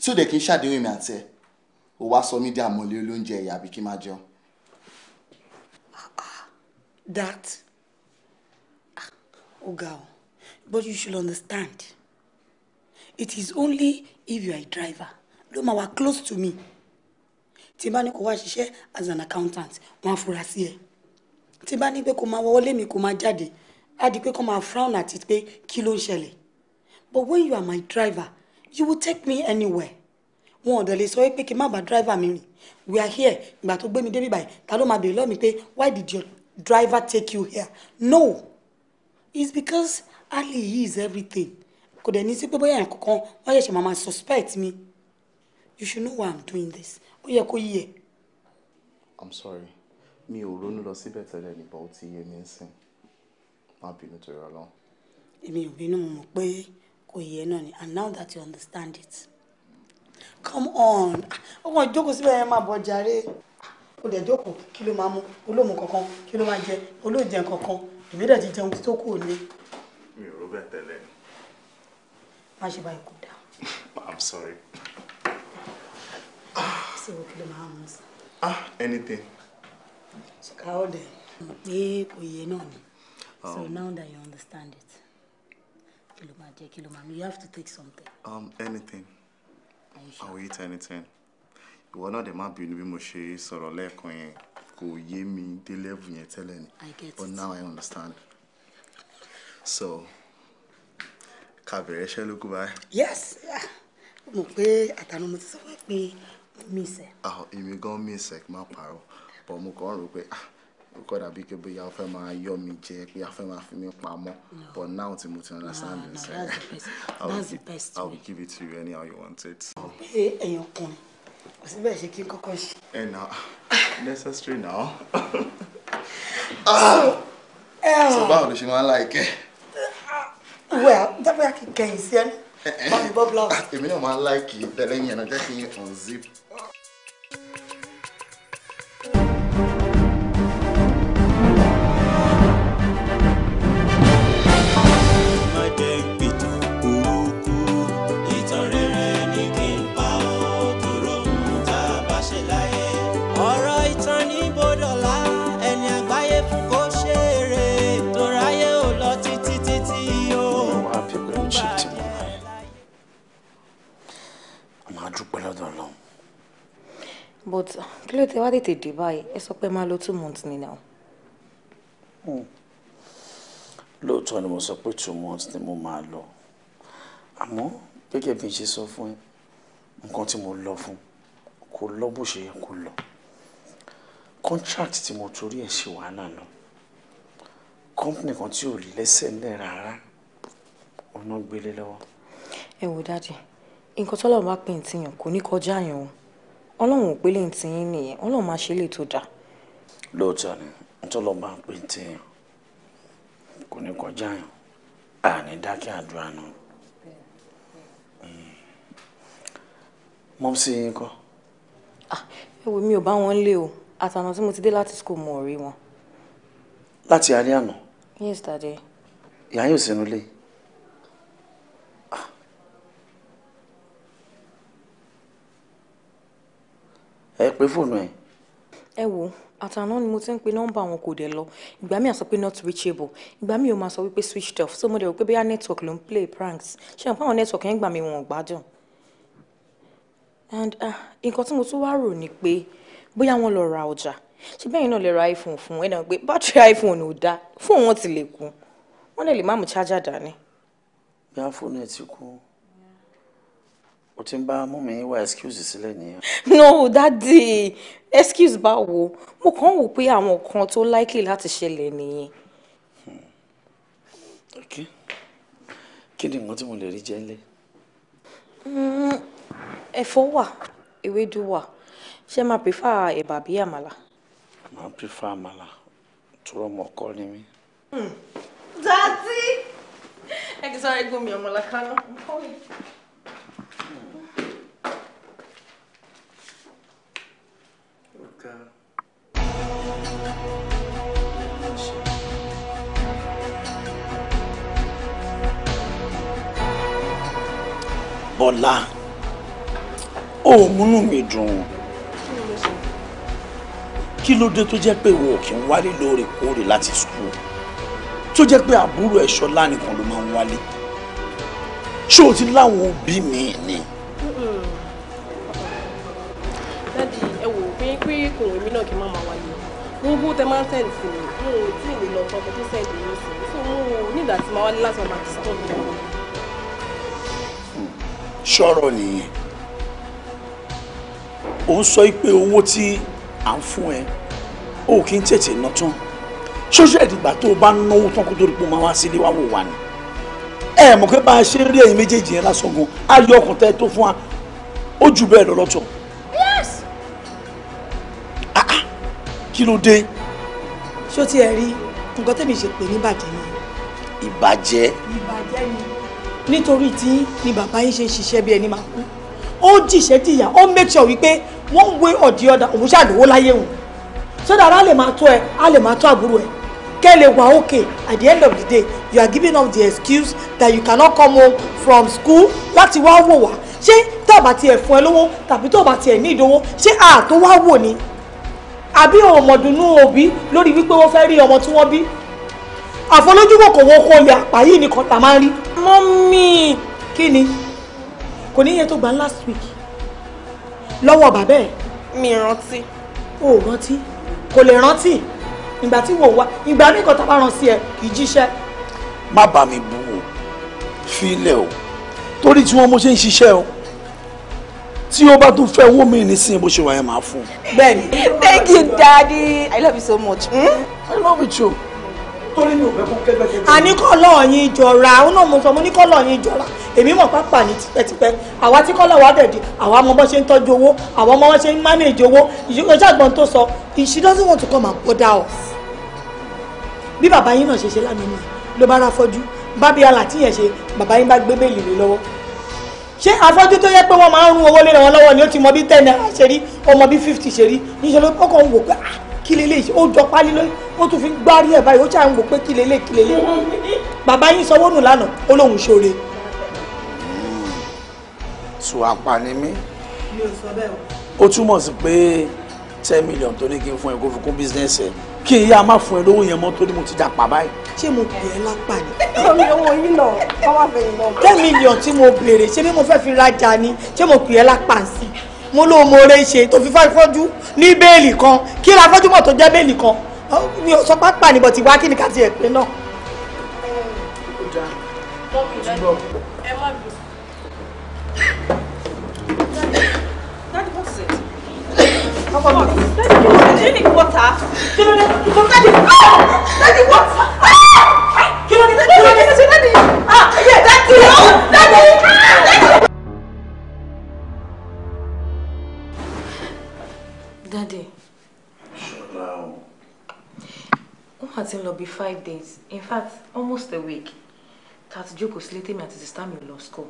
tí ó dẹ̀ kí n ṣàdéhùn mi àtẹ o wá sọ mí di àmọ̀lé olóúnjẹ ẹ̀yà àbí kí n máa jẹun. that ah, oga o but you should understand it is only if you are a driver ló máa wà close to me tí bá ní kó wá ṣiṣẹ́ as an accountant wọ́n á fura sí ẹ tí bá ní pé kó máa wọlé mi kó máa jáde á di pé kó máa frown àti pé kí ló ń ṣẹlẹ̀ but when you are my driver you will take me anywhere wọn ọ̀dọ̀ lè sọ pé kí n má bàa driver mi rìn we are here ìgbà tó gbé mi débi báyìí ta ló máa béèrè lọ́ọ̀ mi pé why did your driver take you here no it's because Ali he is everything kò dẹ̀ ní sí pé bóyá ẹ̀kọ́ kan wọ́n ṣẹ̀ṣẹ̀ máa ma suspect me you should know why i'm doing this ó yẹ kó yí ẹ. i'm sorry mi ò ronú lọ síbẹ̀ tẹ́lẹ̀ nípa ó ti yé mi ń sìn má bínú torí ọlọ́run. èmi ò bínú mo pé kò yẹ náà ni and now that you understand it come on ọkàn ìjókòó síbẹ̀ yẹn máa bọ̀ jàre ó dẹ̀ jókòó kí ló máa mú olóòmù kankan kí ló máa jẹ olóòjẹ kankan èmi dẹ̀ ti jẹun tó kù ní. mi ò rò bẹ́ẹ̀ tẹ́lẹ̀. má ṣe báyìí kò dáa. i'm sorry. sọ̀rọ̀ kí ló máa mú sí. ah anything. ṣùkà ọ̀dẹ̀ pé kò yẹ náà ni so um, now that you understand it kí ló máa jẹ kí ló you have to take something. Um, anything I will eat anything ìwọ náà dẹ̀ má bínú bí mo ṣe sọ̀rọ̀ lẹ́ẹ̀kan yẹn kò yé mi dé level yẹn tẹ́lẹ̀ ni but it. now I understand so ká bẹ̀rẹ̀ iṣẹ́ ló báyìí. yes ah, mo mọ̀ pé àtàwọn ti sọ fún mi pé miss ẹ. Ah, èmi gan miss ẹ má parọ́ bọ̀ mo kàn ń rò pé ah ó kọ́ dàbí pé bóyá ó fẹ́ máa yọ mi jẹ pé a fẹ́ máa fi mi pamọ́ but now tí mo ti understand you say that's the best eh, i will give it to you anyhow you want it. ọ̀pẹ ẹ̀yàn kan kò sí bẹ́ẹ̀ ṣe kí n kọ́kọ́ ṣe. ẹ eh, na necessary now. so báwo ló ṣe máa ń láìkẹ́. well dábàá kí n kẹ́yìn sí ẹni bá mi bọ́ blouse. èmi náà máa ń láìkì tẹ́lẹ̀ yẹn náà jẹ́ kí n unzip. but kí ló tẹ wá tètè dé báyìí ẹ sọ pé máa lo two months ni now. Hmm. lóòótọ́ ni mo sọ pé two months ni mo máa lọ àmọ́ gẹ́gẹ́ bí n ṣe sọ fún nǹkan tí mo lọ fún kò lọ bó ṣe yẹ kó lọ contract tí mo torí ẹ̀ ṣe wàhálà lọ company kan tí ò lẹ́sẹ̀ ńlẹ̀ rárá ọ̀nà gbélé lọ́wọ́. ẹ wò dáàdì nǹkan tọ́lọ́run bá pè ń tìyàn kò ní kọjá yẹn o ọlọ́run ò pé lè ń tiyín nìyẹn ọlọ́run máa ṣe lè tó dáa. lóòótọ́ ni ntọ́lọ́ bá ń pè tiyàn kò ní kọjá yàn àní dákẹ́ àdúrà nù. mọ́mísí yín kọ́. ẹ mi ò bá wọn lé o àtàná tí mo ti dé láti school mo rí wọn. láti alẹ́ àná. yes daddy. ìyá yóò sínú lé ẹ pé fóònù ẹ. ẹ wo àtàná ni mo ti ń pe nọ́mbà wọn kò dé lọ ìgbà míì á pé not reachable ìgbà mi ó máa sọ wípé switched off so mo dẹ̀ rò pé bóyá network ló ń play pranks ṣé àwọn fáwọn network yẹn gbà mí wọn ò gbádùn. and ah, nǹkan tí mo tún wá rò ni pé bóyá wọ́n lọ ra ọjà ṣé bẹ́ẹ̀ náà lè ra iphone fún ẹ̀ náà pé bátìrì iphone ò dáa fóònù wọn ti lè kú wọ́n lè lè má mú chájà dání. bí a fóònù ẹ ti kú o ti ń bá mú mi wá excuse sílẹ̀ nìyẹn. no dadi excuse báwo mo kàn wò pé àwọn kan tó likely láti ṣẹlẹ̀ nìyẹn. ok kí ni nǹkan tí mo lè rí jẹ nílé. Mm, ẹ̀fọ́ wà ewédú wà ṣé máa prefer ẹ̀bà bí àmàlà. máa prefer àmàlà tọrọ mọ ọkọ ni mí. Mm. dadi ẹ kì í sáré gún mi ọmọlàkánná. Bọ́lá ó múnú mi dùn kí ló dé tó jẹ́ pé wo kì í wálé lóòrèkóòrè láti school tó jẹ́ pé àbúrò ẹ̀ṣọ́ lánìkan ló máa ń wálé ṣé o ti láwọn òbí mi ni. Mm -hmm. pé kò rìn mí náà kí n má máa wáyé gbogbo tẹ máa ń send sí mi mo ò tí ì lè lọ tọkọ tó send mi sí so mo ò ní ìdá tí máa wálé láti máa disturb mi. ṣọ́rọ̀ nìyẹn ò ń sọ pé owó tí à ń fún ẹ ó kì í tètè ná tán ṣóṣù ẹ̀dìgbà tó o bá náwó tán kó tó rí pé o máa wá sílé wa wò wá ni ẹ mọ̀ pé bá a ṣe rí ẹ̀yin méjèèjì yẹn lásán gan ayọ̀ ọkùnrin tẹ́ tó fún wa ó jù bẹ́ẹ̀ lọ kí ló dé. ṣó tiẹ̀ rí nǹkan tẹ́mi ṣe pè ní bàjẹ́ ni. ìbàjẹ́. ìbàjẹ́ ni nítorí tí ni bàbá yín ṣe ń ṣiṣẹ́ bí ẹni máa kú ó jìṣẹ́ jìyà ó make sure wípé one way or the other òun ṣàlówó láyé òun sódà ara lè máa tó ẹ a lè máa tó àbúrò ẹ kẹ́ lè wà okay at the end of the day you are giving up the excuse that you cannot come home from school láti wá wò wá ṣé tó bá tiẹ̀ fún ẹ lówó tàbí tó bá tiẹ̀ ní ìdówó ṣé àtó wá wò ni àbí òmòdùnú òbí lórí wípé wọ́n fẹ́ rí ọmọ tí wọ́n bí àfọlójúwò kò wọ́n kó olè àpá yìí nìkan tá a máa ń rí. mọ́mí kí ni kò ní iye tó gbà last week lọ́wọ́ bàbá ẹ̀. mi rántí. o rántí kò lè rántí ìgbà tí wò wá ìgbà nìkan tá a bá ràn sí ẹ kì í jíṣẹ́. má bà mí bú o fi ilẹ̀ o torí tí wọ́n mo ṣe ń ṣiṣẹ́ o tí ó bá tún fẹ́ owó mi nísìnyí bó ṣe wà yẹn máa fún un. bẹ́ẹ̀ni thank you daddy i love you so much. Hmm? i love you too. torí mi ò fẹ́ kó kẹ́gbẹ́kẹ́gbẹ́. àní kọ́lọ̀ yín jọra òun náà mo sọ mo ní kọ́lọ̀ yín jọra èmi mọ̀ pápá ní tipẹ́tipẹ́ àwa tí kọ́lọ̀ wa dẹ̀ di àwa mọ bọ́ ṣe ń tọ́jú owó àwa mọ bọ́ ṣe ń manage owó ìṣòro ṣàgbọ́n tó sọ she doesn't want to come and bother us. bí bàbá yín náà ṣe ṣe lánàá ló bá ra fọ́jú bábí alàtìyàn ṣe bàbá yín bá gbé bẹ́ẹ̀lì lé lọ́wọ́ ṣé afọ́jú tó yẹ pé wọ́n máa ń rún owó lé wọn lọ́wọ́ ni ó ti mọ bí ten naira ṣe rí ó mọ bí fifty ṣe rí níṣẹ́ ló kọ́kọ́ ń wò pé ah, kí lélẹ̀ ó jọ pálí lórí ó tún fi ń gbárí ẹ̀ báyìí ó ṣáà ń wò pé kí lélẹ̀ kí lélẹ̀ bàbá yín sanwó nù lánàá ó lóun ṣoore. sù àpàní mi o túmọ̀ sí pé ten million tó ní kí n fún ẹ kó fi kún bísíǹsì ẹ̀ kí n yá má fún ẹ lówó yẹn mọ́ tó ní mo ti dàpà báyìí ṣé mo bẹ̀ ẹ́ lápá ni. omi owó yín náà wọ́n wá fẹ̀yìn náà. ten million tí mo béèrè ṣé bí mo fẹ́ fi rajà ni ṣé mo pè ẹ́ lápá sí i mo lóun mo rẹ ṣe tó fi fọ́jú ní béèlì kan kí la fọ́jú mọ̀ tó jẹ́ béèlì kan mi ò sọ pápá ni bọ̀tì wá kí ni ká ti ẹ̀ pé náà. ẹ má Do you need water? Kí ló dé? Kò Daddy what? Kí ló dé? Kí ló dé? Kí ló dé? Ah! Yeah, daddy! Daddy! Daddy! Daddy. Ṣọlá o. Ó mà ti ń five days, in fact, almost a week. That Tàti jókòó sílé at àti sista mi lọ school.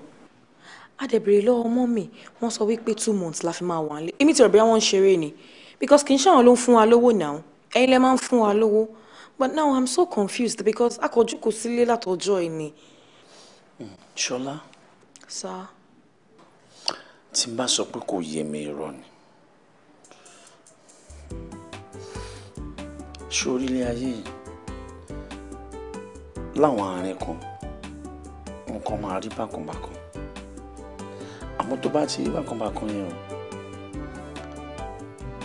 A dẹ̀ béèrè lọ́wọ́ mọ́mì, wọ́n sọ two months la fi máa wà nílé. Èmi ti rẹ̀ because kì í ṣàwọn ló ń fún wa lówó now ẹ̀yin lẹ máa ń fún wa lówó but now i'm so confused because a kò jókòó sílé látọjọ́ yìí ni. ṣọlá. sá. tí n bá sọ pé kò yé mi irọ́ ni. sórílẹ̀ ayé yìí láwọn àárín kan nǹkan máa rí bákanbákan àmọ́ tó bá ti rí bákanbákan yẹn o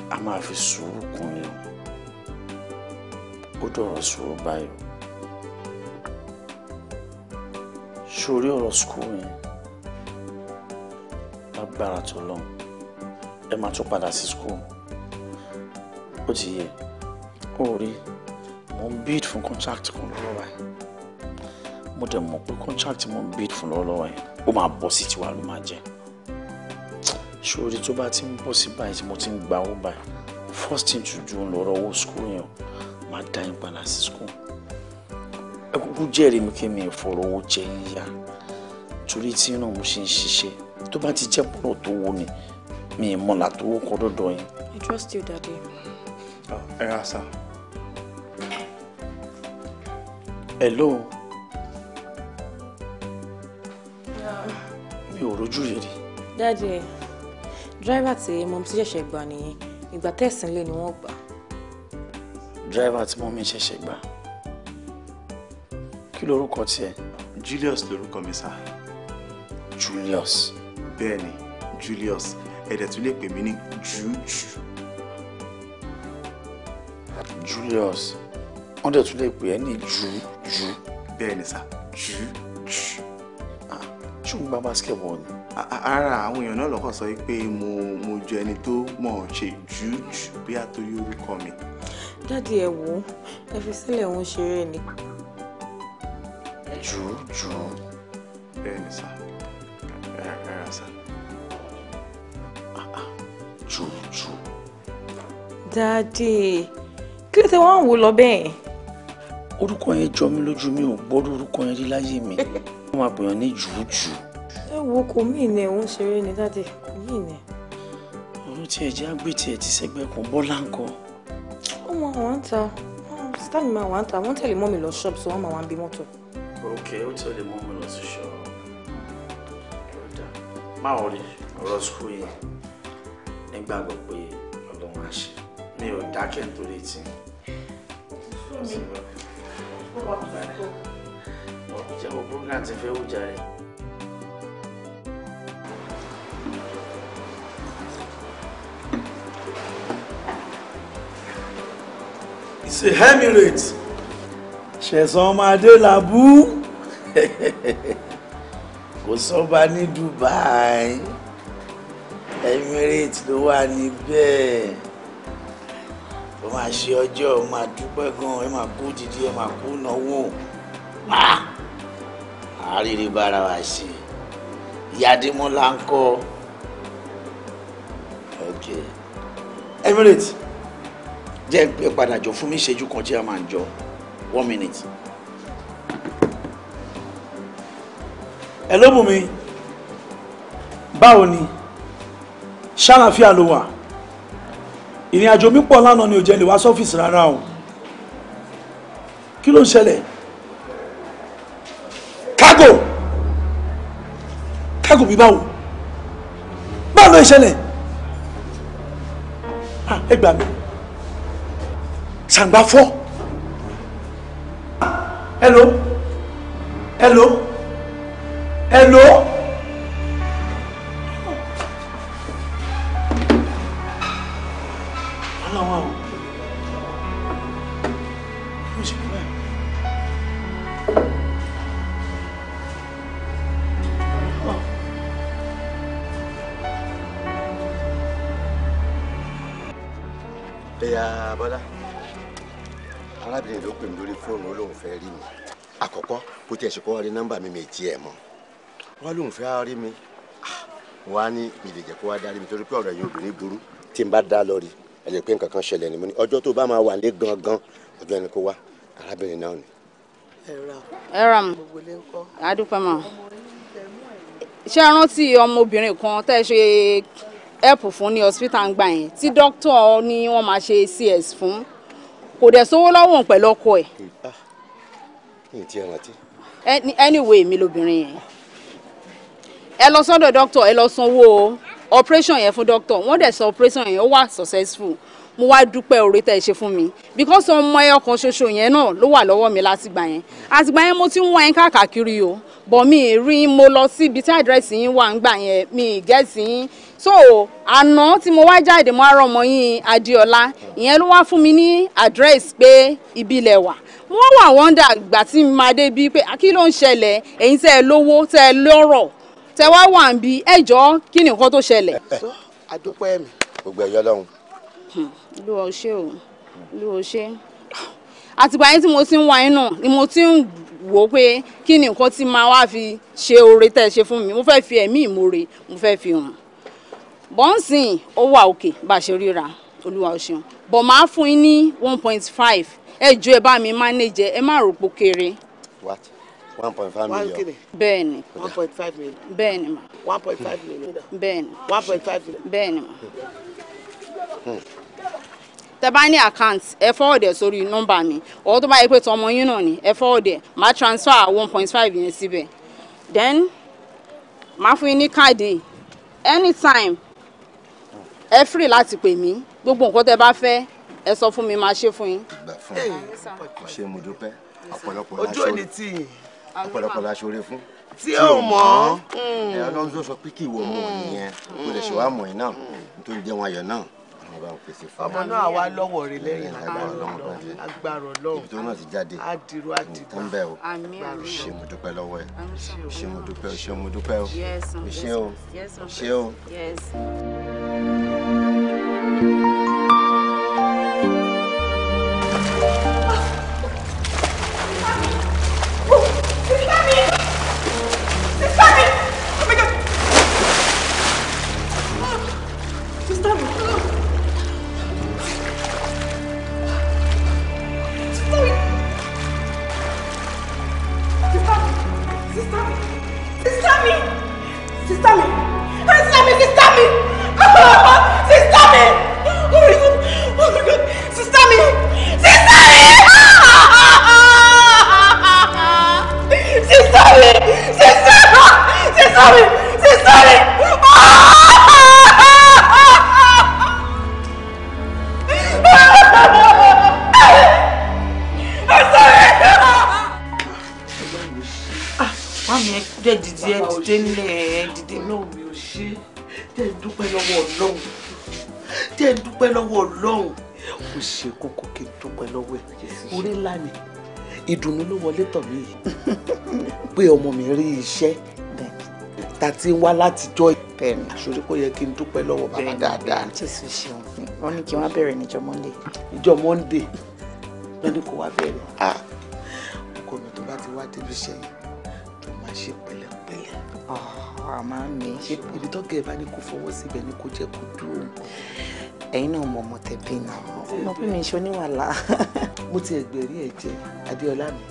a máa fi sùúrù kún ni o ó dọ̀rọ̀ sùúrù báyìí sórí ọ̀rọ̀ skul yẹn lágbára tó lọ ẹ máa tún padà sí skul ó ti yẹ ó rí mo ń bid fún contract kan lọ́wọ́ báyìí mo dẹ̀ mọ̀ pé contract mo ń bid fún lọ́wọ́lọ́wọ́ yẹn ó máa bọ́ sí tiwa ló máa jẹ́ ṣòro tó bá ti ń bọ̀ sí báyìí tí mo ti ń gba owó báyìí first thing to do lọ́rọ̀ owó school yẹn máa dá yín padà sí school ẹ jẹ́rìí mi kí mi ìfọ̀rọ̀ owó jẹ yín yá torí tí náà mo ṣe ń ṣiṣẹ́ tó bá ti jẹ́ bọ́rọ̀ tó wo ni mi ì mọ̀lá tó wó kọ́ dọ́dọ̀ yín. I trust you daddy. Ah, ẹ ra sá. hello. mi ò rojú rere. daddy dírẹ́fà tí mọ̀mí ti ṣẹ̀ṣẹ̀ gbà nìyẹn ìgbà tẹ̀sán lé ni wọ́n gbà. dírẹ́fà tí mọ̀mí ṣẹ̀ṣẹ̀ gbà kí lorúkọ tiẹ̀. Julius lorúkọ mi sá. Julius. bẹ́ẹ̀ni Julius ẹ̀dẹ̀ tún lè pè mí ní juju. Julius wọ́n dẹ̀ tún lè pè ẹ́ ní juju. bẹ́ẹ̀ni sá juju. Ah, ṣùgbọ́n basketball ni ara àwọn èèyàn náà lọ́kàn sọ pé mo mo jẹ ẹni tó mọ̀ ṣe jù jù bí àtòrí orúkọ mi. dáàdi ẹ wò ẹ fi sílẹ̀ òun ṣeré ni. jù jù bẹ́ẹ̀ ni sá ẹ rà sá jù jù. dáàdi kí ló ti wọ́n wò lọ bẹ́ẹ̀. orúkọ yẹn jọ mi lójú mi ò gbọ́dọ̀ orúkọ yẹn rí láyé mi. wọ́n máa pèèyàn ní jùújùú wo kò mí ìnẹ òun ṣeré ni dáàdì kò mí ìnẹ. òun tiẹ̀ jẹ́ àgbè tiẹ̀ ti sẹ́gbẹ́ kan bọ́lá ńkọ́. ó mọ àwọn ń ta sítáà mi máa wà ń ta wọ́n tẹ̀lé mọ́ lọ ṣọ́ọ̀bù tí wọ́n máa wà ń bí mọ́tò. ok ó tẹ̀lé mọ́ mi lọ sí ṣọ́ọ̀bù máa rí ọ̀rọ̀ sukuu yìí nígbàgbọ́ pé ọlọ́run á ṣe mi ò dákẹ́ nítorí tí. ọ̀sẹ̀ bá wọ́n jẹ́ ògbóǹgà ti fẹ́ wújà rẹ̀. it's a emirate ṣẹ̀sán ọmọ adélábù kò sọ́ba ní Dubai emirate ló wà níbẹ̀ ó máa ṣe ọjọ́ ó máa dúpẹ́ gan ẹ máa kú dídí ẹ máa kú náwó àárírí bára wa ṣe yadimola ń kọ́ okay emirate jẹ́ pé padà jọ fún mi ìṣẹ́jú kan jẹ́ máa jọ one minute. ẹ ló bù mí báwo ni ṣàlàfíà ló wà ìrìn àjò mi pọ̀ lánàá ni ò jẹ́ lè wá sọ́fíìsì rárá o kí ló ń ṣẹlẹ̀ kágò kágò bí báwo báwo ló ń ṣẹlẹ̀ ah, ẹ gbà mí ṣàǹgbá fọ́ hello hello hello. Bọ́lá pè mí lórí fóònù ó lóun fẹ́ rí mi àkọ́kọ́ bó tiẹ̀ ṣe kọ́ rí nọ́mbà mi mi ì tiẹ̀ mọ́ wọ́n lóun fẹ́ rí mi ah, wọ́n á ní mi lè jẹ́ kó wá darí mi torí pé ọ̀rọ̀ ẹ̀yin obìnrin burú tí n bá dá lọ rí ẹ lè pé nǹkan kan ṣẹlẹ̀ ni mo ní ọjọ́ tó bá máa wà lé gangan ọjọ́ ẹni kó wá arábìnrin náà ni. ẹ ra mu adúpẹ́ mọ́ ṣé ẹ rántí ọmọbìnrin kan tẹ́ ẹ ṣe ẹ̀pù fún ní hospital gbà yẹn tí dókítà ni wọ́n máa ṣe cs kò dẹ̀ sówó lọ́wọ́ pẹ̀lú ọkọ ẹ̀. Ah, anyway mi lobìnrin yẹn ẹ lọ sọ́dọ̀ dókítà ẹ lọ sanwó operation yẹn fún dókítà wọ́n dẹ̀ sọ operation yẹn ó wà successful mo wá dúpẹ́ oore tẹ́ ẹ ṣe fún mi because ọmọ ẹyọ kan ṣoṣo yẹn náà ló wà lọ́wọ́ mi látìgbà yẹn àtìgbà yẹn mo ti ń wá yín káàkiri o bọ̀ mi rí mo lọ sí ibi tí àdírẹ́sì yín wà ń gbà yẹn mi gẹ̀ẹ́sì yín so àná tí mo wá jáde mo á rọ ọmọ yín adéọlá ìyẹn ló wá fún mi ní àdírẹ́sì pé ibi ilẹ̀ wà wọ́n wà wọ́ndà ìgbà tí mo máa dé bíi pé kí ló ń ṣẹlẹ̀ ẹ̀yin tẹ́ ẹ lówó tẹ́ ẹ lọ́rọ̀ tẹ́ wá wà ń bi ẹjọ́ kí ni nǹkan tó ṣẹlẹ̀. àdúpẹ́ mi. gbogbo ẹ̀yọ́ lọ́hùn. Hmm olúwa ò ṣe o olúwa ò ṣe àtìgbà yẹn tí mo ti ń wá inú ni mo ti ń wò ó pé kí ni nǹkan tí máa wá fi ṣe oore tẹ́ ẹ ṣe fún mi mo fẹ́ fi ẹ̀mí ìmoore mo fẹ́ fi hàn bọ́ǹsìn ó wà òkè bá a ṣe ríra olúwa ò ṣeun bọ̀ máa fún yín ní one point five ẹ jọ bá mi manage ẹ má rò pó kéré. what one point five million. bẹ́ẹ̀ni one point five million. bẹ́ẹ̀ni ma one point five million. bẹ́ẹ̀ni one point five million. bẹ́ẹ̀ni ma. Hmm tẹ bá ní account ẹ forward ẹ sórí nọ́mbà mi ọ̀hún tó bá yẹ pé tọmọ yín náà ni ẹ forward máa transfer one point five yẹn síbẹ̀ then máa fún yín ní káàdì anytime ẹ free láti pè mí gbogbo nǹkan tẹ bá fẹ́ ẹ sọ fún mi máa ṣe fún yín. ìgbà fún mi kò ṣe mo dúpẹ́ ọ̀pọ̀lọpọ̀ láṣọ ojú òní tì ọ̀pọ̀lọpọ̀ láṣọ orí fún tí ò mọ̀ mm. ẹ ọlọ́run tó sọ pé kí ìwọ mọ̀ mm. nìyẹn kó lè ṣe mm. wá mọ̀ ẹ náà nítorí jẹun ayọ̀ náà ọmọ náà wá lọ́wọ́ rẹ lẹ́yìn agbára ọlọ́run ibi tó náà ti jáde adìrò àdìgbò nǹkan bẹ́ẹ̀ o ṣe mo dúpẹ́ lọ́wọ́ ẹ ṣe mo dúpẹ́ o ṣe mo dúpẹ́ o ṣe o ṣe o. ìdùnnú ló wọlé tọ̀ mí yìí pé ọmọ mi rí iṣẹ́ ta ti ń wá látijọ́ bẹ́ẹ̀ni àṣírí kò yẹ kí n dúpẹ́ lọ́wọ́ bàbá dáadáa. jésù ṣeun wọn ní kí wọn bẹ̀rẹ̀ níjọ́ monday. níjọ́ monday ló ní kó wá bẹ̀rẹ̀ ọkọ ah. mi tó bá ti wá débi iṣẹ́ yìí tó máa ṣe pẹ̀lẹ́pẹ̀lẹ́. àmà mi. ibi tó gẹ̀ bá ní kó fọwọ́ síbẹ̀ ni kò jẹ́ kó dúró ẹ̀yin náà mọ̀ ọmọ tẹ̀bí náà ọmọ bí mi ṣe oníwàlá. mo ti ẹgbẹ̀rí ẹ̀ jẹ́ adéọlá mi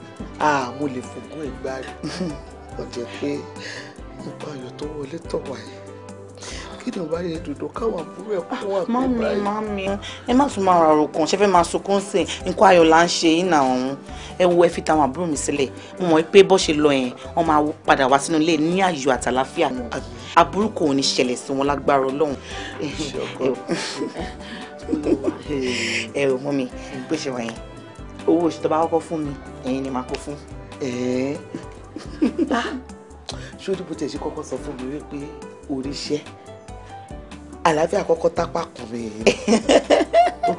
ah mo lè fògùn ẹ̀gbá rẹ̀ ọ̀jẹ̀ pé nípa ayọ̀ tó wọlé tọ̀ wáyé kéèyàn bá yẹ dòdò káwọn àbúrò ẹ̀ kó wà pé ah, báyìí. mami mami ẹ má tún máa ràrò kan ṣe fẹ́ máa sunkún sí i nǹkan ayọ̀ là ń ṣe yín náà ọ̀hún ẹ wo ẹ fi tàwọn àbúrò mi sílẹ̀ mo mọ̀ pé bó ṣe lọ yẹn wọ́n máa padà wá sínú ilé ní àyò àtàláfíà ni àbúrò kò owó oṣù tó bá kọ́kọ́ fún mi ẹ̀yin ni màá kó fún. ṣé o dìbò tẹ̀sí kọ́kọ́ sọ fún mi wípé oríṣẹ́ àlàáfíà kọ́kọ́ tápá kùn mí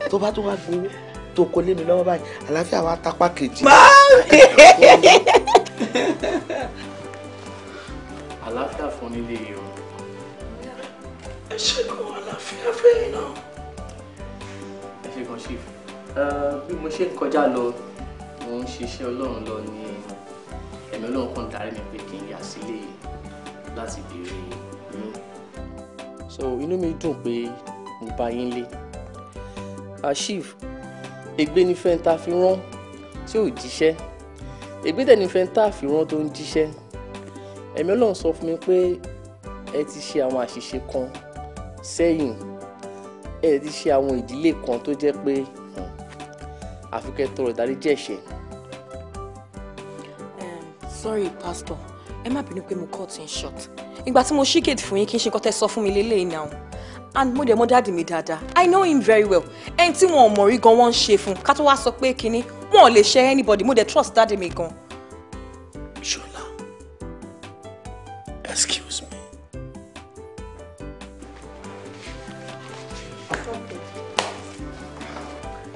tó bá tún wá gbowó tó kó lé mi lọ́wọ́ báyìí àlàáfíà wa tápá kejì. àlàáfíà fún nílé yìí o. ẹ ṣe kó àlàáfíà fẹ́yìn náà. ẹ ṣe kan ṣe bí mo ṣe ń kọjá lọ mo ń ṣiṣẹ́ ọlọ́run lọ ní ẹ̀mí ọlọ́run kan darí mi pé kí n yà sílé láti béèrè yín so inú mi dùn pé mo bá yín lé ashif ègbé ni fẹ́ńtà fi rán tí ò jíṣẹ́ ègbé dẹ̀ ni fẹ́ńtà fi rán tó ń jíṣẹ́ ẹ̀mí ọlọ́run sọ fún mi pé ẹ ti ṣe àwọn àṣìṣe kan sẹ́yìn ẹ ti ṣe àwọn ìdílé kan tó jẹ́ pé hmm, àfi tọrọ ìdáríjì ẹ̀ṣẹ̀. sorry pastor ẹ má bínú pé mo cut in short ìgbà tí mo ṣí gate fún yín kí n ṣe nǹkan sọ fún mi lélẹ́yìn náà and mo dẹ̀ mọ̀ dáàdì mi dáadáa i know him very well ẹni tí wọn ò mọ̀ rí gan wọ́n ń ṣe fún ká tó wá sọ pé kinní wọn ò lè ṣe anybody mo dẹ̀ trust dáàdì mi gan. ṣọlá excuse me.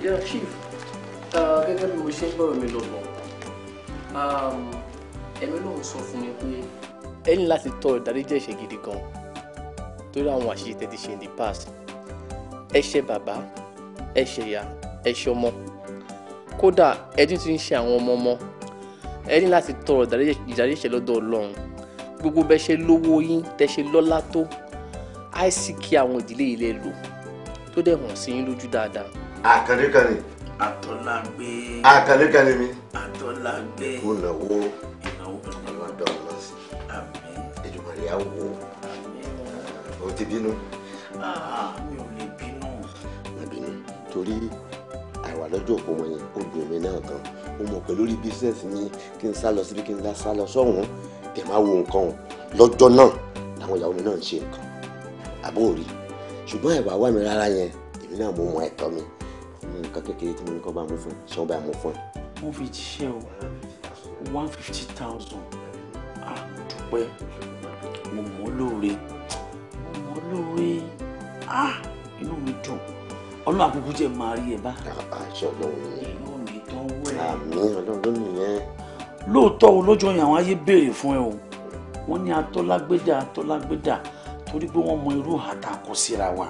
yeah chief uh, gẹ́gẹ́ bí mo ṣe ń bọ̀rọ̀ mi lọ bọ̀ um, ẹ̀mí lòun sọ fún mi pé ẹni láti tọrọ ìdáríjì ẹ̀ṣẹ̀ gidi gan torí àwọn àṣìṣe tẹ́ ti ṣe in the past ẹ̀ṣẹ̀ bàbá ẹ̀ṣẹ̀ ìyá ẹ̀ṣẹ̀ ọmọ kódà ẹni tí ń ṣe àwọn ọmọ ọmọ ẹni láti tọrọ ìdáríjì ẹ̀ṣẹ̀ lọ́dọ̀ Ọlọ́run gbogbo bẹ́ẹ̀ ṣe lówó yín tẹ́ ṣe lọ́lá tó àìsíkí àwọn ìdílé ilé lò tó dẹ̀ hàn sí yín lójú dáadáa. àkàlẹ́kàlẹ́. àtọ́lágbé. àkàlẹ́kàlẹ́ mi. àtọ́lágbé. kò náwó. ìnáwó pẹ̀lú ìyá wò ó ti bínú. Ah, mi ò lè bínú. má bínú torí àìwà lọ́jọ́ òkú wọn yẹn ó dùn mí náà gan mo mọ̀ pé lórí bísíǹsì ni kí n sá lọ síbi kí n lá sá lọ sọ́hún tẹ̀ máa wo nǹkan o lọ́jọ́ náà làwọn ìyàwó mi náà ń ṣe nǹkan àbóòrí ṣùgbọ́n ẹ̀wà wà mí rárá yẹn èmi náà mo mọ ẹ̀tọ́ mi nǹkan kékeré tí mo ní kọ́ bá mú fún ẹ ṣé wọ́n bá mú fún ẹ. mo fi jíṣẹ́ o one fifty thousand àdúpẹ́ ah, mo mọ̀ ọ́ lóore mo mọ̀ ọ́ lóore ah inú mi dùn ọlọ́run àkókò jẹ́ máa rí ẹ bá. àṣọ ah, ah, ọlọ́run nìyẹn. inú mi tán wẹ̀. àmì ọlọ́run nìyẹn. lóòótọ́ olójó yẹn àwọn ayé béèrè fún ẹ o wọ́n ní atọ́lágbédà atọ́lágbédà torí pé wọ́n mọ irú àtà kò síra wa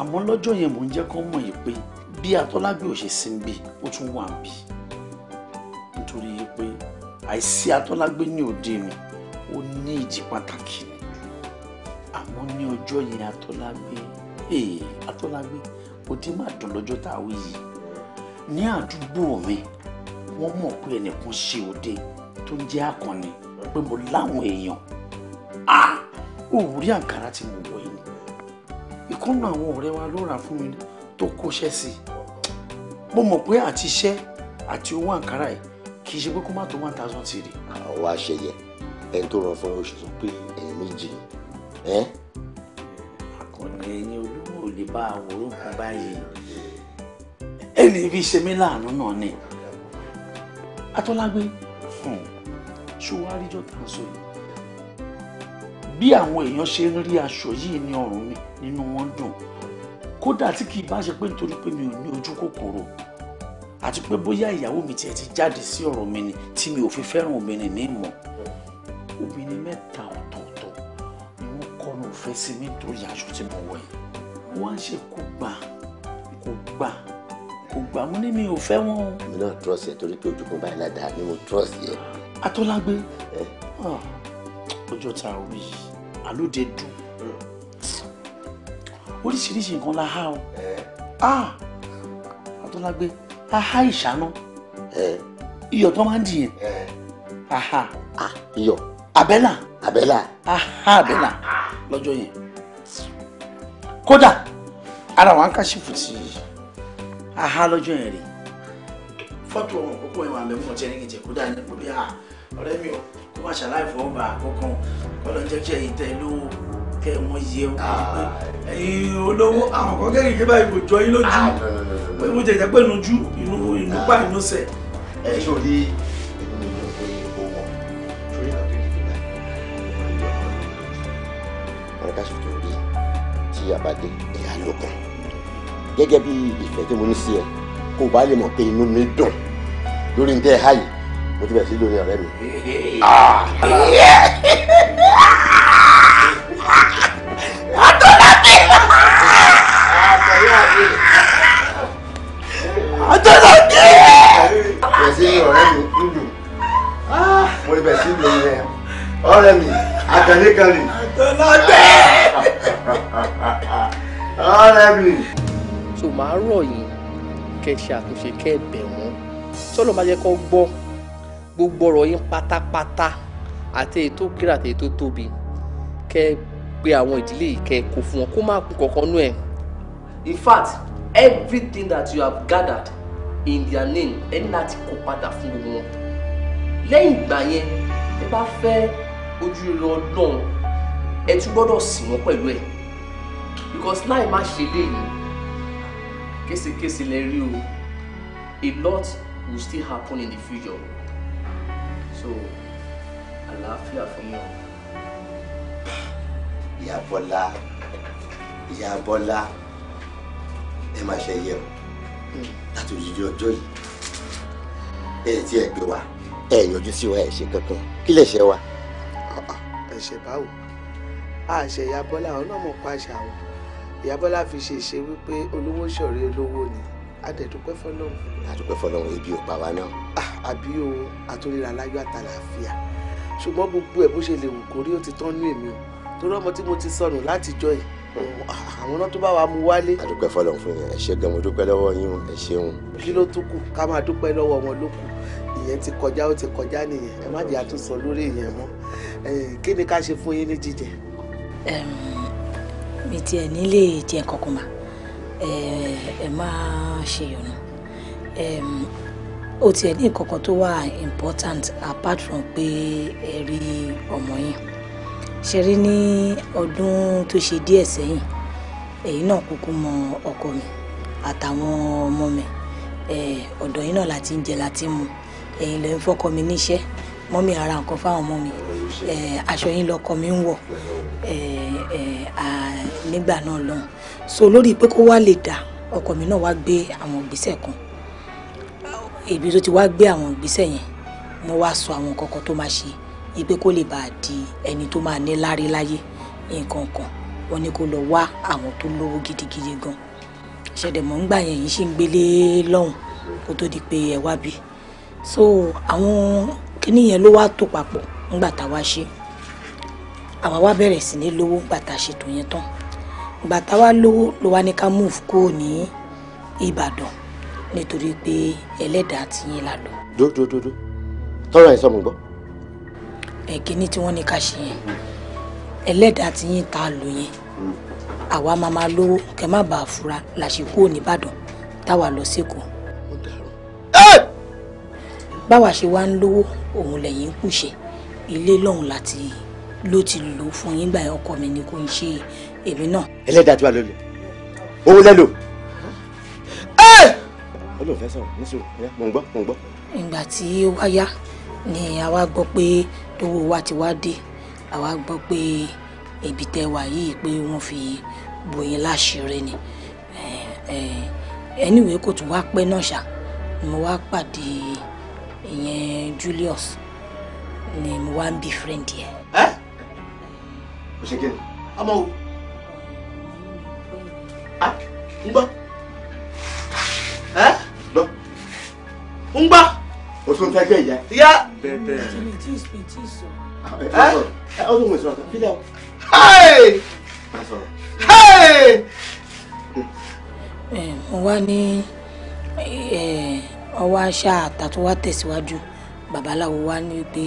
àmọ́ lọ́jọ́ yẹn mò ń jẹ́ kó mọ̀ yìí pé bí atọ́lágbé ò ṣe sí ń bì ó tún wà ń bì nítorí pé àìsí atọ́lágbé ní òde mi ó ní ìdí pàtàkì ni àmọ́ ní ọjọ́ yẹn Atọ́lágbé eh, Atọ́lágbé òdì má dùn lọ́jọ́ tá a wí yìí ní àdúgbò mi wọ́n mọ̀ pé ẹnìkan ṣe òde tó ń jẹ́ àkànni pé mo láwọn èèyàn a òwúrí àǹkárá tí mo wọ̀ yìí ìkọ́nà àwọn ọ̀rẹ́ wa ló rà fún mi tó kóṣẹ́ sí i mo mọ̀ pé àti iṣẹ́ àti owó àǹkárá yìí kì í ṣe pé kó má tó one thousand tìrì. àwọn aṣẹyẹ ẹni tó rán fún oṣù tó pé ẹ̀yìn méjì ẹ́. àkànní ẹni olúwo ò lè bá àwòrán kan báyìí ẹni ibi ṣe mí láàánú náà ni atọ́lágbé ṣùwárí jọ́tà ń sọ yìí bí àwọn èèyàn ṣe ń rí aṣọ yìí ní ọrùn mi nínú wọn dùn kódà tí kì í bá ṣe pé nítorí pé mi ò ní ojú kòkòrò àti pé bóyá ìyàwó mi tiẹ̀ ti jáde sí ọ̀rọ̀ mi ni tí mi ò fi fẹ́ràn obìnrin ní ìmọ̀ obìnrin mẹ́ta ọ̀tọ̀ọ̀tọ̀ ni wọ́n kọ́nu òfẹ́ sí nítorí aṣọ tí mo wọ̀ yìí wọ́n á ṣe kó gbà kó gbà kó gbà mo ní mi ò fẹ́ wọn o. mi náà trust yẹ torí pé ojúkun báyìí ládàá ni mo trust yẹ. atọ́lágbé ah, ọjọ́ ta orí àlóde dùn oríṣiríṣi nǹkan la há o ah, atọ́lágbé a há ìṣáná iyọ̀ tó máa ń dì yẹn. Ah, iyọ̀ abẹ́là. abẹ́là. aha abẹ́là lọ́jọ́ yẹn kódà ara wa ń kàṣìfù tí aha lọ́jọ́ yẹn rèé fọ́tò ọ̀hún kókó ìwà mẹ́fún ọ̀tí ẹni kìtì kúdà ní kúbi à ọ̀rẹ́ mi ò kó má ṣàlàyé fọwọ́ bá àkókò kọ́lọ́ jẹ́ kí ẹ̀yin tẹ lówó kẹ́ wọ́n yẹ o ẹ̀yin olówó àwọn kan kẹ́kẹ́ kí báyìí kò jọ yín lójú ah, pé mo jẹ̀jẹ̀ pé nujú inú inú pa inú sẹ̀. ẹ ṣòrí tí a bá dé ìyá lókun gẹ́gẹ́ tí mo ní sí ẹ kó o lè mọ̀ pé inú mi dùn lórí ntẹ́ ha yìí mo ti bẹ̀ sí lórí ọ̀rẹ́ mi. àtọ́lábí mi kúndùn mo so màá rọ̀ yín kẹ́ ṣe àtúnṣe kẹ́ bẹ̀ wọ́n sọ́lọ́ máa jẹ́ kó gbọ́ gbogbo ọ̀rọ̀ yín pátápátá àti èyí tó kéré àti èyí tó tóbi kẹ́ gbé àwọn ìdílé yìí kẹ́ kó fún wọn kó má kú kankan nú ẹ̀. in fact everything that you have gathered in their name ẹ ní láti kó padà fún gbogbo wọn lẹ́yìn ìgbà yẹn ẹ bá fẹ́ ojú rere ọlọ́run ẹ tún gbọ́dọ̀ sìn wọ́n pẹ̀lú ẹ̀ because láì má ṣe dé yìí késekése lè rí o a lot will still happen in the future so àlàáfíà fún yín o. ìyá bọ́lá ìyá bọ́lá ẹ máa ṣe yẹ o láti òjijì ọjọ́ yìí ẹ ti ẹ gbé wa ẹ yọjú sí wa ẹ ṣe kankan kí lè ṣe wa. ẹ̀ṣẹ̀ báwo àṣẹ ìyá bọ́lá àwọn mọ̀ pa àṣà ìyá bọ́lá fi ṣe ṣe wípé olówó ṣọ̀rẹ́ olówó ni adẹ̀dúpẹ́ fọlọ́hún. adẹ̀dúpẹ́ fọlọ́hún ebi ò pa wá náà. Ah, àbí o àtòrírà aláyọ̀ àtàlàáfíà ṣùgbọ́n gbogbo ẹ̀ bó ṣe lè wù kórí ó ti tán ní èmi o torí ọmọ tí mo ti sọnù láti jọ yìí àwọn náà tó bá wa mú wálé. adúpẹ́ fọlọ́n fún yẹn ẹ ṣé gan mo dúpẹ́ lọ́wọ́ yín ẹ ṣeun. kí ló tún kù ká máa dúpẹ́ lọ́wọ́ wọn ló kù ìyẹn ti kọjá ó ti kọjá nìyẹn ẹ má jẹ́ àtúnsọ lórí ìyẹn mọ́ kí ni ká ṣe fún yín ní jíjẹ mi tiẹ̀ nílé tiẹ̀ kankan mà ẹ má ṣe yọ̀nà ó tiẹ̀ ní nǹkan tó wà important apart from pé ẹ rí ọmọ yín ṣe rí ní ọdún tó ṣe díẹ̀ sẹ́yìn èyí náà kúkú mọ ọkọ mi àtàwọn ọmọ mi ọ̀dọ̀ yín náà láti ń jẹ láti mu ẹ̀yin lè fọkọ mi níṣẹ́ mọ́mí ara nǹkan fáwọn ọmọ mi Eh, aṣọ yín lọkọ mi ń wọ̀ eh, eh, nígbà náà lọ́hùn so lórí pé kó wá lè dà ọkọ mi náà wá gbé àwọn ìgbésẹ̀ kan ibi tó ti wá gbé àwọn ìgbésẹ̀ yẹn mo wá sọ àwọn nǹkan kan tó máa ṣe ipe kó lè a di ẹni tó máa ní lárí láyé nǹkan kan wọn ni kó lọ wá àwọn tó lówó gidigidi gan ṣẹdẹmọ ń gbà yẹn yìí ṣì ń gbélé lọ́hùn kó tó di pé ẹ wá bí so àwọn kíní yẹn ló wá tó papọ̀ ńgbà tá a wá ṣe àwa wá bẹ̀rẹ̀ sí ní lówó ńgbà tá a ṣètò yẹn tán ńgbà tá a wá lówó ló wá ní ká move kúrò ní Ìbàdàn nítorí pé ẹlẹ́dàá ti yín la lọ. dódódódó tọrọ ẹ sọ mo gbọ́. ẹ̀kíní tí wọ́n ní ká ṣe yẹn ẹlẹ́dàá ti yín ta lò yẹn àwa máa máa lówó kẹ má bàa fura la ṣe kúrò nìbàdàn táwa lọ sẹ́kọ̀ọ́. báwa ṣe wá ń lówó òun lẹ́yìn ń ilé lọ́hùn láti ló ti lò fún yín gbà ọkọ mi ni kò ń ṣe èmi náà. ẹlẹ́dàá tí wàá lò lò owó lẹ́lò ó lóun fẹ́ sọ̀rọ̀ nísòrò mò ń gbọ́ mò ń gbọ́. ìgbà tí wá yá ni àwa gbọ́ pé owó wa ti wá dé àwa gbọ́ pé ibi tẹ́ wà yìí pé wọ́n fi bòyìn láṣìírí ni ẹniwèé kò tún wá pẹ́ náà ṣá mo wá pàdé ìyẹn Julius ni mo wá ń befriend yẹ. ẹ o ṣe kiri ọmọ wo n gbọ́ ẹ gbọ́ n gbọ́ o tún fẹ́ kẹ́ Eh, ìyá eh, bẹ́ẹ̀. ẹ ẹ ọdún mo sọ̀rọ̀ kan fílẹ̀ o. mo wá ní ọwọ́ àṣà àtàtúwá tẹ̀síwájú babaláwo wá ní pé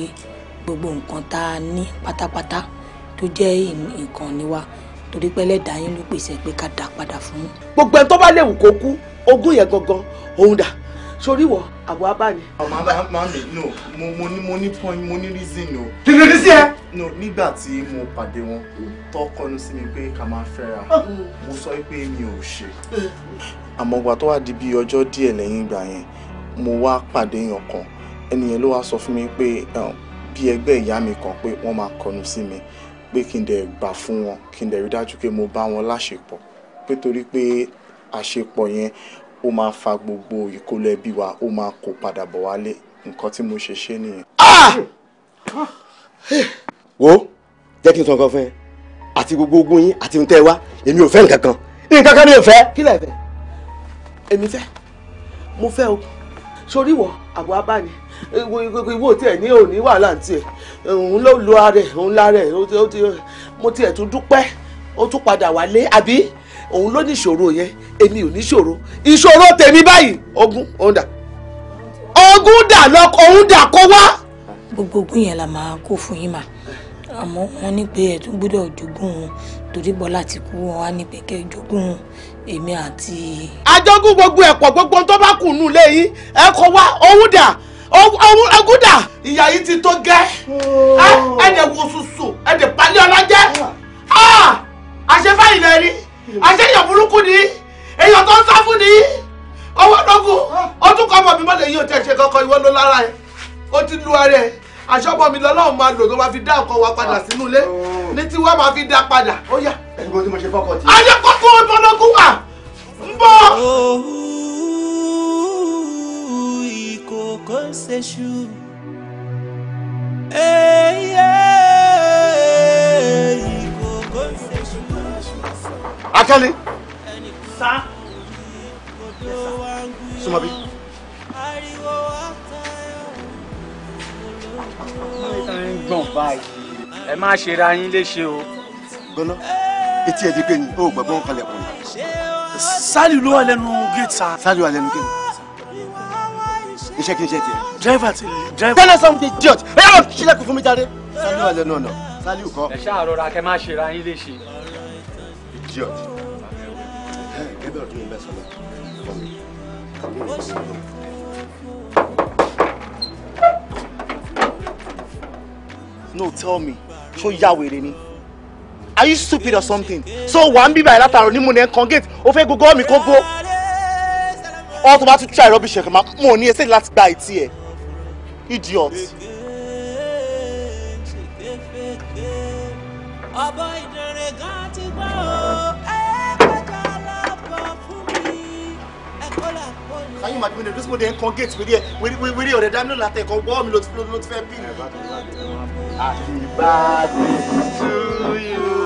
gbogbo nǹkan tá a ní pátápátá tó jẹ́ nǹkan níwa torí pé ẹlẹ́dàá yín ló pèsè pé ká dá padà fún un. gbogbo ẹni tó bá léwu kó kú ogún yẹn gangan òun dà sórí wọ àbọ̀ abáni. màmá mi no mo mo ní mo ní point mo ní reason o. kí ló dé sí ẹ. no nígbà tí mo pàdé wọn tó kọnu sí mi pé ká máa fẹ́ra ah. mo sọ pé mi ò ṣe. Hmm. àmọ́ ìgbà tó wá di bí ọjọ́ díẹ̀ lẹ́yìn ìgbà yẹn mo wá pàdé èèyàn kan ẹnìyẹn ló wá sọ fún mi pé um, bí ẹgbẹ́ ìyá mi kan pé wọ́n máa kọnu sí mi pé kí n dẹ̀ gbà fún wọn kí n dẹ̀ rí dájú pé mo bá wọn láṣepọ̀ pé torí pé àṣepọ̀ yẹn ó máa fa gbogbo ìkólọ ẹbí wa ó máa kó padà bọ̀ wálé nǹkan tí mo ṣe ṣe nìyẹn. Ah! wo jẹ́ kí n sọ nǹkan fún ẹ àti gbogbo ogun yín àti ohun tẹ́ ẹ wá èmi ò fẹ́ nǹkan kan nǹkan kan ni ò fẹ́. kí lẹ fẹ́ èmi fẹ́ mo fẹ́ o sórí wọ àgọ́ abáni ìwọ tiẹ̀ ní òní wàhálà ní tiẹ̀ òun ló lo ara ẹ̀ òun lára ẹ̀ mo tiẹ̀ tún dúpẹ́ ó tún padà wálé àbí òun ló níṣòro yẹn èmi ò níṣòro ìṣòro tèmi báyìí ogun òun dà ogun dà lọkọ òun dà kó wá. gbogbo ogun yẹn la máa kó fún yín mà àmọ́ wọ́n ní pé ẹ̀ tún gbọ́dọ̀ jogún un torí bọ́lá ti kú wọn wá ní pẹ̀kẹ́ jogún èmi àti. àjọgún gbogbo ẹ̀pọ̀ gbogbo tó bá kù nù lẹ́yìn ẹ kọ wá òun dà ọwọ́ agúdà ìyá yìí ti tó gẹ oh. ah, ẹ̀ẹ́dẹ̀ wo soso ẹ̀ẹ́dẹ̀ palẹ́ ọlọ́jẹ́ ah, àṣefáyìn lẹ́rí àṣeyàn burúkú ni èèyàn tó ń sá fún ni ọwọ́ dọ́gùn ó tún kọ́ ọmọ mi mọ́lẹ̀ yìí ò tẹ̀ ṣe kankan ìwọ ló lára ó ti lu ara ẹ̀ àṣọ́bọ̀ mi lọ́lọ́run máa lò tó máa fi dá ọkọ wa padà sínú ilé oh. ní tí fi dá padà ó tí mo ṣe tí. kò ṣèṣù. akẹ́lẹ́. sá. súnmọ́ bí. gbọ̀n báyìí ẹ má ṣe ra yín léṣe o. gbọ́nà etí ẹ̀ ó gbàgbọ́n kalẹ̀ kùnà. sálì ló wà lẹ́nu gẹ̀ẹ́tì sá. sálì wà lẹ́nu gẹ̀ẹ́tì iṣẹ́ kí n ṣe tiẹ̀. driver ti driver. tẹ́lẹ̀ sọ́mu ti idiot ẹ yàrá ṣílẹ̀kùn fún mi jáde. sálíù alẹ́ náà nà sálíù kọ́. ẹ ṣáà rọra kẹ má ṣe ra yín léṣe. idiot. gẹ́gẹ́ ọ̀dún mi mẹ́sàn-án fún mi. no tell me ṣó yá wèrè ni are you stupid or something so wà á ń bíbà ẹ̀ látàrọ̀ ní mo ní ẹ̀ kan gate ó fẹ́ gbogbo ọ̀mì kó gbó all tó bá tún try rubbish ẹ̀kẹ́ máa mọ̀ ní ẹsẹ̀ láti gba ìtì ẹ̀ idiot. ọ̀bọ ìdẹ̀rẹ̀ gan ti gbọ́ o ẹ kọjá lọ́bọ̀ fún mi ẹ kó là kó lè. sáyìn màdìmí ni olùsímọ̀ dé ń kan gate wíri ẹ wíri ọ̀rẹ́ dání ló látẹ̀ kan wọ́ọ̀ mi ló ti fẹ́ bí. àti bá a ti tú yìí.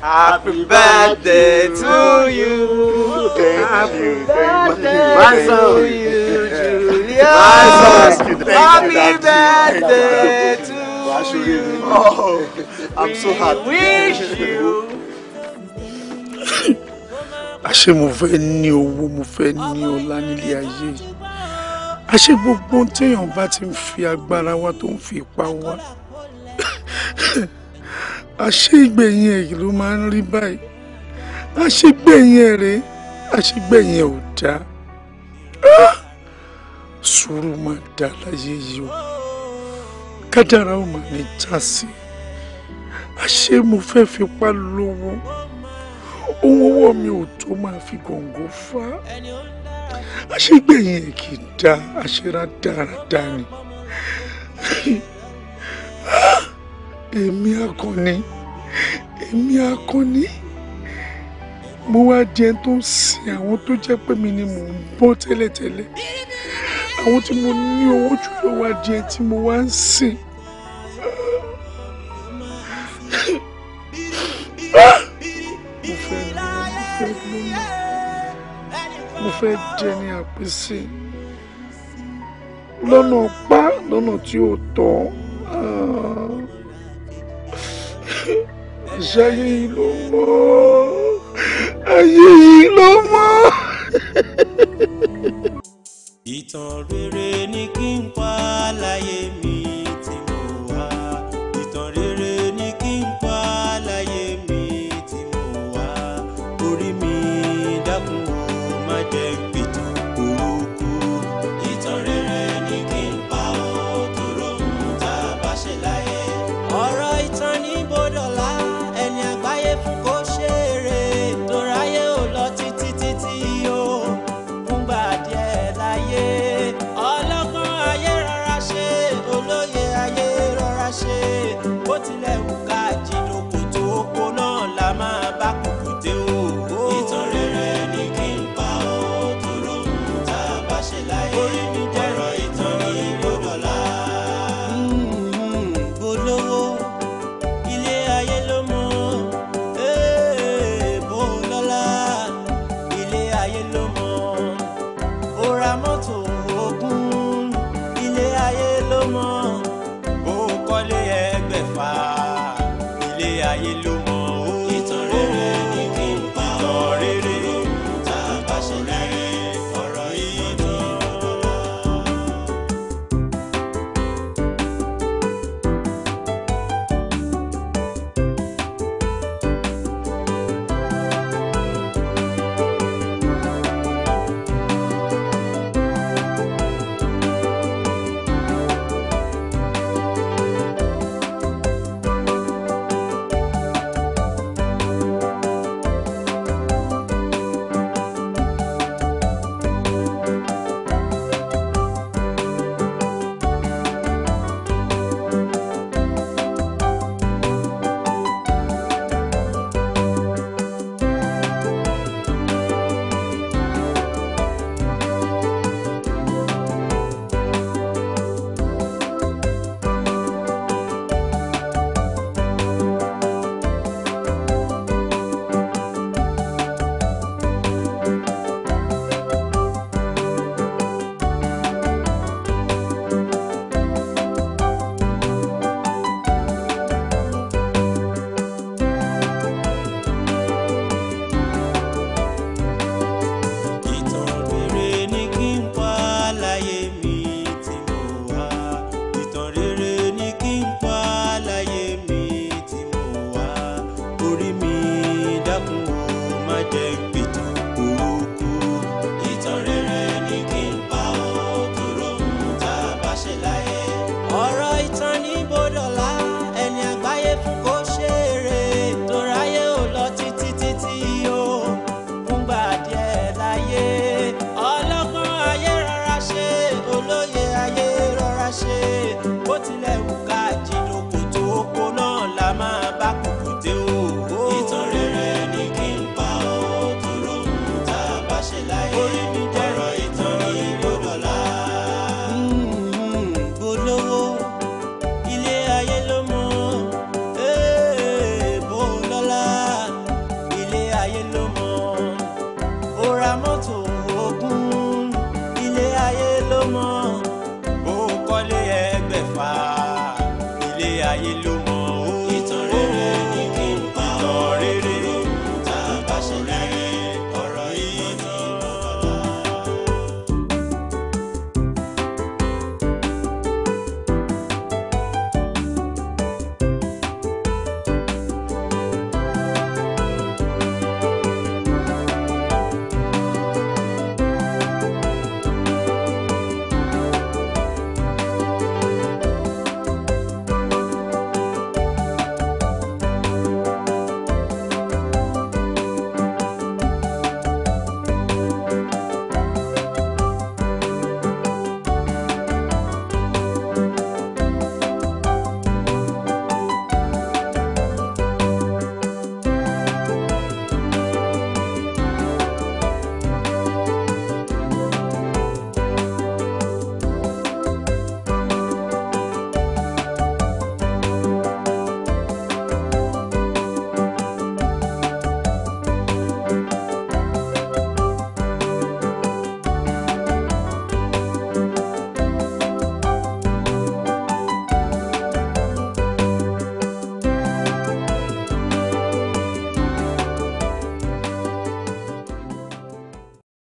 Happy birthday to you. Thank you. Thank you. My son. Julius. My Happy birthday to you. Oh, I'm so happy. Wish you. Àṣé mo fẹ́ ní owó, mo fẹ́ ní ọlá nílé ayé. Àṣé gbogbo ohun téèyàn bá ti ń fi agbára wá tó ń fi ipá wá àṣegbẹ̀yìn ẹ̀ ló máa ń rí báyìí àṣegbẹ̀yìn ẹ̀ rèé àṣegbẹ̀yìn ẹ̀ ò dáa ah! sùúrù máa dà láyé yìí o kádàrá ò máa ní já sí àṣé mo fẹ́ fipá lówó ohun ọwọ́ mi ò tó máa fi gòǹgò fá àṣegbẹ̀yìn ẹ̀ kì í dáa àṣerá dáradára ni. Ah! èmi akọni èmi akọni mo wá di ẹni tó ń sin àwọn tó jẹ́ pé mi ni mò ń bọ́ tẹ́lẹ̀tẹ́lẹ̀ àwọn tí mo ní owó jùlọ wá di ẹni tí mo wá ń sìn. mo fẹ́ lọ mo fẹ́ lọ́nà mo fẹ́ jẹ ní àpèsè lọ́nà pa lọ́nà tí ó tọ́. Uh iṣẹ́ yìí ló mọ́ ayé yìí ló mọ́. ìtàn rere ni kí n pa láyé mi.